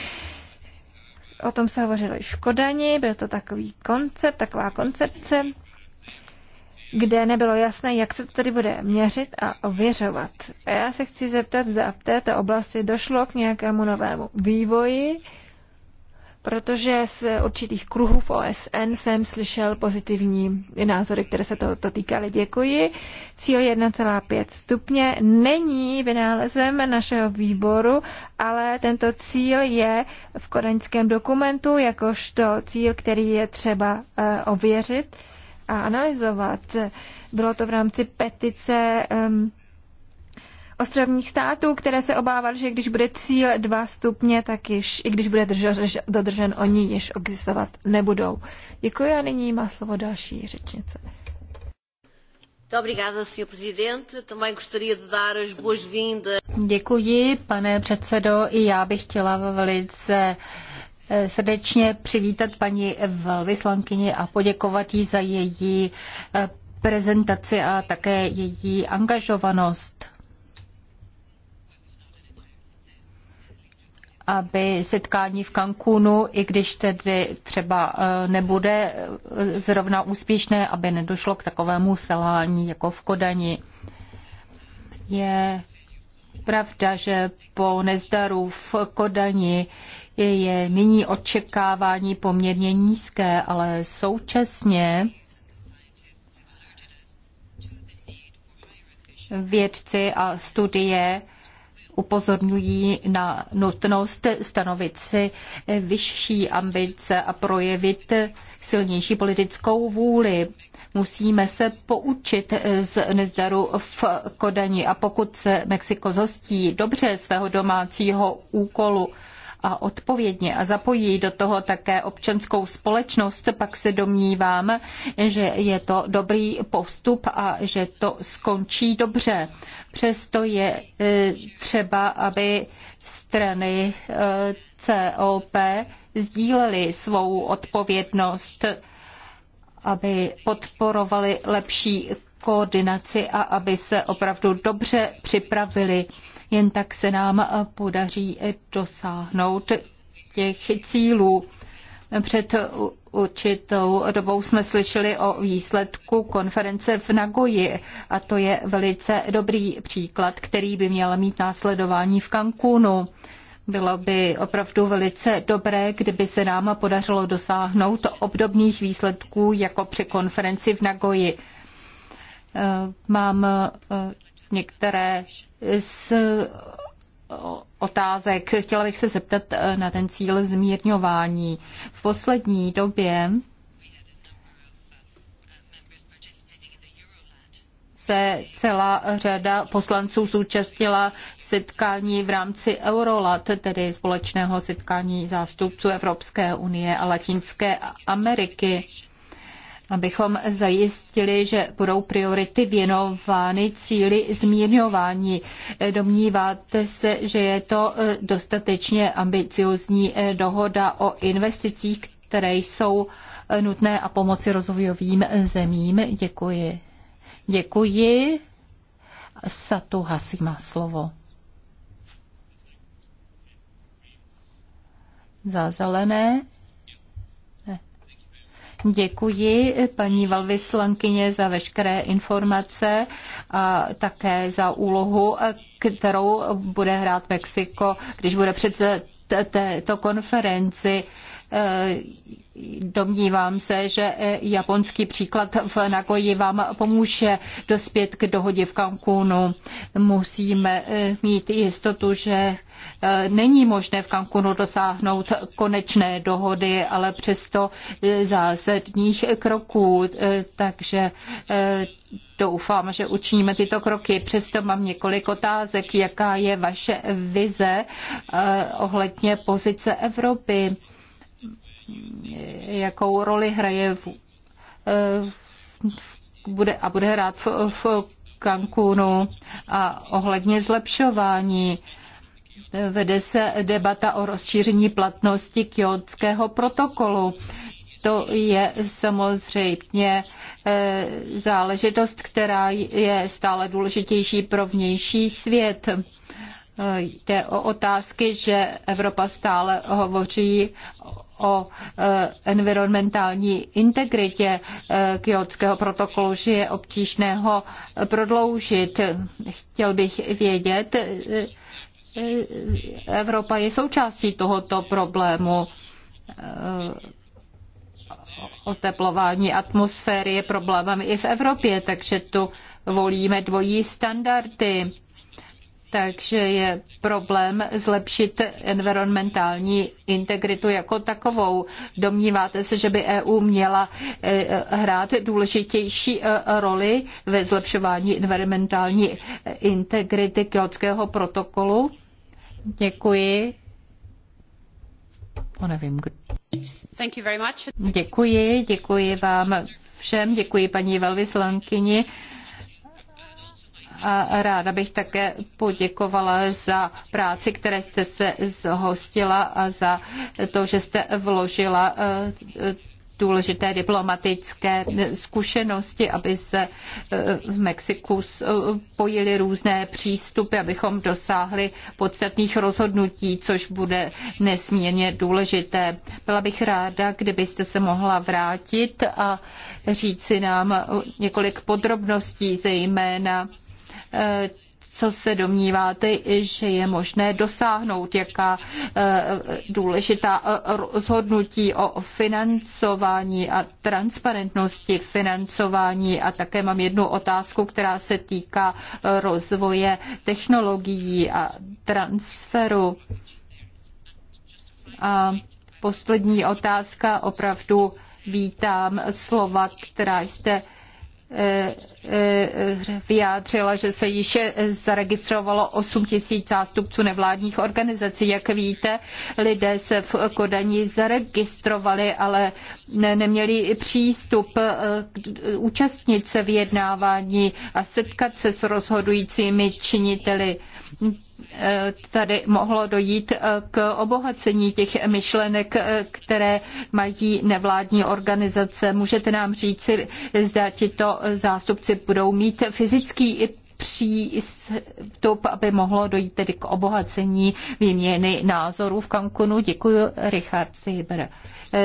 O tom se hovořilo i v Kodani, byl to takový koncept, taková koncepce kde nebylo jasné, jak se to tady bude měřit a ověřovat. A já se chci zeptat, zda v této oblasti došlo k nějakému novému vývoji, protože z určitých kruhů v OSN jsem slyšel pozitivní názory, které se tohoto týkaly. Děkuji. Cíl 1,5 stupně není vynálezem našeho výboru, ale tento cíl je v kodaňském dokumentu jakožto cíl, který je třeba eh, ověřit a analyzovat. Bylo to v rámci petice um, ostrovních států, které se obávaly, že když bude cíl dva stupně, tak již, i když bude držen, dodržen, oni již existovat nebudou. Děkuji a nyní má slovo další řečnice. Děkuji, pane předsedo, i já bych chtěla velice srdečně přivítat paní velvyslankyni a poděkovat jí za její eh, prezentaci a také její angažovanost. aby setkání v Cancúnu, i když tedy třeba eh, nebude eh, zrovna úspěšné, aby nedošlo k takovému selhání jako v Kodani. Je pravda, že po nezdaru v Kodani je nyní očekávání poměrně nízké, ale současně vědci a studie upozorňují na nutnost stanovit si vyšší ambice a projevit silnější politickou vůli Musíme se poučit z nezdaru v Kodani a pokud se Mexiko zhostí dobře svého domácího úkolu, a odpovědně a zapojí do toho také občanskou společnost, pak se domnívám, že je to dobrý postup a že to skončí dobře. Přesto je e, třeba, aby strany e, COP sdílely svou odpovědnost aby podporovali lepší koordinaci a aby se opravdu dobře připravili. Jen tak se nám podaří dosáhnout těch cílů. Před určitou dobou jsme slyšeli o výsledku konference v Nagoji a to je velice dobrý příklad, který by měl mít následování v Cancúnu. Bylo by opravdu velice dobré, kdyby se nám podařilo dosáhnout obdobných výsledků jako při konferenci v Nagoji. Eh, mám eh, některé z eh, otázek. Chtěla bych se zeptat na ten cíl zmírňování. V poslední době se celá řada poslanců zúčastnila setkání v rámci Eurolat, tedy společného setkání zástupců Evropské unie a Latinské Ameriky abychom zajistili, že budou priority věnovány cíli zmírňování. Domníváte se, že je to e, dostatečně ambiciozní e, dohoda o investicích, které jsou e, nutné a pomoci rozvojovým zemím? Děkuji. Děkuji. Satu Hasi má slovo. Za zelené. Děkuji paní Valvyslankyně za veškeré informace a také za úlohu, kterou bude hrát Mexiko, když bude předsedat této konferenci. Eh, domnívám se, že eh, japonský příklad v Nagoji vám pomůže dospět k dohodě v Cancúnu. Musíme eh, mít jistotu, že není možné v Cancúnu dosáhnout konečné dohody, ale přesto zásadních kroků. Takže doufám, že učiníme tyto kroky. Přesto mám několik otázek. Jaká je vaše vize ohledně pozice Evropy? jakou roli hraje eh, v, bude, a bude hrát v, v Cancúnu a ohledně zlepšování. Vede se debata o rozšíření platnosti Kyotského protokolu. To je samozřejmě eh, záležitost, která je stále důležitější pro vnější svět. Eh, jde o otázky, že Evropa stále hovoří o eh, environmentální integritě eh, kyotského protokolu, že je obtížné ho prodloužit. Chtěl bych vědět, eh, Evropa je součástí tohoto problému. Oteplování atmosféry je problémem i v Evropě, takže tu volíme dvojí standardy takže je problém zlepšit environmentální integritu jako takovou. Domníváte se, že by EU měla e, hrát důležitější e, roli ve zlepšování environmentální e, integrity Kyotského protokolu? Děkuji. O nevím, kdo. Děkuji, děkuji vám všem, děkuji paní velvyslankyni ráda bych také poděkovala za práci, které jste se zhostila a za to, že jste vložila eh, důležité diplomatické zkušenosti, aby se eh, v Mexiku spojily eh, různé přístupy, abychom dosáhli podstatných rozhodnutí, což bude nesmírně důležité. Byla bych ráda, kdybyste se mohla vrátit a říci nám několik podrobností, zejména Eh, co se domníváte, že je možné dosáhnout, jaká eh, důležitá eh, rozhodnutí o financování a transparentnosti financování. A také mám jednu otázku, která se týká rozvoje technologií a transferu. A poslední otázka. Opravdu vítám slova, která jste Eh, vyjádřila, že se již eh, zaregistrovalo 8 tisíc zástupců nevládních organizací. Jak víte, lidé se v Kodani zaregistrovali, ale neměli přístup eh, účastnit se vyjednávání a setkat se s rozhodujícími činiteli. Tady mohlo dojít k obohacení těch myšlenek, které mají nevládní organizace. Můžete nám říci, zda tito zástupci budou mít fyzický i přístup, aby mohlo dojít tedy k obohacení výměny názorů v Cancunu. Děkuji, Richard Sieber.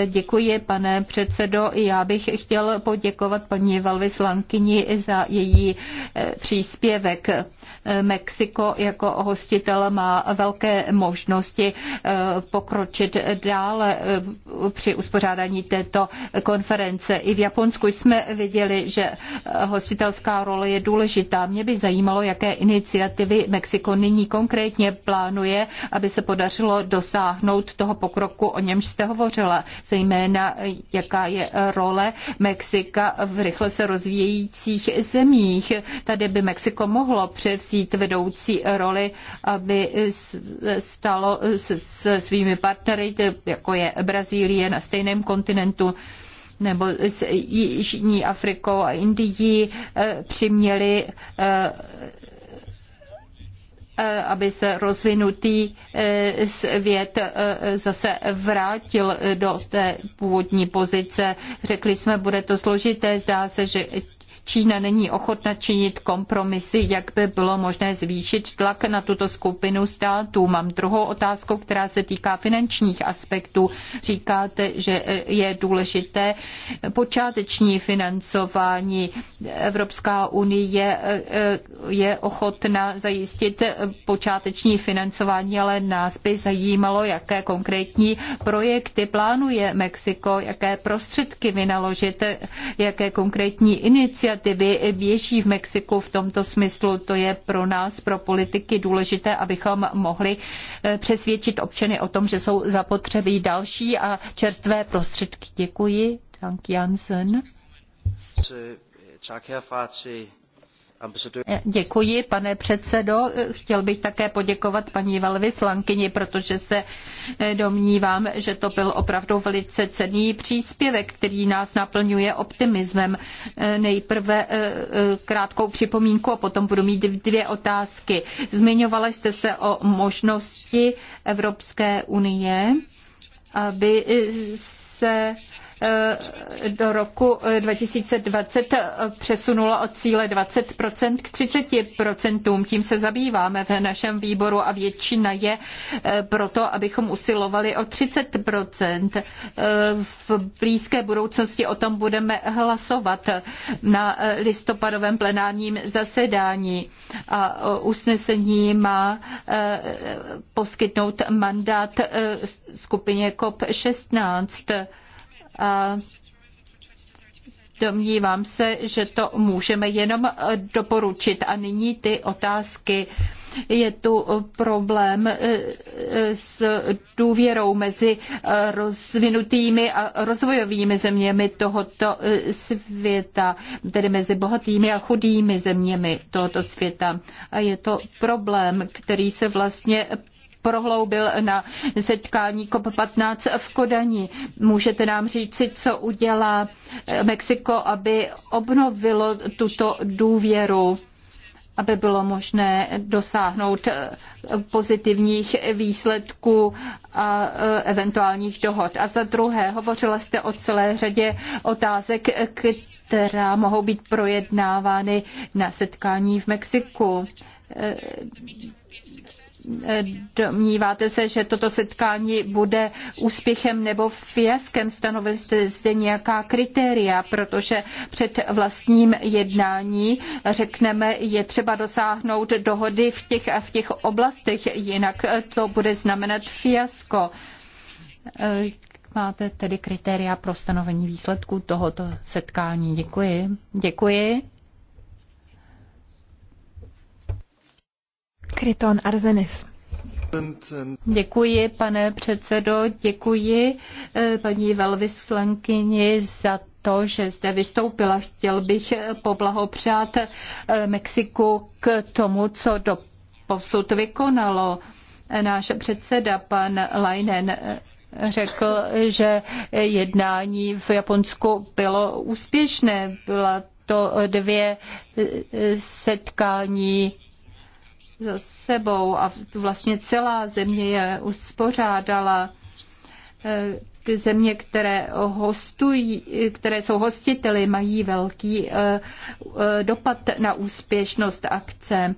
Děkuji, pane předsedo. Já bych chtěl poděkovat paní velvyslankyni za její eh, příspěvek. Mexiko jako hostitel má velké možnosti eh, pokročit dále eh, při uspořádání této konference. I v Japonsku jsme viděli, že hostitelská role je důležitá. Mě by zajímalo, jaké iniciativy Mexiko nyní konkrétně plánuje, aby se podařilo dosáhnout toho pokroku, o němž jste hovořila, zejména jaká je role Mexika v rychle se rozvíjejících zemích. Tady by Mexiko mohlo převzít vedoucí roli, aby stalo se svými partnery, jako je Brazílie na stejném kontinentu, nebo s Jižní Afrikou a Indií eh, přiměli eh, eh, aby se rozvinutý svět zase vrátil do té původní pozice. Řekli jsme, bude to složité, zdá se, že Čína není ochotna činit kompromisy, jak by bylo možné zvýšit tlak na tuto skupinu států. Mám druhou otázku, která se týká finančních aspektů. Říkáte, že je důležité počáteční financování. Evropská unie eh, eh, je ochotna zajistit počáteční financování, ale nás by zajímalo, jaké konkrétní projekty plánuje Mexiko, jaké prostředky vynaložit, jaké konkrétní iniciativy iniciativy běží v Mexiku v tomto smyslu. To je pro nás, pro politiky důležité, abychom mohli eh, přesvědčit občany o tom, že jsou zapotřebí další a čerstvé prostředky. Děkuji. Dank Jansen. Tak eh, eh, Děkuji, pane předsedo. Chtěl bych také poděkovat paní velvyslankyni, protože se domnívám, že to byl opravdu velice cenný příspěvek, který nás naplňuje optimismem. Nejprve eh, eh, krátkou připomínku a potom budu mít dvě otázky. Zmiňovala jste se o možnosti Evropské unie, aby se Eh, do roku 2020 eh, eh, přesunula od cíle 20% k 30%. Tím se zabýváme v našem výboru a většina je proto, abychom usilovali o 30%. V blízké budoucnosti o tom budeme hlasovat na listopadovém plenárním zasedání a usnesení má poskytnout mandát skupině COP16 domnívám se, že to můžeme jenom eh, doporučit. A nyní ty otázky. Je tu problém eh, eh, s důvěrou mezi rozvinutými a rozvojovými zeměmi tohoto světa, tedy mezi bohatými a chudými zeměmi tohoto světa. A je to problém, který se vlastně prohloubil na setkání COP15 v Kodani. Můžete nám říci, co udělá Mexiko, aby obnovilo tuto důvěru? aby bylo možné dosáhnout pozitivních výsledků a eventuálních dohod. A za druhé, hovořila jste o celé řadě otázek, která mohou být projednávány na setkání v Mexiku. Domníváte se, že toto setkání bude úspěchem nebo fiaskem? Stanovili jste zde nějaká kritéria, protože před vlastním jednání řekneme, je třeba dosáhnout dohody v těch a v těch oblastech, jinak to bude znamenat fiasko. Máte tedy kritéria pro stanovení výsledků tohoto setkání. Děkuji. Děkuji. Kryton Arzenis. Děkuji, pane předsedo, děkuji eh, paní velvyslankyni za to, že zde vystoupila. Chtěl bych eh, poblahopřát eh, Mexiku k tomu, co do posud vykonalo. Náš předseda, pan Leinen, řekl, že jednání v Japonsku bylo úspěšné. Byla to dvě setkání za sebou a vlastně celá země je uspořádala eh, země, které, hostují, které jsou hostiteli, mají velký eh, eh, dopad na úspěšnost akce.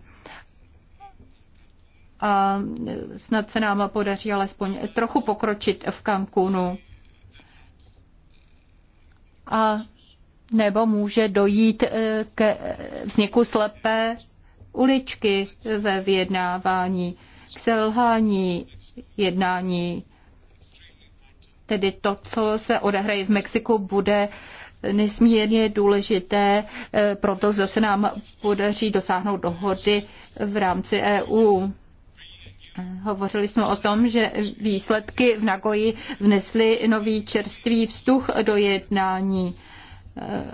A snad se nám podaří alespoň trochu pokročit v Cancunu. A nebo může dojít ke vzniku slepé uličky ve vyjednávání, k selhání jednání. Tedy to, co se odehraje v Mexiku, bude nesmírně důležité, eh, proto zase nám podaří dosáhnout dohody v rámci EU. Hovořili jsme o tom, že výsledky v Nagoji vnesly nový čerstvý vztuch do jednání. Eh,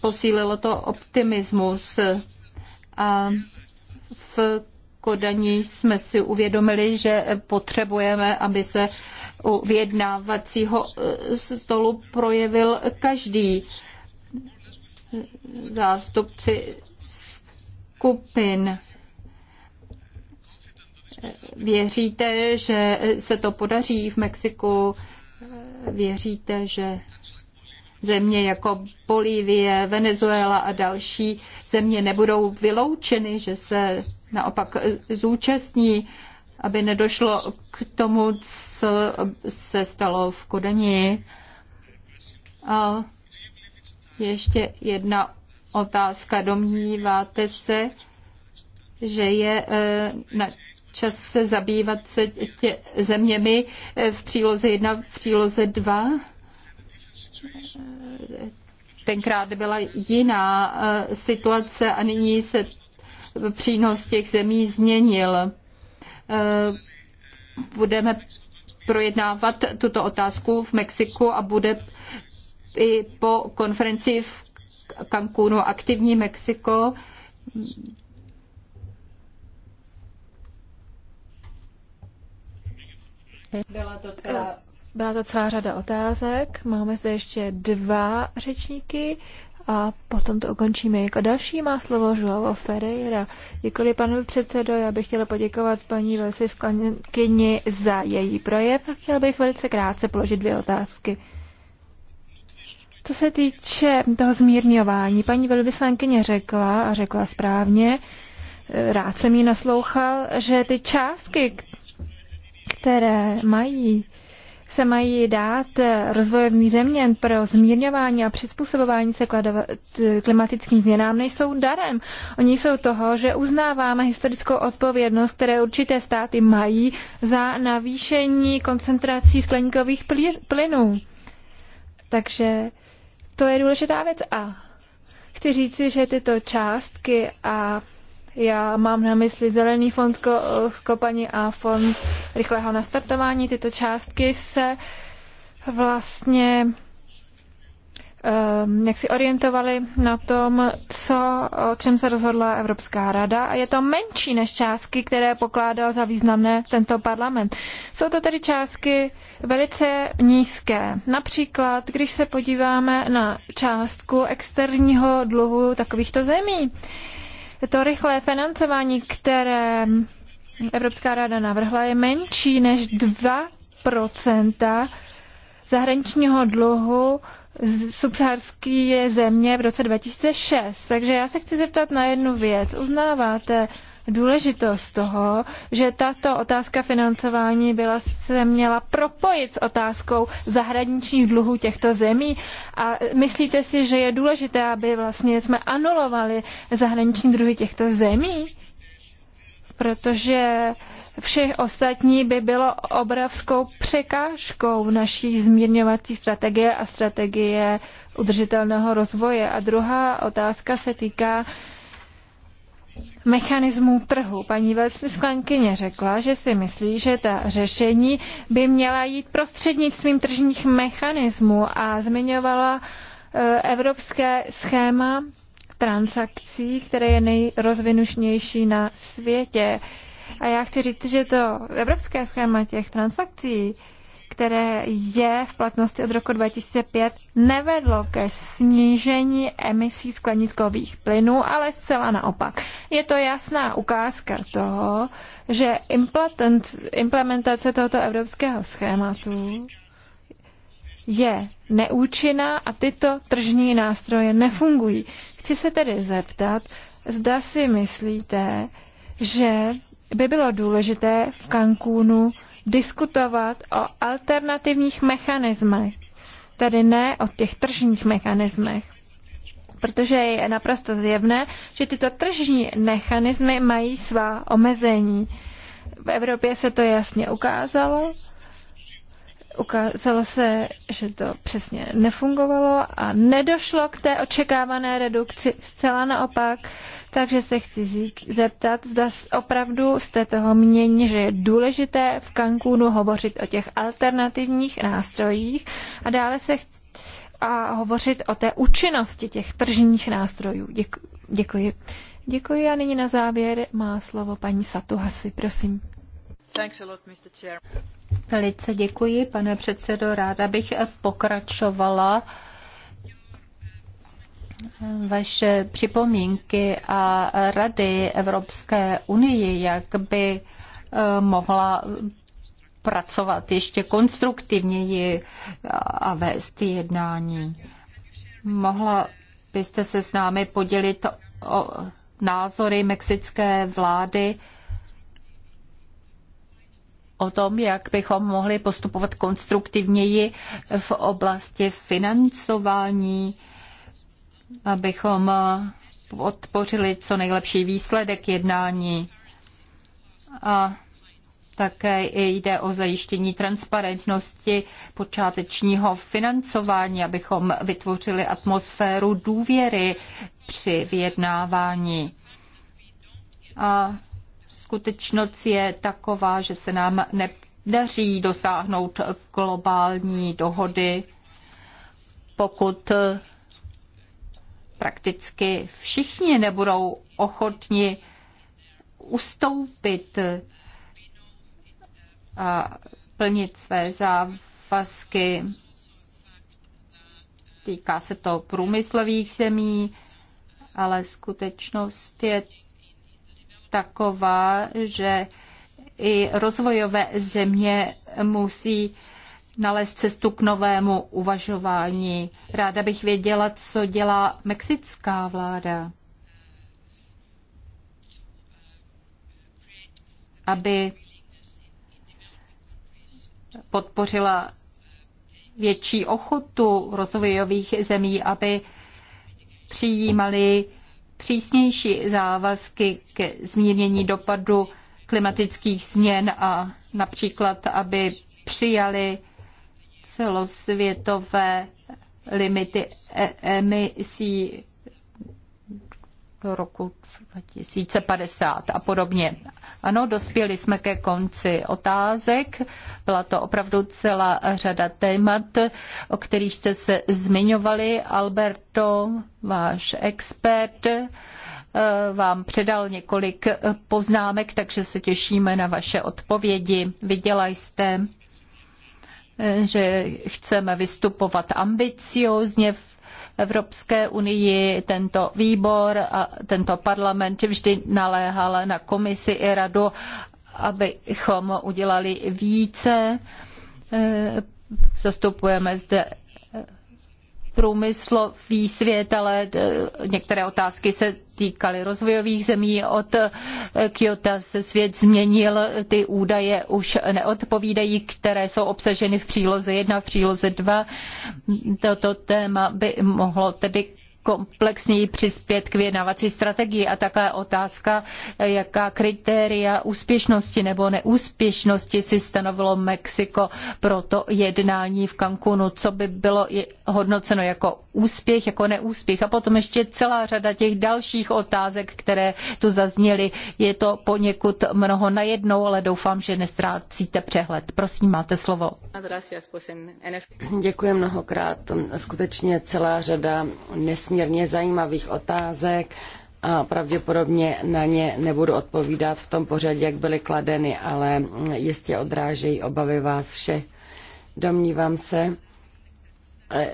posílilo to optimismus a v Kodani jsme si uvědomili, že potřebujeme, aby se u vyjednávacího e, stolu projevil každý zástupci skupin. Věříte, že se to podaří v Mexiku? Věříte, že Země jako Bolívie, Venezuela a další země nebudou vyloučeny, že se naopak zúčastní, aby nedošlo k tomu, co se stalo v Kodani. A ještě jedna otázka. Domníváte se, že je eh, na čas se zabývat se tě, zeměmi eh, v příloze 1, v příloze 2? tenkrát byla jiná eh, situace a nyní se přínos těch zemí změnil. Eh, budeme projednávat tuto otázku v Mexiku a bude i po konferenci v Cancúnu aktivní Mexiko. Byla to celá byla to celá řada otázek. Máme zde ještě dva řečníky a potom to ukončíme. Jako další má slovo Joao Ferreira. Děkuji panu předsedo, já bych chtěla poděkovat paní Sklankyni za její projev a chtěla bych velice krátce položit dvě otázky. Co se týče toho zmírňování, paní velvyslankyně řekla, a řekla správně, rád jsem jí naslouchal, že ty částky, které mají se mají dát rozvojovým zeměm pro zmírňování a přizpůsobování se klimatickým změnám, nejsou darem. Oni jsou toho, že uznáváme historickou odpovědnost, které určité státy mají za navýšení koncentrací skleníkových plynů. Takže to je důležitá věc. A chci říci, že tyto částky a já mám na mysli Zelený fond kopaní a fond rychlého nastartování. Tyto částky se vlastně ehm, jak si orientovali na tom, co, o čem se rozhodla Evropská rada. A je to menší než částky, které pokládal za významné tento parlament. Jsou to tedy částky velice nízké. Například, když se podíváme na částku externího dluhu takovýchto zemí, to rychlé financování, které Evropská rada navrhla, je menší než 2 zahraničního dluhu z subsaharské země v roce 2006. Takže já se chci zeptat na jednu věc. Uznáváte, důležitost toho, že tato otázka financování byla se měla propojit s otázkou zahraničních dluhů těchto zemí. A myslíte si, že je důležité, aby vlastně jsme anulovali zahraniční dluhy těchto zemí? protože všech ostatní by bylo obrovskou překážkou naší zmírňovací strategie a strategie udržitelného rozvoje. A druhá otázka se týká mechanismů trhu. Paní velvyslankyně řekla, že si myslí, že ta řešení by měla jít prostřednictvím tržních mechanismů a zmiňovala e, evropské schéma transakcí, které je nejrozvinušnější na světě. A já chci říct, že to evropské schéma těch transakcí které je v platnosti od roku 2005, nevedlo ke snížení emisí skleníkových plynů, ale zcela naopak. Je to jasná ukázka toho, že implementace tohoto evropského schématu je neúčinná a tyto tržní nástroje nefungují. Chci se tedy zeptat, zda si myslíte, že by bylo důležité v Cancúnu diskutovat o alternativních mechanismech, tedy ne o těch tržních mechanismech. Protože je naprosto zjevné, že tyto tržní mechanismy mají svá omezení. V Evropě se to jasně ukázalo Ukázalo se, že to přesně nefungovalo a nedošlo k té očekávané redukci. Zcela naopak, takže se chci zeptat, zda opravdu jste toho mění, že je důležité v Cancúnu hovořit o těch alternativních nástrojích a dále se chci a hovořit o té účinnosti těch tržních nástrojů. Děku, děkuji. Děkuji a nyní na závěr má slovo paní Satuhasi, prosím. Thanks a lot, Mr. Chair. Velice děkuji, pane předsedo. Ráda bych pokračovala vaše připomínky a rady Evropské unii, jak by eh, mohla pracovat ještě konstruktivněji a vést jednání. Mohla byste se s námi podělit o názory mexické vlády o tom, jak bychom mohli postupovat konstruktivněji v oblasti financování, abychom podpořili co nejlepší výsledek jednání. A také jde o zajištění transparentnosti počátečního financování, abychom vytvořili atmosféru důvěry při vyjednávání. A skutečnost je taková, že se nám nedaří dosáhnout globální dohody, pokud prakticky všichni nebudou ochotni ustoupit a plnit své závazky. Týká se to průmyslových zemí, ale skutečnost je taková, že i rozvojové země musí nalézt cestu k novému uvažování. Ráda bych věděla, co dělá mexická vláda, aby podpořila větší ochotu rozvojových zemí, aby přijímali přísnější závazky ke zmírnění dopadu klimatických změn a například, aby přijali celosvětové limity e- emisí do roku 2050 a podobně. Ano, dospěli jsme ke konci otázek. Byla to opravdu celá řada témat, o kterých jste se zmiňovali. Alberto, váš expert, eh, vám předal několik poznámek, takže se těšíme na vaše odpovědi. Viděla jste eh, že chceme vystupovat ambiciózně v Evropské unii tento výbor a tento parlament vždy naléhal na komisi i radu, abychom udělali více. Eh, zastupujeme zde průmyslový svět, ale eh, některé otázky se týkaly rozvojových zemí. Od eh, Kyoto se svět změnil, ty údaje už neodpovídají, které jsou obsaženy v příloze 1 v příloze 2. Toto téma by mohlo tedy komplexněji přispět k vyjednávací strategii a také otázka, jaká kritéria úspěšnosti nebo neúspěšnosti si stanovilo Mexiko pro to jednání v Cancunu, co by bylo hodnoceno jako úspěch, jako neúspěch. A potom ještě celá řada těch dalších otázek, které tu zazněly. Je to poněkud mnoho najednou, ale doufám, že nestrácíte přehled. Prosím, máte slovo. Děkuji mnohokrát. Skutečně celá řada nesmí nesmírně zajímavých otázek a pravděpodobně na ně nebudu odpovídat v tom pořadí, jak byly kladeny, ale jistě odrážejí obavy vás všech. Domnívám se,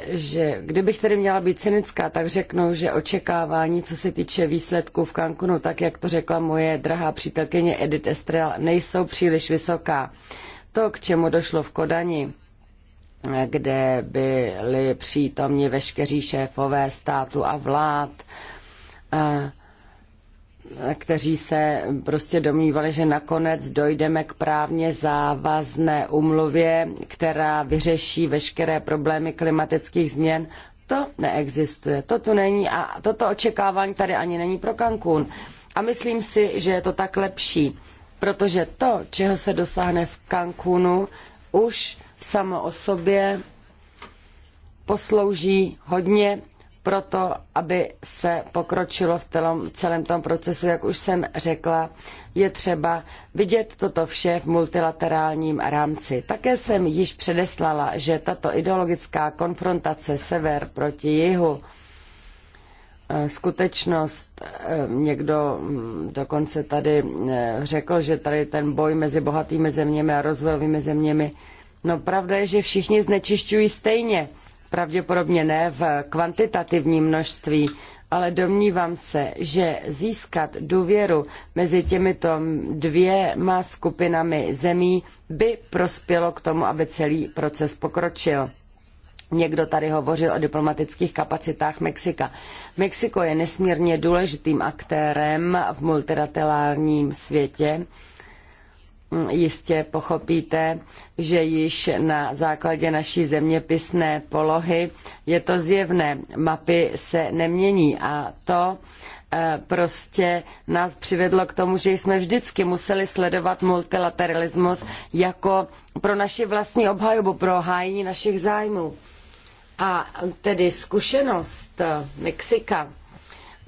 že kdybych tedy měla být cynická, tak řeknu, že očekávání, co se týče výsledků v Cancunu, tak jak to řekla moje drahá přítelkyně Edith Estrela, nejsou příliš vysoká. To, k čemu došlo v Kodani, kde byli přítomni veškeří šéfové státu a vlád, kteří se prostě domnívali, že nakonec dojdeme k právně závazné umluvě, která vyřeší veškeré problémy klimatických změn. To neexistuje, to tu není a toto očekávání tady ani není pro Cancún. A myslím si, že je to tak lepší, protože to, čeho se dosáhne v Cancúnu, už samo o sobě poslouží hodně pro to, aby se pokročilo v tom celém tom procesu, jak už jsem řekla, je třeba vidět toto vše v multilaterálním rámci. Také jsem již předeslala, že tato ideologická konfrontace sever proti jihu eh, skutečnost, eh, někdo hm, dokonce tady eh, řekl, že tady ten boj mezi bohatými zeměmi a rozvojovými zeměmi No pravda je, že všichni znečišťují stejně. Pravděpodobně ne v kvantitativním množství, ale domnívám se, že získat důvěru mezi těmito dvěma skupinami zemí by prospělo k tomu, aby celý proces pokročil. Někdo tady hovořil o diplomatických kapacitách Mexika. Mexiko je nesmírně důležitým aktérem v multilaterálním světě jistě pochopíte, že již na základě naší zeměpisné polohy je to zjevné. Mapy se nemění a to eh, prostě nás přivedlo k tomu, že jsme vždycky museli sledovat multilateralismus jako pro naši vlastní obhajobu, pro hájení našich zájmů. A tedy zkušenost Mexika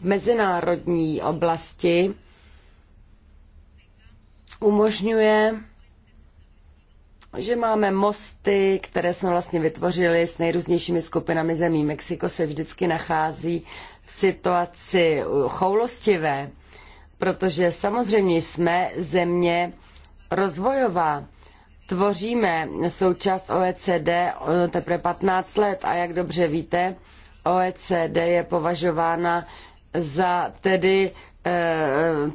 v mezinárodní oblasti umožňuje, že máme mosty, které jsme vlastně vytvořili s nejrůznějšími skupinami zemí. Mexiko se vždycky nachází v situaci choulostivé, protože samozřejmě jsme země rozvojová tvoříme součást OECD eh, teprve 15 let a jak dobře víte, OECD je považována za tedy e,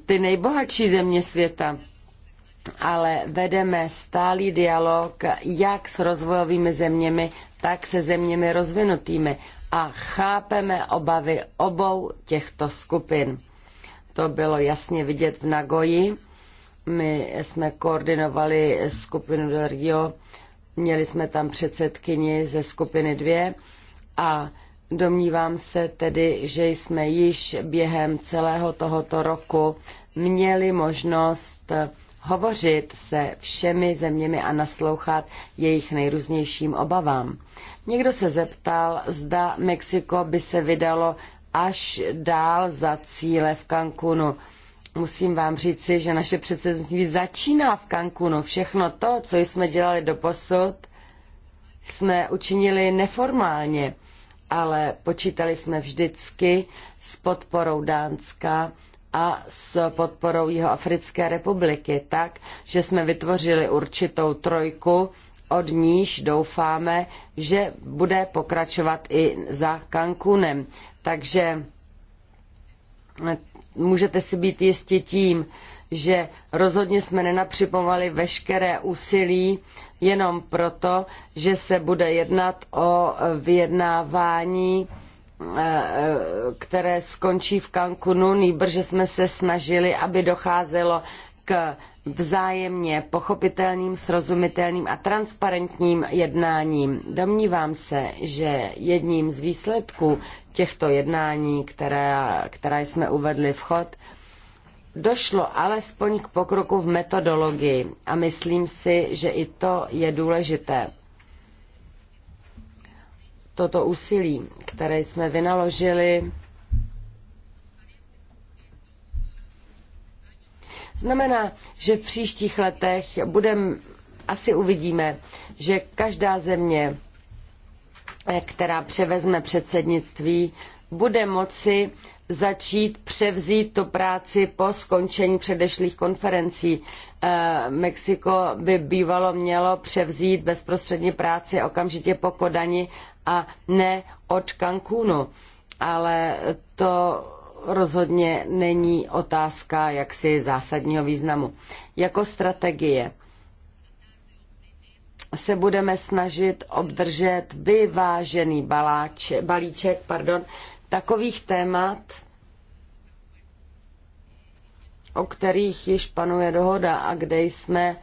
ty nejbohatší země světa ale vedeme stálý dialog jak s rozvojovými zeměmi, tak se zeměmi rozvinutými a chápeme obavy obou těchto skupin. To bylo jasně vidět v Nagoji. My jsme koordinovali skupinu do Rio, měli jsme tam předsedkyni ze skupiny dvě a domnívám se tedy, že jsme již během celého tohoto roku měli možnost hovořit se všemi zeměmi a naslouchat jejich nejrůznějším obavám. Někdo se zeptal, zda Mexiko by se vydalo až dál za cíle v Cancunu. Musím vám říci, že naše předsednictví začíná v Cancunu. Všechno to, co jsme dělali do posud, jsme učinili neformálně, ale počítali jsme vždycky s podporou Dánska a s podporou jeho Africké republiky tak, že jsme vytvořili určitou trojku, od níž doufáme, že bude pokračovat i za Cancunem. Takže můžete si být jistí tím, že rozhodně jsme nenapřipovali veškeré úsilí jenom proto, že se bude jednat o vyjednávání Eh, které skončí v Cancunu, nýbrže jsme se snažili, aby docházelo k vzájemně pochopitelným, srozumitelným a transparentním jednáním. Domnívám se, že jedním z výsledků těchto jednání, která, která jsme uvedli v chod, došlo alespoň k pokroku v metodologii a myslím si, že i to je důležité toto úsilí, které jsme vynaložili, znamená, že v příštích letech budeme asi uvidíme, že každá země, eh, která převezme předsednictví, bude moci začít převzít tu práci po skončení předešlých konferencí. Eh, Mexiko by bývalo mělo převzít bezprostředně práci okamžitě po Kodani a ne od Cancúnu. Ale to rozhodně není otázka jaksi zásadního významu. Jako strategie se budeme snažit obdržet vyvážený baláč, balíček pardon, takových témat, o kterých již panuje dohoda a kde jsme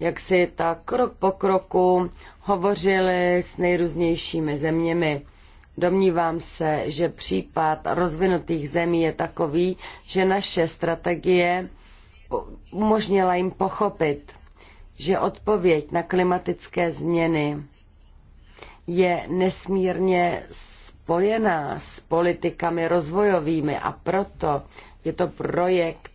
jak si tak krok po kroku hovořili s nejrůznějšími zeměmi. Domnívám se, že případ rozvinutých zemí je takový, že naše strategie umožnila jim pochopit, že odpověď na klimatické změny je nesmírně spojená s politikami rozvojovými a proto je to projekt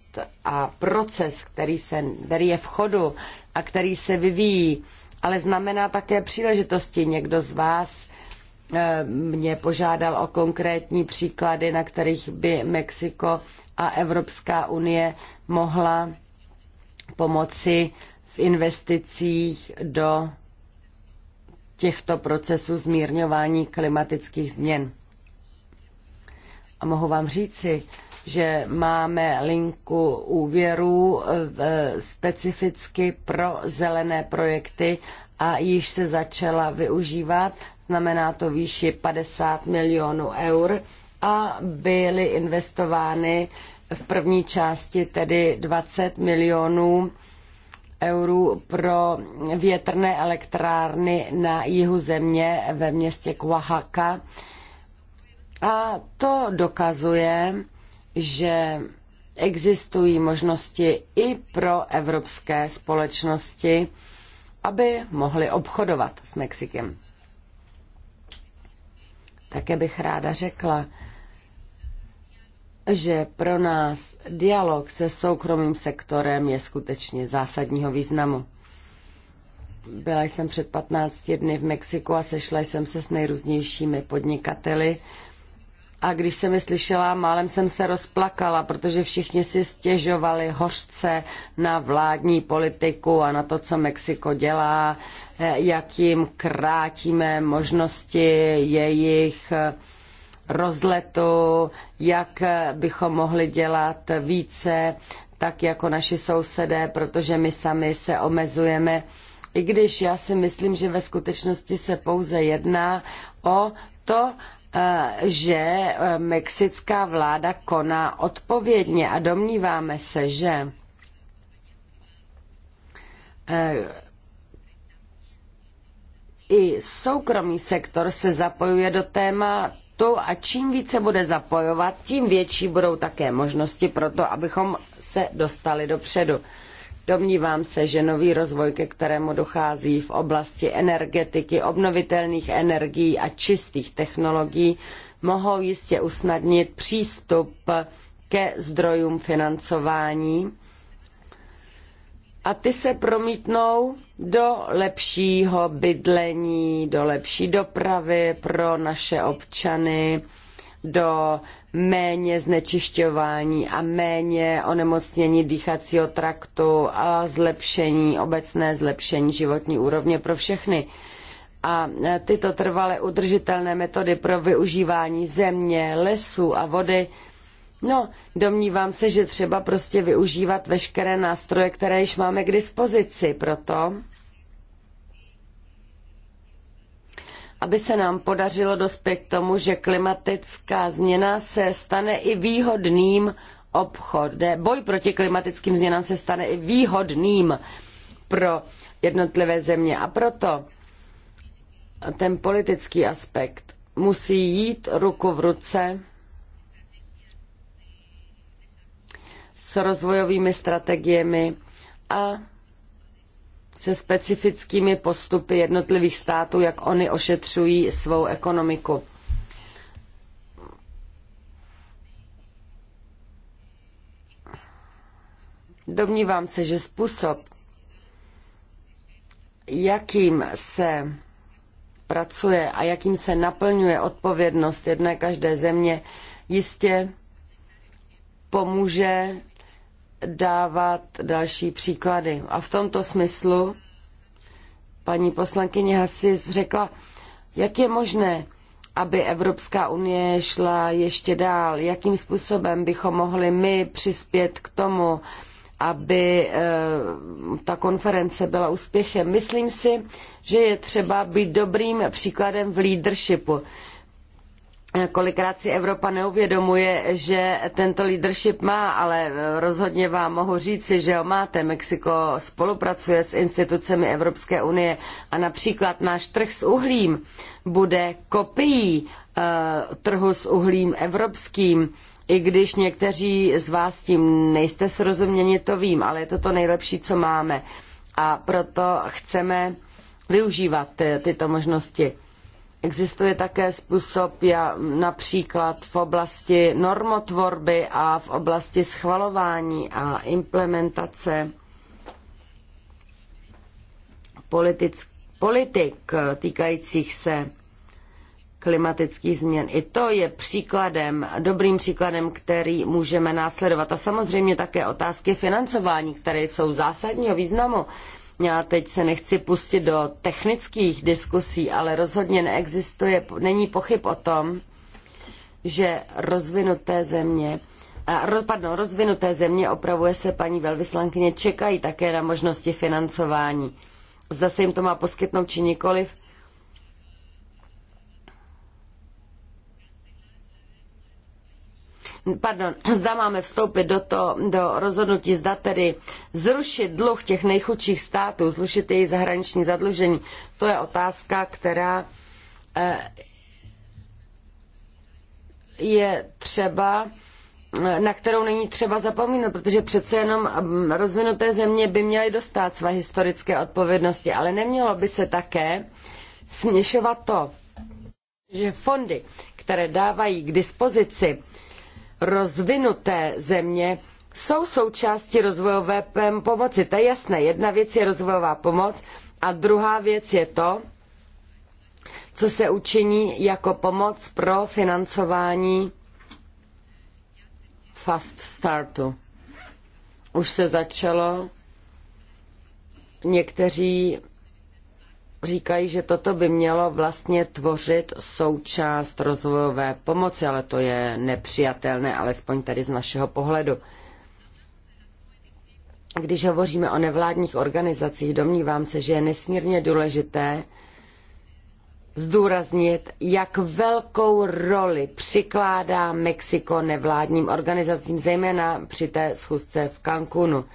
a proces, který, se, který je v chodu a který se vyvíjí, ale znamená také příležitosti. Někdo z vás eh, mě požádal o konkrétní příklady, na kterých by Mexiko a Evropská unie mohla pomoci v investicích do těchto procesů zmírňování klimatických změn. A mohu vám říci, že máme linku úvěrů specificky pro zelené projekty a již se začala využívat, znamená to výši 50 milionů eur a byly investovány v první části tedy 20 milionů eur eurů pro větrné elektrárny na jihu země ve městě Oaxaca. A to dokazuje, že existují možnosti i pro evropské společnosti, aby mohly obchodovat s Mexikem. Také bych ráda řekla, že pro nás dialog se soukromým sektorem je skutečně zásadního významu. Byla jsem před 15 dny v Mexiku a sešla jsem se s nejrůznějšími podnikateli. A když jsem je slyšela, málem jsem se rozplakala, protože všichni si stěžovali hořce na vládní politiku a na to, co Mexiko dělá, eh, jak jim krátíme možnosti jejich eh, rozletu, jak bychom mohli dělat více, tak jako naši sousedé, protože my sami se omezujeme. I když já si myslím, že ve skutečnosti se pouze jedná o to, eh, že eh, mexická vláda koná odpovědně a domníváme se, že eh, i soukromý sektor se zapojuje do téma to a čím více bude zapojovat, tím větší budou také možnosti pro to, abychom se dostali dopředu. Domnívám se, že nový rozvoj, ke kterému dochází v oblasti energetiky, obnovitelných energií a čistých technologií, mohou jistě usnadnit přístup ke zdrojům financování a ty se promítnou do lepšího bydlení, do lepší dopravy pro naše občany, do méně znečišťování a méně onemocnění dýchacího traktu a zlepšení, obecné zlepšení životní úrovně pro všechny. A tyto trvale udržitelné metody pro využívání země, lesů a vody No, domnívám se, že třeba prostě využívat veškeré nástroje, které již máme k dispozici proto, aby se nám podařilo dospět k tomu, že klimatická změna se stane i výhodným obchodem. Boj proti klimatickým změnám se stane i výhodným pro jednotlivé země. A proto ten politický aspekt musí jít ruku v ruce s rozvojovými strategiemi a se specifickými postupy jednotlivých států, jak oni ošetřují svou ekonomiku. Domnívám se, že způsob, jakým se pracuje a jakým se naplňuje odpovědnost jedné každé země, jistě pomůže dávat další příklady. A v tomto smyslu paní poslankyně Hasis řekla, jak je možné, aby Evropská unie šla ještě dál, jakým způsobem bychom mohli my přispět k tomu, aby eh, ta konference byla úspěchem. Myslím si, že je třeba být dobrým příkladem v leadershipu. Kolikrát si Evropa neuvědomuje, že tento leadership má, ale rozhodně vám mohu říci, že ho máte. Mexiko spolupracuje s institucemi Evropské unie a například náš trh s uhlím bude kopií uh, trhu s uhlím evropským. I když někteří z vás tím nejste srozuměni, to vím, ale je to to nejlepší, co máme. A proto chceme využívat ty, eh, tyto možnosti. Existuje také způsob například v oblasti normotvorby a v oblasti schvalování a implementace politic, politik týkajících se klimatických změn. I to je příkladem, dobrým příkladem, který můžeme následovat. A samozřejmě také otázky financování, které jsou zásadního významu já teď se nechci pustit do technických diskusí, ale rozhodně neexistuje, není pochyb o tom, že rozvinuté země roz, pardon, rozvinuté země, opravuje se paní velvyslankyně, čekají také na možnosti financování. Zda se jim to má poskytnout či nikoliv, pardon, zda máme vstoupit do, to, do rozhodnutí, zda tedy zrušit dluh těch nejchudších států, zrušit jejich zahraniční zadlužení, to je otázka, která eh, je třeba eh, na kterou není třeba zapomínat, protože přece jenom mm, rozvinuté země by měly dostat své historické odpovědnosti, ale nemělo by se také směšovat to, že fondy, které dávají k dispozici rozvinuté země jsou součástí rozvojové pomoci. To je jasné. Jedna věc je rozvojová pomoc a druhá věc je to, co se učiní jako pomoc pro financování fast startu. Už se začalo, někteří říkají, že toto by mělo vlastně tvořit součást rozvojové pomoci, ale to je nepřijatelné, alespoň tady z našeho pohledu. Když hovoříme o nevládních organizacích, domnívám se, že je nesmírně důležité zdůraznit, jak velkou roli přikládá Mexiko nevládním organizacím, zejména při té schůzce v Cancunu.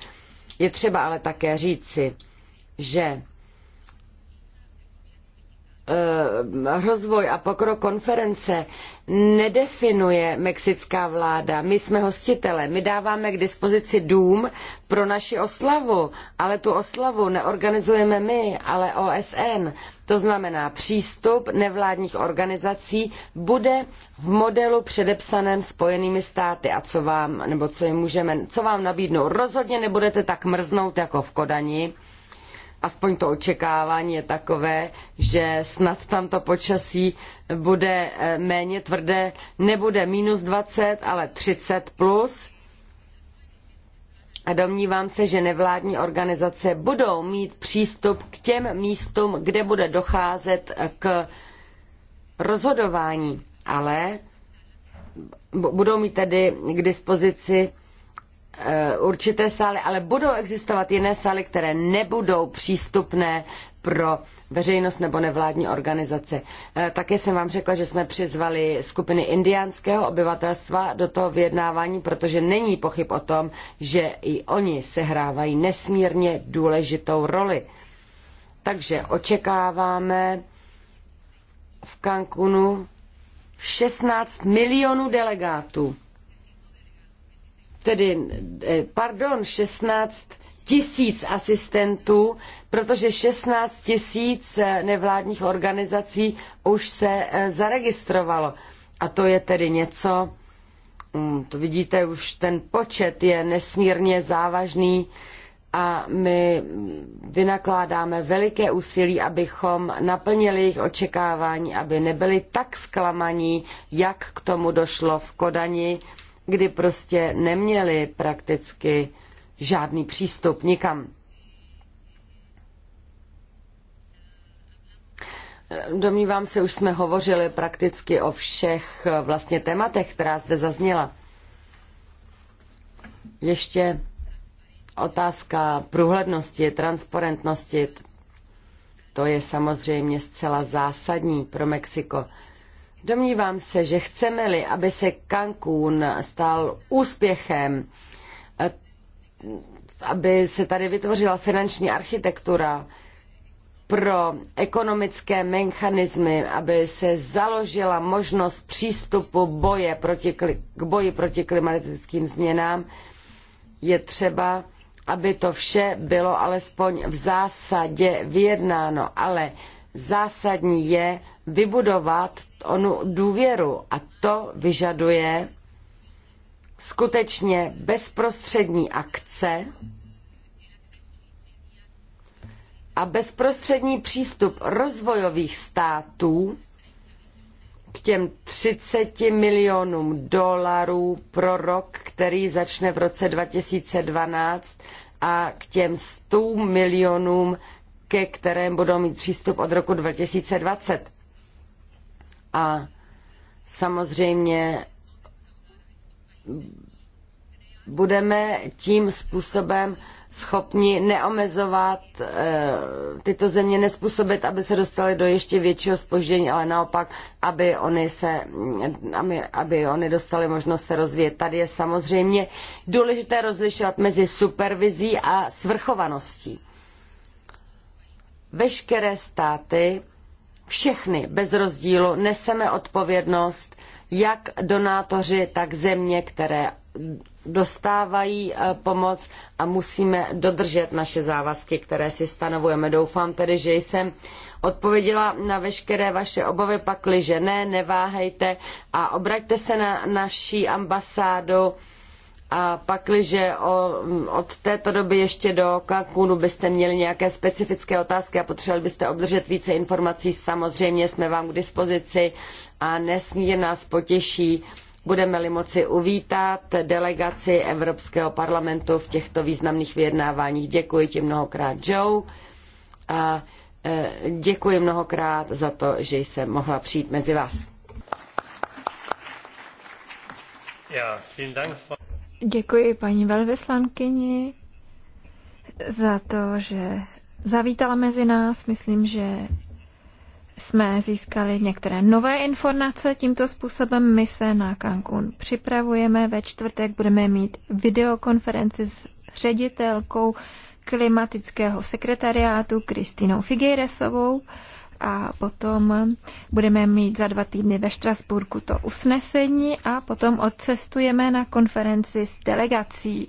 Je třeba ale také říci, že Eh, rozvoj a pokrok konference nedefinuje mexická vláda. My jsme hostitele, my dáváme k dispozici dům pro naši oslavu, ale tu oslavu neorganizujeme my, ale OSN. To znamená, přístup nevládních organizací bude v modelu předepsaném Spojenými státy a co vám, nebo co jim můžeme, co vám nabídnou. Rozhodně nebudete tak mrznout jako v Kodani, aspoň to očekávání je takové, že snad tam to počasí bude eh, méně tvrdé, nebude minus 20, ale 30 plus. A domnívám se, že nevládní organizace budou mít přístup k těm místům, kde bude docházet k rozhodování, ale budou mít tedy k dispozici Eh, určité sály, ale budou existovat jiné sály, které nebudou přístupné pro veřejnost nebo nevládní organizace. Eh, také jsem vám řekla, že jsme přizvali skupiny indiánského obyvatelstva do toho vyjednávání, protože není pochyb o tom, že i oni sehrávají nesmírně důležitou roli. Takže očekáváme v Cancunu 16 milionů delegátů tedy, eh, pardon, 16 tisíc asistentů, protože 16 tisíc eh, nevládních organizací už se eh, zaregistrovalo. A to je tedy něco, mm, to vidíte, už ten počet je nesmírně závažný a my mm, vynakládáme veliké úsilí, abychom naplnili jejich očekávání, aby nebyli tak zklamaní, jak k tomu došlo v Kodani kdy prostě neměli prakticky žádný přístup nikam. Domnívám se, už jsme hovořili prakticky o všech eh, vlastně tématech, která zde zazněla. Ještě otázka průhlednosti, transparentnosti, to je samozřejmě zcela zásadní pro Mexiko. Domnívám se, že chceme-li, aby se Cancún stal úspěchem, eh, aby se tady vytvořila finanční architektura pro ekonomické mechanismy, aby se založila možnost přístupu boje proti, k boji proti klimatickým změnám, je třeba, aby to vše bylo alespoň v zásadě vyjednáno. Ale Zásadní je vybudovat onu důvěru a to vyžaduje skutečně bezprostřední akce a bezprostřední přístup rozvojových států k těm 30 milionům dolarů pro rok, který začne v roce 2012 a k těm 100 milionům ke kterým budou mít přístup od roku 2020. A samozřejmě budeme tím způsobem schopni neomezovat eh, tyto země, nespůsobit, aby se dostali do ještě většího spoždění, ale naopak, aby oni, se, mm, aby, aby oni dostali možnost se rozvíjet. Tady je samozřejmě důležité rozlišovat mezi supervizí a svrchovaností veškeré státy, všechny bez rozdílu, neseme odpovědnost, jak donátoři, tak země, které dostávají eh, pomoc a musíme dodržet naše závazky, které si stanovujeme. Doufám tedy, že jsem odpověděla na veškeré vaše obavy, pakliže ne, neváhejte a obraťte se na naší ambasádu a pakliže od této doby ještě do Cancúnu byste měli nějaké specifické otázky a potřebovali byste obdržet více informací, samozřejmě jsme vám k dispozici a nesmírně nás potěší, budeme-li moci uvítat delegaci Evropského parlamentu v těchto významných vyjednáváních. Děkuji ti mnohokrát, Joe. A e, děkuji mnohokrát za to, že jsem mohla přijít mezi vás. Ja, Děkuji paní velvyslankyni za to, že zavítala mezi nás. Myslím, že jsme získali některé nové informace tímto způsobem. My se na Cancún připravujeme. Ve čtvrtek budeme mít videokonferenci s ředitelkou klimatického sekretariátu Kristinou Figueresovou a potom budeme mít za dva týdny ve Štrasburku to usnesení a potom odcestujeme na konferenci s delegací.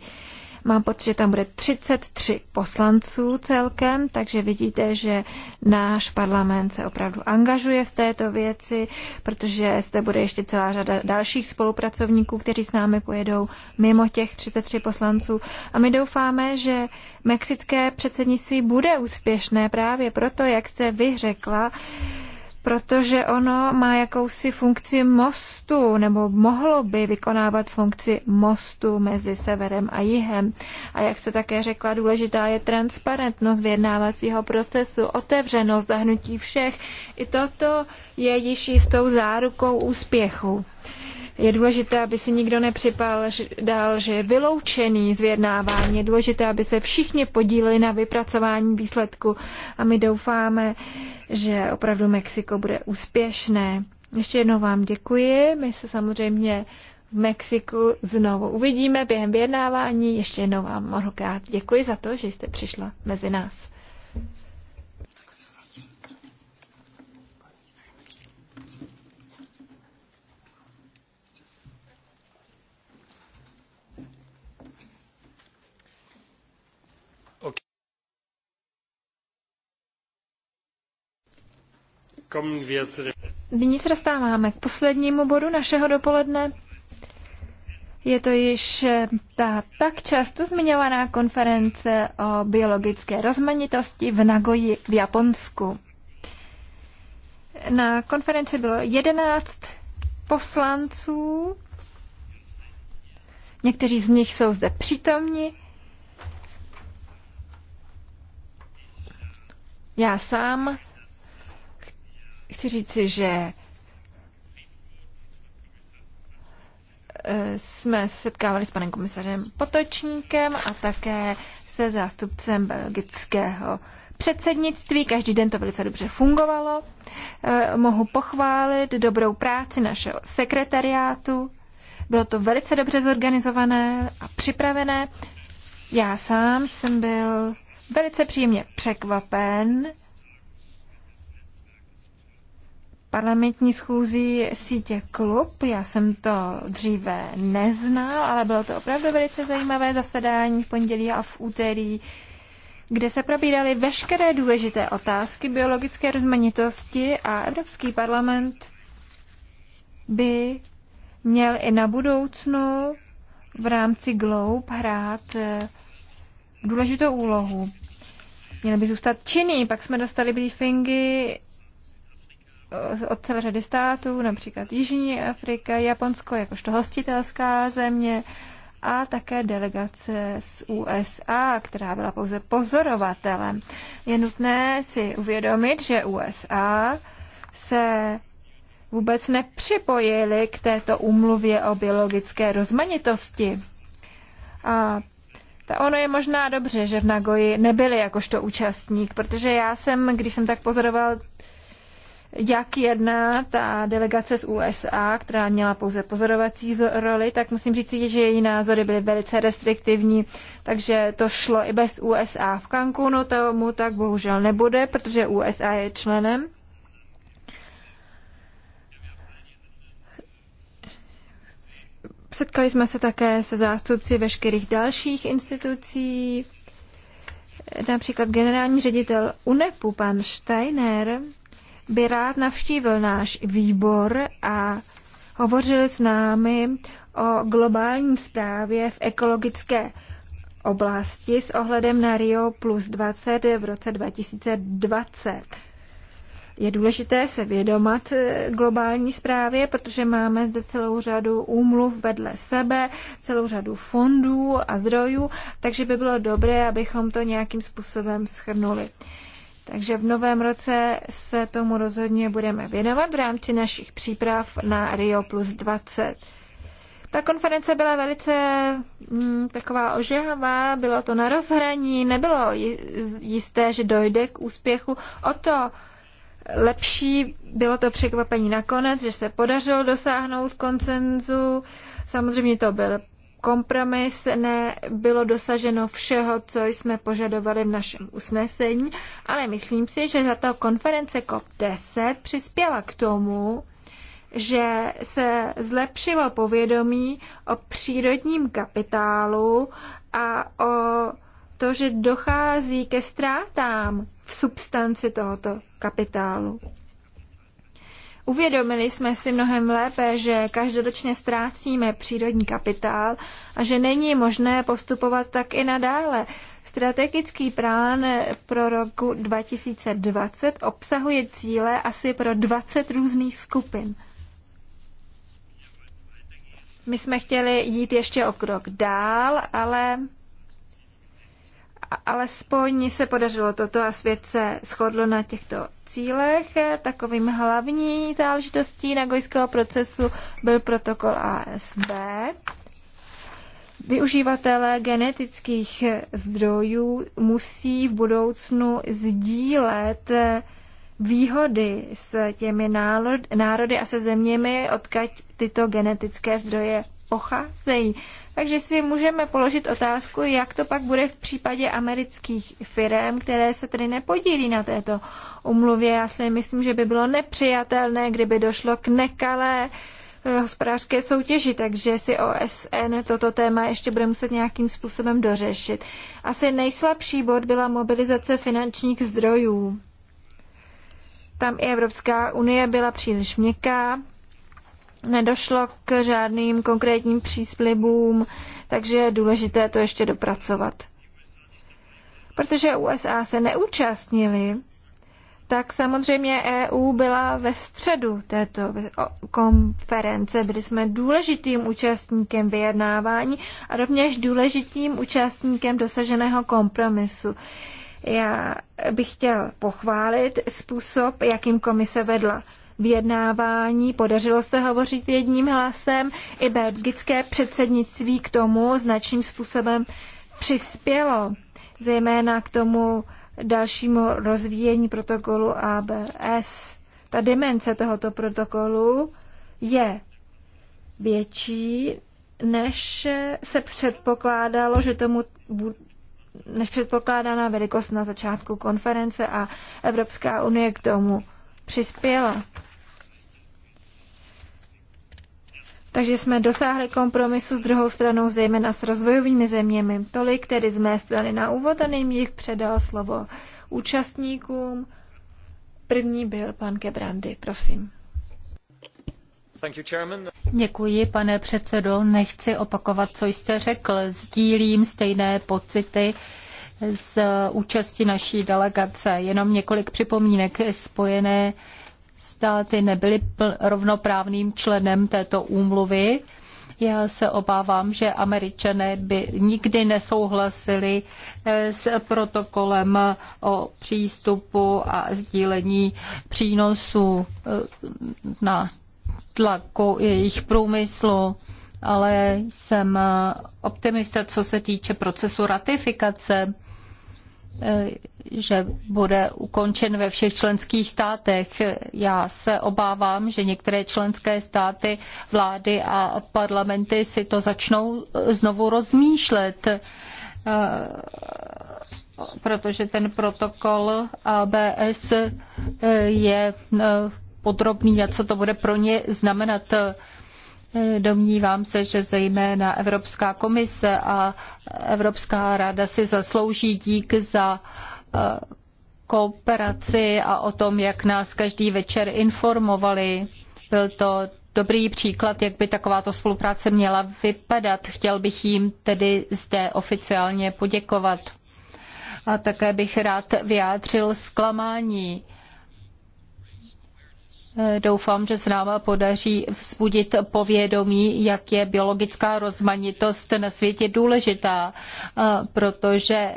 Mám pocit, že tam bude 33 poslanců celkem, takže vidíte, že náš parlament se opravdu angažuje v této věci, protože zde bude ještě celá řada dalších spolupracovníků, kteří s námi pojedou mimo těch 33 poslanců. A my doufáme, že mexické předsednictví bude úspěšné právě proto, jak jste vy řekla, protože ono má jakousi funkci mostu, nebo mohlo by vykonávat funkci mostu mezi severem a jihem. A jak se také řekla, důležitá je transparentnost vyjednávacího procesu, otevřenost, zahnutí všech. I toto je již jistou zárukou úspěchu. Je důležité, aby si nikdo nepřipal dal, že je vyloučený z vyjednávání. Je důležité, aby se všichni podíleli na vypracování výsledku a my doufáme, že opravdu Mexiko bude úspěšné. Ještě jednou vám děkuji. My se samozřejmě v Mexiku znovu uvidíme během vyjednávání. Ještě jednou vám mnohokrát děkuji za to, že jste přišla mezi nás. Nyní se dostáváme k poslednímu bodu našeho dopoledne. Je to již eh, ta tak často zmiňovaná konference o biologické rozmanitosti v Nagoji v Japonsku. Na konferenci bylo 11 poslanců, někteří z nich jsou zde přítomni. Já sám chci říci, že eh, jsme se setkávali s panem komisařem Potočníkem a také se zástupcem belgického předsednictví. Každý den to velice dobře fungovalo. Eh, mohu pochválit dobrou práci našeho sekretariátu. Bylo to velice dobře zorganizované a připravené. Já sám jsem byl velice příjemně překvapen parlamentní schůzí sítě Klub. Já jsem to dříve neznal, ale bylo to opravdu velice zajímavé zasedání v pondělí a v úterý, kde se probíraly veškeré důležité otázky biologické rozmanitosti a Evropský parlament by měl i na budoucnu v rámci Globe hrát eh, důležitou úlohu. Měl by zůstat činný, pak jsme dostali briefingy Eh, od celé řady států, například Jižní Afrika, Japonsko jakožto hostitelská země a také delegace z USA, která byla pouze pozorovatelem. Je nutné si uvědomit, že USA se vůbec nepřipojili k této úmluvě o biologické rozmanitosti. A ta ono je možná dobře, že v Nagoji nebyli jakožto účastník, protože já jsem, když jsem tak pozoroval jak jedná ta delegace z USA, která měla pouze pozorovací roli, tak musím říct, že její názory byly velice restriktivní, takže to šlo i bez USA v Cancunu, tomu tak bohužel nebude, protože USA je členem. Setkali jsme se také se zástupci veškerých dalších institucí, například generální ředitel UNEPu, pan Steiner, by rád navštívil náš výbor a hovořil s námi o globální zprávě v ekologické oblasti s ohledem na Rio plus 20 v roce 2020. Je důležité se vědomat eh, globální zprávě, protože máme zde celou řadu úmluv vedle sebe, celou řadu fondů a zdrojů, takže by bylo dobré, abychom to nějakým způsobem schrnuli. Takže v novém roce se tomu rozhodně budeme věnovat v rámci našich příprav na Rio plus 20. Ta konference byla velice mm, taková ožehavá, bylo to na rozhraní, nebylo jisté, že dojde k úspěchu. O to lepší bylo to překvapení nakonec, že se podařilo dosáhnout koncenzu. Samozřejmě to byl kompromis, nebylo dosaženo všeho, co jsme požadovali v našem usnesení, ale myslím si, že za to konference COP10 přispěla k tomu, že se zlepšilo povědomí o přírodním kapitálu a o to, že dochází ke ztrátám v substanci tohoto kapitálu. Uvědomili jsme si mnohem lépe, že každoročně ztrácíme přírodní kapitál a že není možné postupovat tak i nadále. Strategický plán pro roku 2020 obsahuje cíle asi pro 20 různých skupin. My jsme chtěli jít ještě o krok dál, ale alespoň se podařilo toto a svět se shodl na těchto cílech. Takovým hlavní záležitostí nagojského procesu byl protokol ASB. Využívatelé genetických zdrojů musí v budoucnu sdílet výhody s těmi národy a se zeměmi, odkaď tyto genetické zdroje pocházejí. Takže si můžeme položit otázku, jak to pak bude v případě amerických firm, které se tedy nepodílí na této umluvě. Já si myslím, že by bylo nepřijatelné, kdyby došlo k nekalé eh, hospodářské soutěži, takže si OSN toto téma ještě bude muset nějakým způsobem dořešit. Asi nejslabší bod byla mobilizace finančních zdrojů. Tam i Evropská unie byla příliš měkká, nedošlo k žádným konkrétním příslibům, takže je důležité to ještě dopracovat. Protože USA se neúčastnili, tak samozřejmě EU byla ve středu této konference. Byli jsme důležitým účastníkem vyjednávání a rovněž důležitým účastníkem dosaženého kompromisu. Já bych chtěl pochválit způsob, jakým komise vedla vyjednávání. Podařilo se hovořit jedním hlasem. I belgické předsednictví k tomu značným způsobem přispělo, zejména k tomu dalšímu rozvíjení protokolu ABS. Ta dimenze tohoto protokolu je větší, než se předpokládalo, že tomu než předpokládaná velikost na začátku konference a Evropská unie k tomu přispěla. Takže jsme dosáhli kompromisu s druhou stranou, zejména s rozvojovými zeměmi. Tolik tedy z mé strany na úvod a nyní jich předal slovo účastníkům. První byl pan Kebrandy, prosím. Děkuji, pane předsedo. Nechci opakovat, co jste řekl. Sdílím stejné pocity z účasti naší delegace. Jenom několik připomínek spojené státy nebyly rovnoprávným členem této úmluvy. Já se obávám, že američané by nikdy nesouhlasili eh, s protokolem o přístupu a sdílení přínosů eh, na tlaku jejich průmyslu, ale jsem eh, optimista, co se týče procesu ratifikace. Eh, že bude ukončen ve všech členských státech. Já se obávám, že některé členské státy, vlády a parlamenty si to začnou eh, znovu rozmýšlet, eh, protože ten protokol ABS je podrobný a co to bude pro ně znamenat Domnívám se, že zejména Evropská komise a Evropská rada si zaslouží dík za eh, kooperaci a o tom, jak nás každý večer informovali. Byl to dobrý příklad, jak by takováto spolupráce měla vypadat. Chtěl bych jim tedy zde oficiálně poděkovat. A také bych rád vyjádřil zklamání Eh, doufám, že se nám podaří vzbudit povědomí, jak je biologická rozmanitost na světě důležitá, eh, protože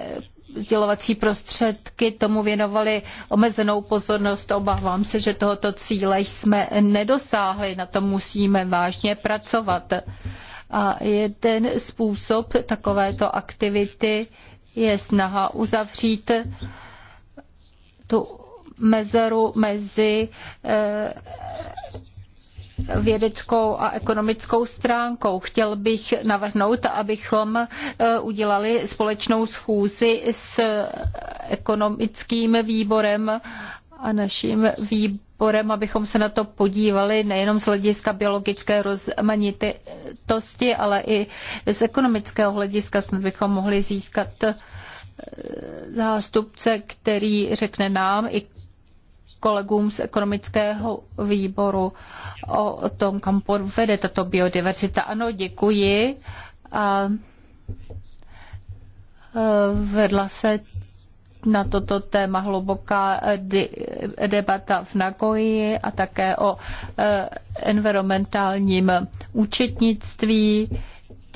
sdělovací prostředky tomu věnovaly omezenou pozornost. Obávám se, že tohoto cíle jsme nedosáhli, na tom musíme vážně pracovat. A jeden způsob takovéto aktivity je snaha uzavřít tu mezeru mezi eh, vědeckou a ekonomickou stránkou. Chtěl bych navrhnout, abychom eh, udělali společnou schůzi s ekonomickým výborem a naším výborem, abychom se na to podívali nejenom z hlediska biologické rozmanitosti, ale i z ekonomického hlediska. Snad bychom mohli získat eh, zástupce, který řekne nám i kolegům z ekonomického výboru o tom, kam vede tato biodiverzita. Ano, děkuji. A eh, vedla se na toto téma hluboká debata v Nagoji a také o eh, environmentálním účetnictví.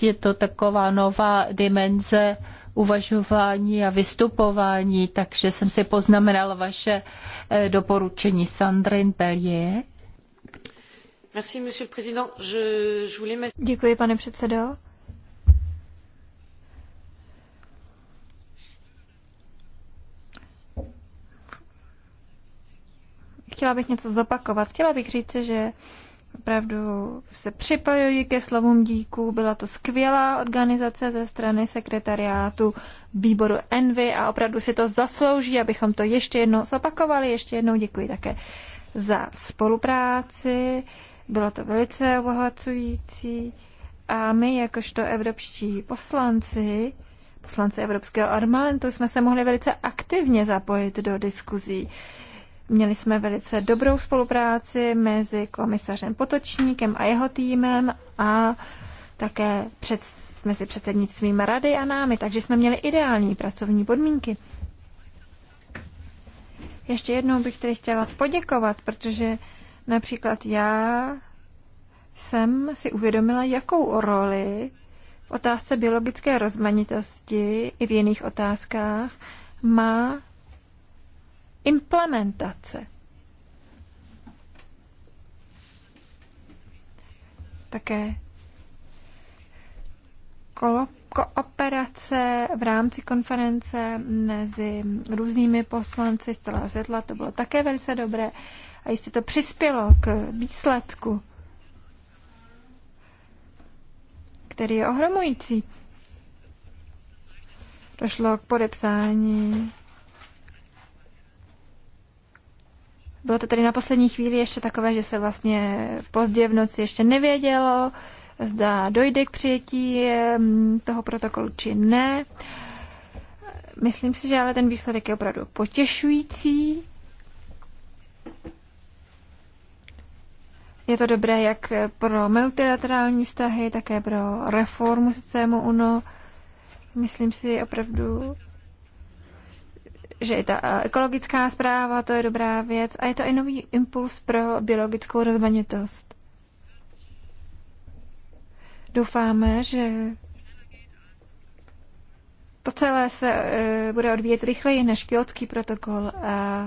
Je to taková nová dimenze uvažování a vystupování, takže jsem si poznamenala vaše eh, doporučení. Sandrine Bellier. Děkuji, pane předsedo. Chtěla bych něco zopakovat. Chtěla bych říct, že Opravdu se připojuji ke slovům díků. Byla to skvělá organizace ze strany sekretariátu výboru Envy a opravdu si to zaslouží, abychom to ještě jednou zopakovali. Ještě jednou děkuji také za spolupráci. Bylo to velice obohacující a my, jakožto evropští poslanci, poslanci Evropského armátu, jsme se mohli velice aktivně zapojit do diskuzí. Uh, Měli jsme velice dobrou spolupráci mezi komisařem Potočníkem a jeho týmem a také před, mezi předsednictvím rady a námi, takže jsme měli ideální pracovní podmínky. Ještě jednou bych tedy chtěla poděkovat, protože například já jsem si uvědomila, jakou roli v otázce biologické rozmanitosti i v jiných otázkách má implementace. Také kolo kooperace v rámci konference mezi různými poslanci z celého To bylo také velice dobré a jistě to přispělo k výsledku, který je ohromující. Došlo k podepsání Bylo to tedy na poslední chvíli ještě takové, že se vlastně pozdě v noci ještě nevědělo, zda dojde k přijetí toho protokolu či ne. Myslím si, že ale ten výsledek je opravdu potěšující. Je to dobré jak pro multilaterální vztahy, také pro reformu systému UNO. Myslím si opravdu, že i ta ekologická zpráva, to je dobrá věc a je to i nový impuls pro biologickou rozmanitost. Doufáme, že to celé se uh, bude odvíjet rychleji než kiotský protokol a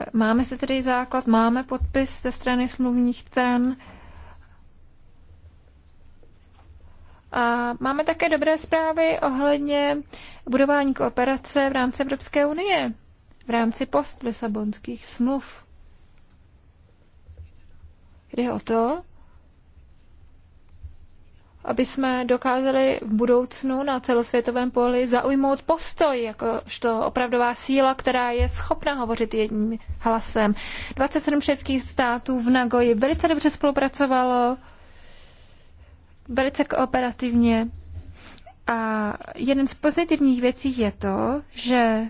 e, Máme se tedy základ, máme podpis ze strany smluvních stran A máme také dobré zprávy ohledně budování kooperace v rámci Evropské unie, v rámci post-lisabonských smluv. Jde o to, aby jsme dokázali v budoucnu na celosvětovém poli zaujmout postoj, jakožto opravdová síla, která je schopna hovořit jedním hlasem. 27 českých států v Nagoji velice dobře spolupracovalo velice kooperativně. A jeden z pozitivních věcí je to, že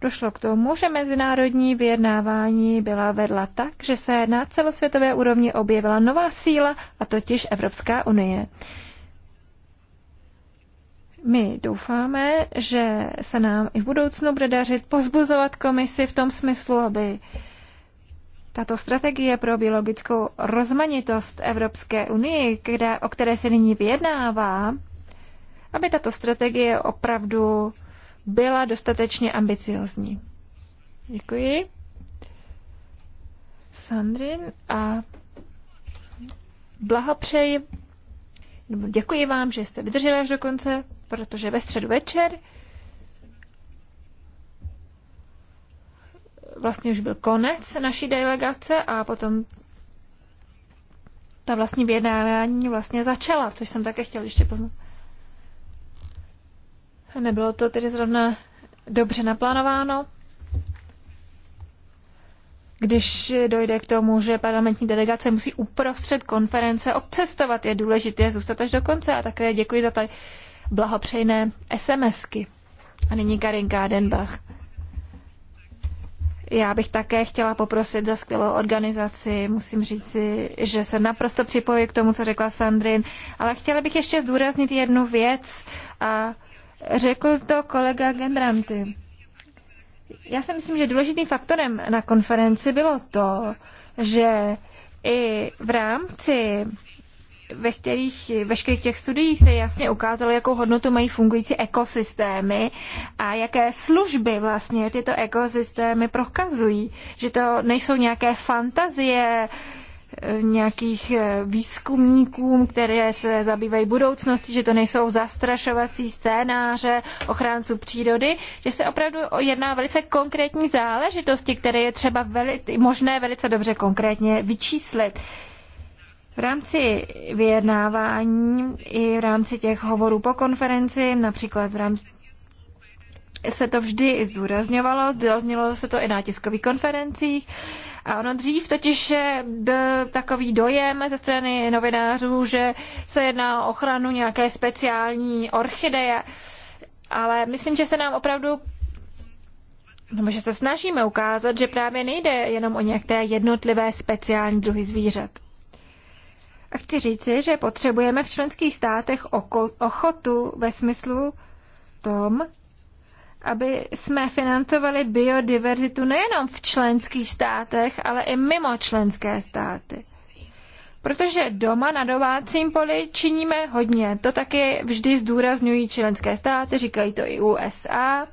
došlo k tomu, že mezinárodní vyjednávání byla vedla tak, že se na celosvětové úrovni objevila nová síla, a totiž Evropská unie. My doufáme, že se nám i v budoucnu bude dařit pozbuzovat komisi v tom smyslu, aby tato strategie pro biologickou rozmanitost Evropské unie, která, o které se nyní vyjednává, aby tato strategie opravdu byla dostatečně ambiciozní. Děkuji. Sandrin a blahopřeji, děkuji vám, že jste vydrželi až do konce, protože ve středu večer vlastně už byl konec naší delegace a potom ta vlastní vyjednávání vlastně začala, což jsem také chtěl ještě poznat. Nebylo to tedy zrovna dobře naplánováno. Když dojde k tomu, že parlamentní delegace musí uprostřed konference odcestovat, je důležité zůstat až do konce a také děkuji za ty blahopřejné SMSky. A nyní Karinka denbach. Já bych také chtěla poprosit za skvělou organizaci. Musím říci, že se naprosto připojuji k tomu, co řekla Sandrin. Ale chtěla bych ještě zdůraznit jednu věc a řekl to kolega Gembranty. Já si myslím, že důležitým faktorem na konferenci bylo to, že i v rámci ve kterých, veškerých těch studiích se jasně ukázalo, jakou hodnotu mají fungující ekosystémy a jaké služby vlastně tyto ekosystémy prokazují. Že to nejsou nějaké fantazie, eh, nějakých eh, výzkumníkům, které se zabývají budoucností, že to nejsou zastrašovací scénáře ochránců přírody, že se opravdu jedná velice konkrétní záležitosti, které je třeba veli, možné velice dobře konkrétně vyčíslit. V rámci vyjednávání i v rámci těch hovorů po konferenci, například v rámci se to vždy zdůrazňovalo, zdůrazňovalo se to i na tiskových konferencích. A ono dřív totiž byl takový dojem ze strany novinářů, že se jedná o ochranu nějaké speciální orchideje. Ale myslím, že se nám opravdu nebo že se snažíme ukázat, že právě nejde jenom o nějaké jednotlivé speciální druhy zvířat. A chci říci, že potřebujeme v členských státech ochotu ve smyslu tom, aby jsme financovali biodiverzitu nejenom v členských státech, ale i mimo členské státy. Protože doma na domácím poli činíme hodně. To taky vždy zdůrazňují členské státy, říkají to i USA.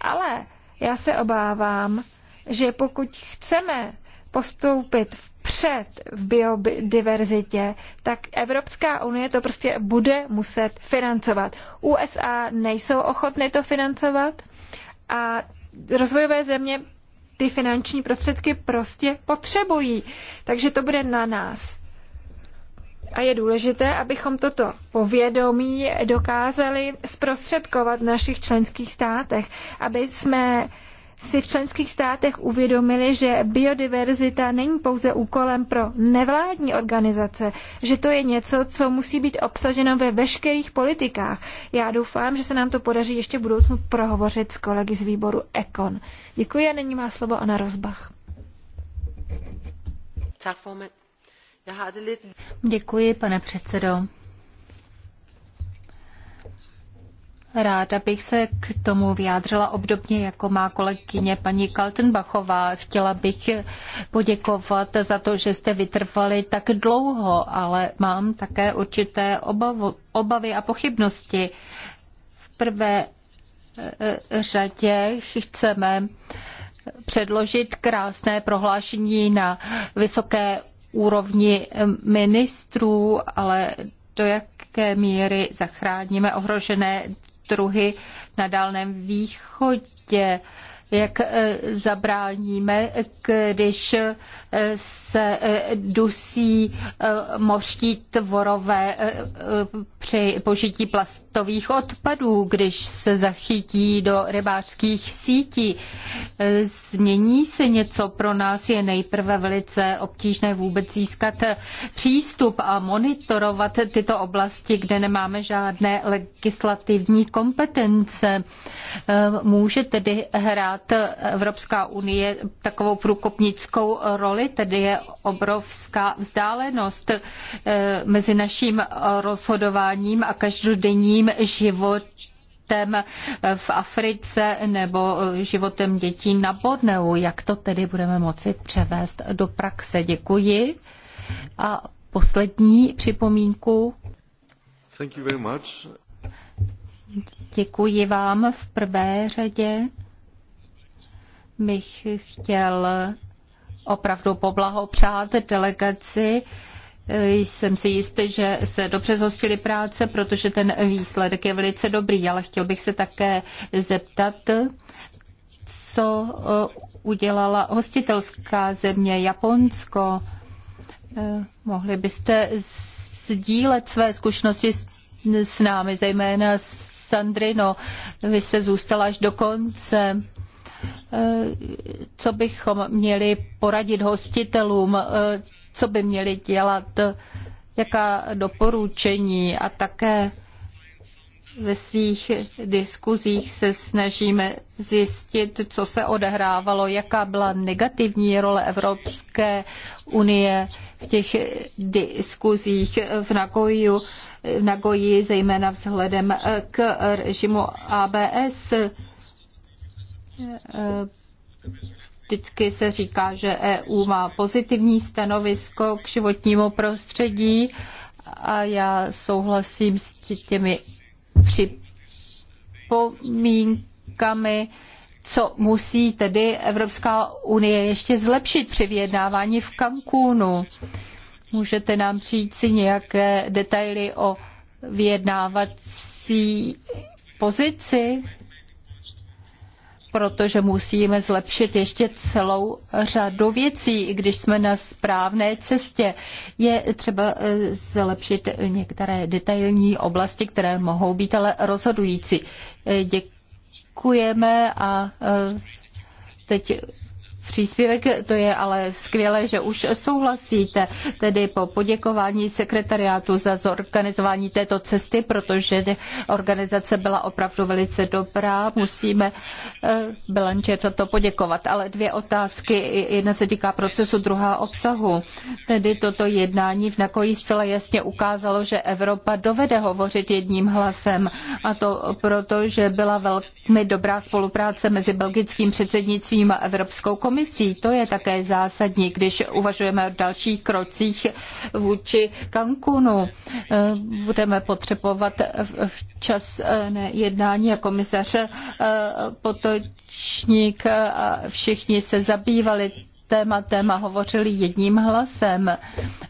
Ale já se obávám, že pokud chceme postoupit v před v biodiverzitě, tak Evropská unie to prostě bude muset financovat. USA nejsou ochotny to financovat a rozvojové země ty finanční prostředky prostě potřebují. Takže to bude na nás. A je důležité, abychom toto povědomí dokázali zprostředkovat v našich členských státech, aby jsme si v členských státech uvědomili, že biodiverzita není pouze úkolem pro nevládní organizace, že to je něco, co musí být obsaženo ve veškerých politikách. Já doufám, že se nám to podaří ještě v budoucnu prohovořit s kolegy z výboru Ekon. Děkuji a nyní má slovo Anna Rozbach. Děkuji, pane předsedo. Ráda bych se k tomu vyjádřila obdobně jako má kolegyně paní Kaltenbachová. Chtěla bych poděkovat za to, že jste vytrvali tak dlouho, ale mám také určité obavu, obavy a pochybnosti. V prvé e, e, řadě chceme předložit krásné prohlášení na vysoké úrovni ministrů, ale do jaké míry zachráníme ohrožené druhy na Dálném východě jak eh, zabráníme, když eh, se eh, dusí mořští tvorové při požití plastů hotových odpadů, když se zachytí do rybářských sítí. Změní se něco pro nás, je nejprve velice obtížné vůbec získat přístup a monitorovat tyto oblasti, kde nemáme žádné legislativní kompetence. Může tedy hrát Evropská unie takovou průkopnickou roli, tedy je obrovská vzdálenost mezi naším rozhodováním a každodenní civilním životem v Africe nebo životem dětí na Borneu. Jak to tedy budeme moci převést do praxe? Děkuji. A poslední připomínku. Thank you very much. Děkuji vám v prvé řadě. Bych chtěl opravdu poblahopřát delegaci jsem si jistý, že se dobře zhostili práce, protože ten výsledek je velice dobrý, ale chtěl bych se také zeptat, co e, udělala hostitelská země Japonsko. E, mohli byste sdílet své zkušenosti s námi, zejména s Sandrino. Vy se zůstala až do konce e, co bychom měli poradit hostitelům co by měli dělat, jaká doporučení a také ve svých diskuzích se snažíme zjistit, co se odehrávalo, jaká byla negativní role Evropské unie v těch diskuzích v Nagoju, v Nagoji, zejména vzhledem k režimu ABS. Vždycky se říká, že EU má pozitivní stanovisko k životnímu prostředí a já souhlasím s těmi připomínkami, co musí tedy Evropská unie ještě zlepšit při vyjednávání v Cancúnu. Můžete nám říct si nějaké detaily o vyjednávací pozici? protože musíme zlepšit ještě celou řadu věcí. I když jsme na správné cestě, je třeba eh, zlepšit některé detailní oblasti, které mohou být ale rozhodující. Eh, děkujeme a eh, teď příspěvek, to je ale skvělé, že už souhlasíte, tedy po poděkování sekretariátu za zorganizování této cesty, protože organizace byla opravdu velice dobrá, musíme eh, Belenče, za to poděkovat. Ale dvě otázky, jedna se týká procesu, druhá obsahu. Tedy toto jednání v Nakoji zcela jasně ukázalo, že Evropa dovede hovořit jedním hlasem a to proto, že byla velmi dobrá spolupráce mezi belgickým předsednictvím a Evropskou komisí komisí. To je také zásadní, když uvažujeme o dalších krocích vůči Cancunu. Eh, budeme potřebovat včas jednání a komisař eh, Potočník a všichni se zabývali tématem a hovořili jedním hlasem.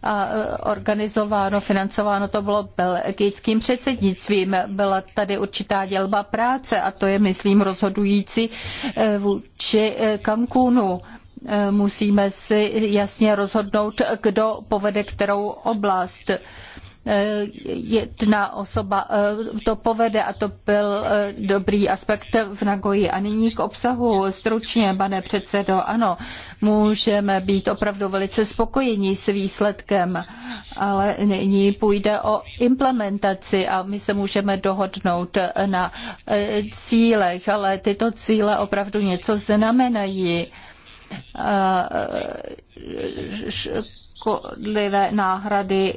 A e, organizováno, financováno to bylo belgickým předsednictvím. Byla tady určitá dělba práce a to je, myslím, rozhodující e, vůči e, Cancúnu musíme si jasně rozhodnout, kdo povede kterou oblast. Eh, jedna osoba eh, to povede a to byl eh, dobrý aspekt v Nagoji. A nyní k obsahu stručně, pane předsedo, ano, můžeme být opravdu velice spokojení s výsledkem, ale nyní půjde o implementaci a my se můžeme dohodnout na cílech, ale tyto cíle opravdu něco znamenají škodlivé náhrady.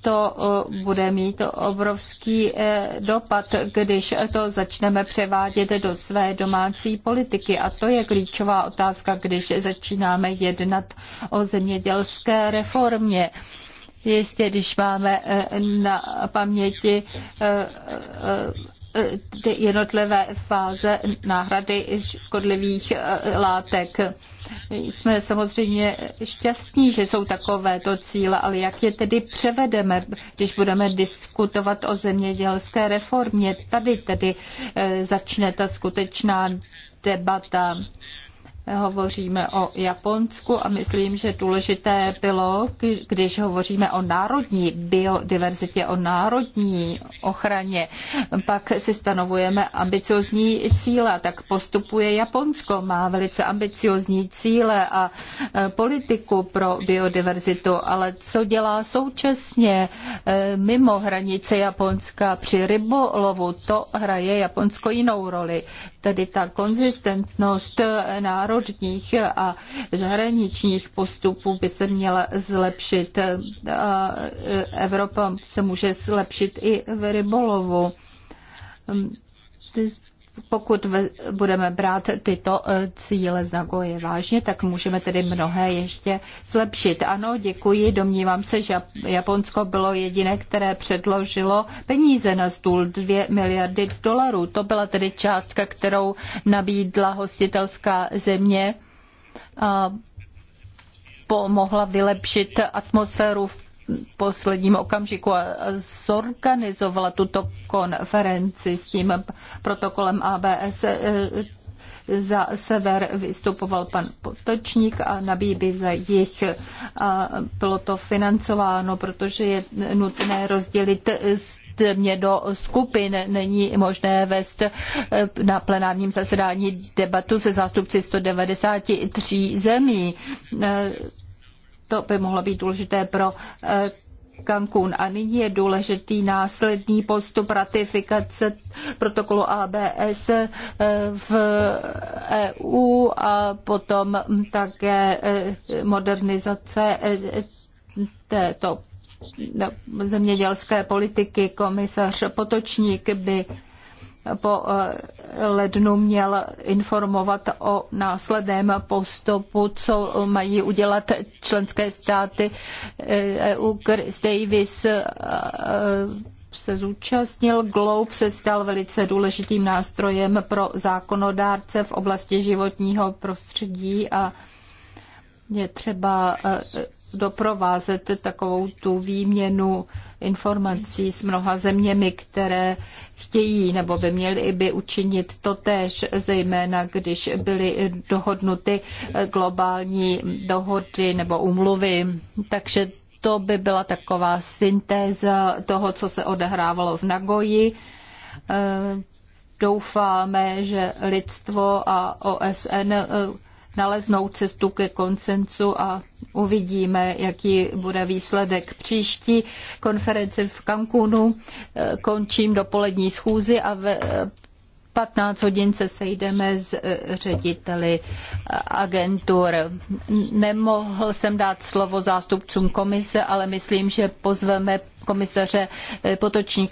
To bude mít obrovský e, dopad, když to začneme převádět do své domácí politiky. A to je klíčová otázka, když začínáme jednat o zemědělské reformě. Jistě, když máme e, na paměti e, ty jednotlivé fáze náhrady škodlivých eh, látek. Jsme samozřejmě šťastní, že jsou takovéto cíle, ale jak je tedy převedeme, když budeme diskutovat o zemědělské reformě? Tady tedy eh, začne ta skutečná debata hovoříme o Japonsku a myslím, že důležité bylo, když hovoříme o národní biodiverzitě, o národní ochraně, pak si stanovujeme ambiciozní cíle, tak postupuje Japonsko, má velice ambiciozní cíle a e, politiku pro biodiverzitu, ale co dělá současně e, mimo hranice Japonska při rybolovu, to hraje Japonsko jinou roli tedy ta konzistentnost národních a zahraničních postupů by se měla zlepšit. Evropa se může zlepšit i v rybolovu pokud budeme brát tyto eh, cíle z Nagoje vážně, tak můžeme tedy mnohé ještě zlepšit. Ano, děkuji. Domnívám se, že Japonsko bylo jediné, které předložilo peníze na stůl 2 miliardy dolarů. To byla tedy částka, kterou nabídla hostitelská země. A pomohla vylepšit atmosféru v posledním okamžiku a zorganizovala tuto konferenci s tím protokolem ABS. E, za sever vystupoval pan Potočník a na Bíby za jich. A bylo to financováno, protože je nutné rozdělit mě do skupin. Není možné vést e, na plenárním zasedání debatu se zástupci 193 zemí e, to by mohlo být důležité pro eh, Cancún. A nyní je důležitý následný postup ratifikace protokolu ABS eh, v EU a potom také eh, modernizace této no, zemědělské politiky. Komisař Potočník by po eh, lednu měl informovat o následném postupu, co mají udělat členské státy eh, EU. Chris Davis eh, se zúčastnil. Globe se stal velice důležitým nástrojem pro zákonodárce v oblasti životního prostředí a je třeba doprovázet takovou tu výměnu informací s mnoha zeměmi, které chtějí nebo by měly i by učinit to též, zejména když byly dohodnuty globální dohody nebo umluvy. Takže to by byla taková syntéza toho, co se odehrávalo v Nagoji. Eh, doufáme, že lidstvo a OSN eh, naleznout cestu ke konsensu a uvidíme, jaký bude výsledek příští konference v Cancúnu. Eh, končím dopolední schůzi a ve 15 eh, hodin se sejdeme s eh, řediteli agentur. Nemohl jsem dát slovo zástupcům komise, ale myslím, že pozveme komisaře Potočníka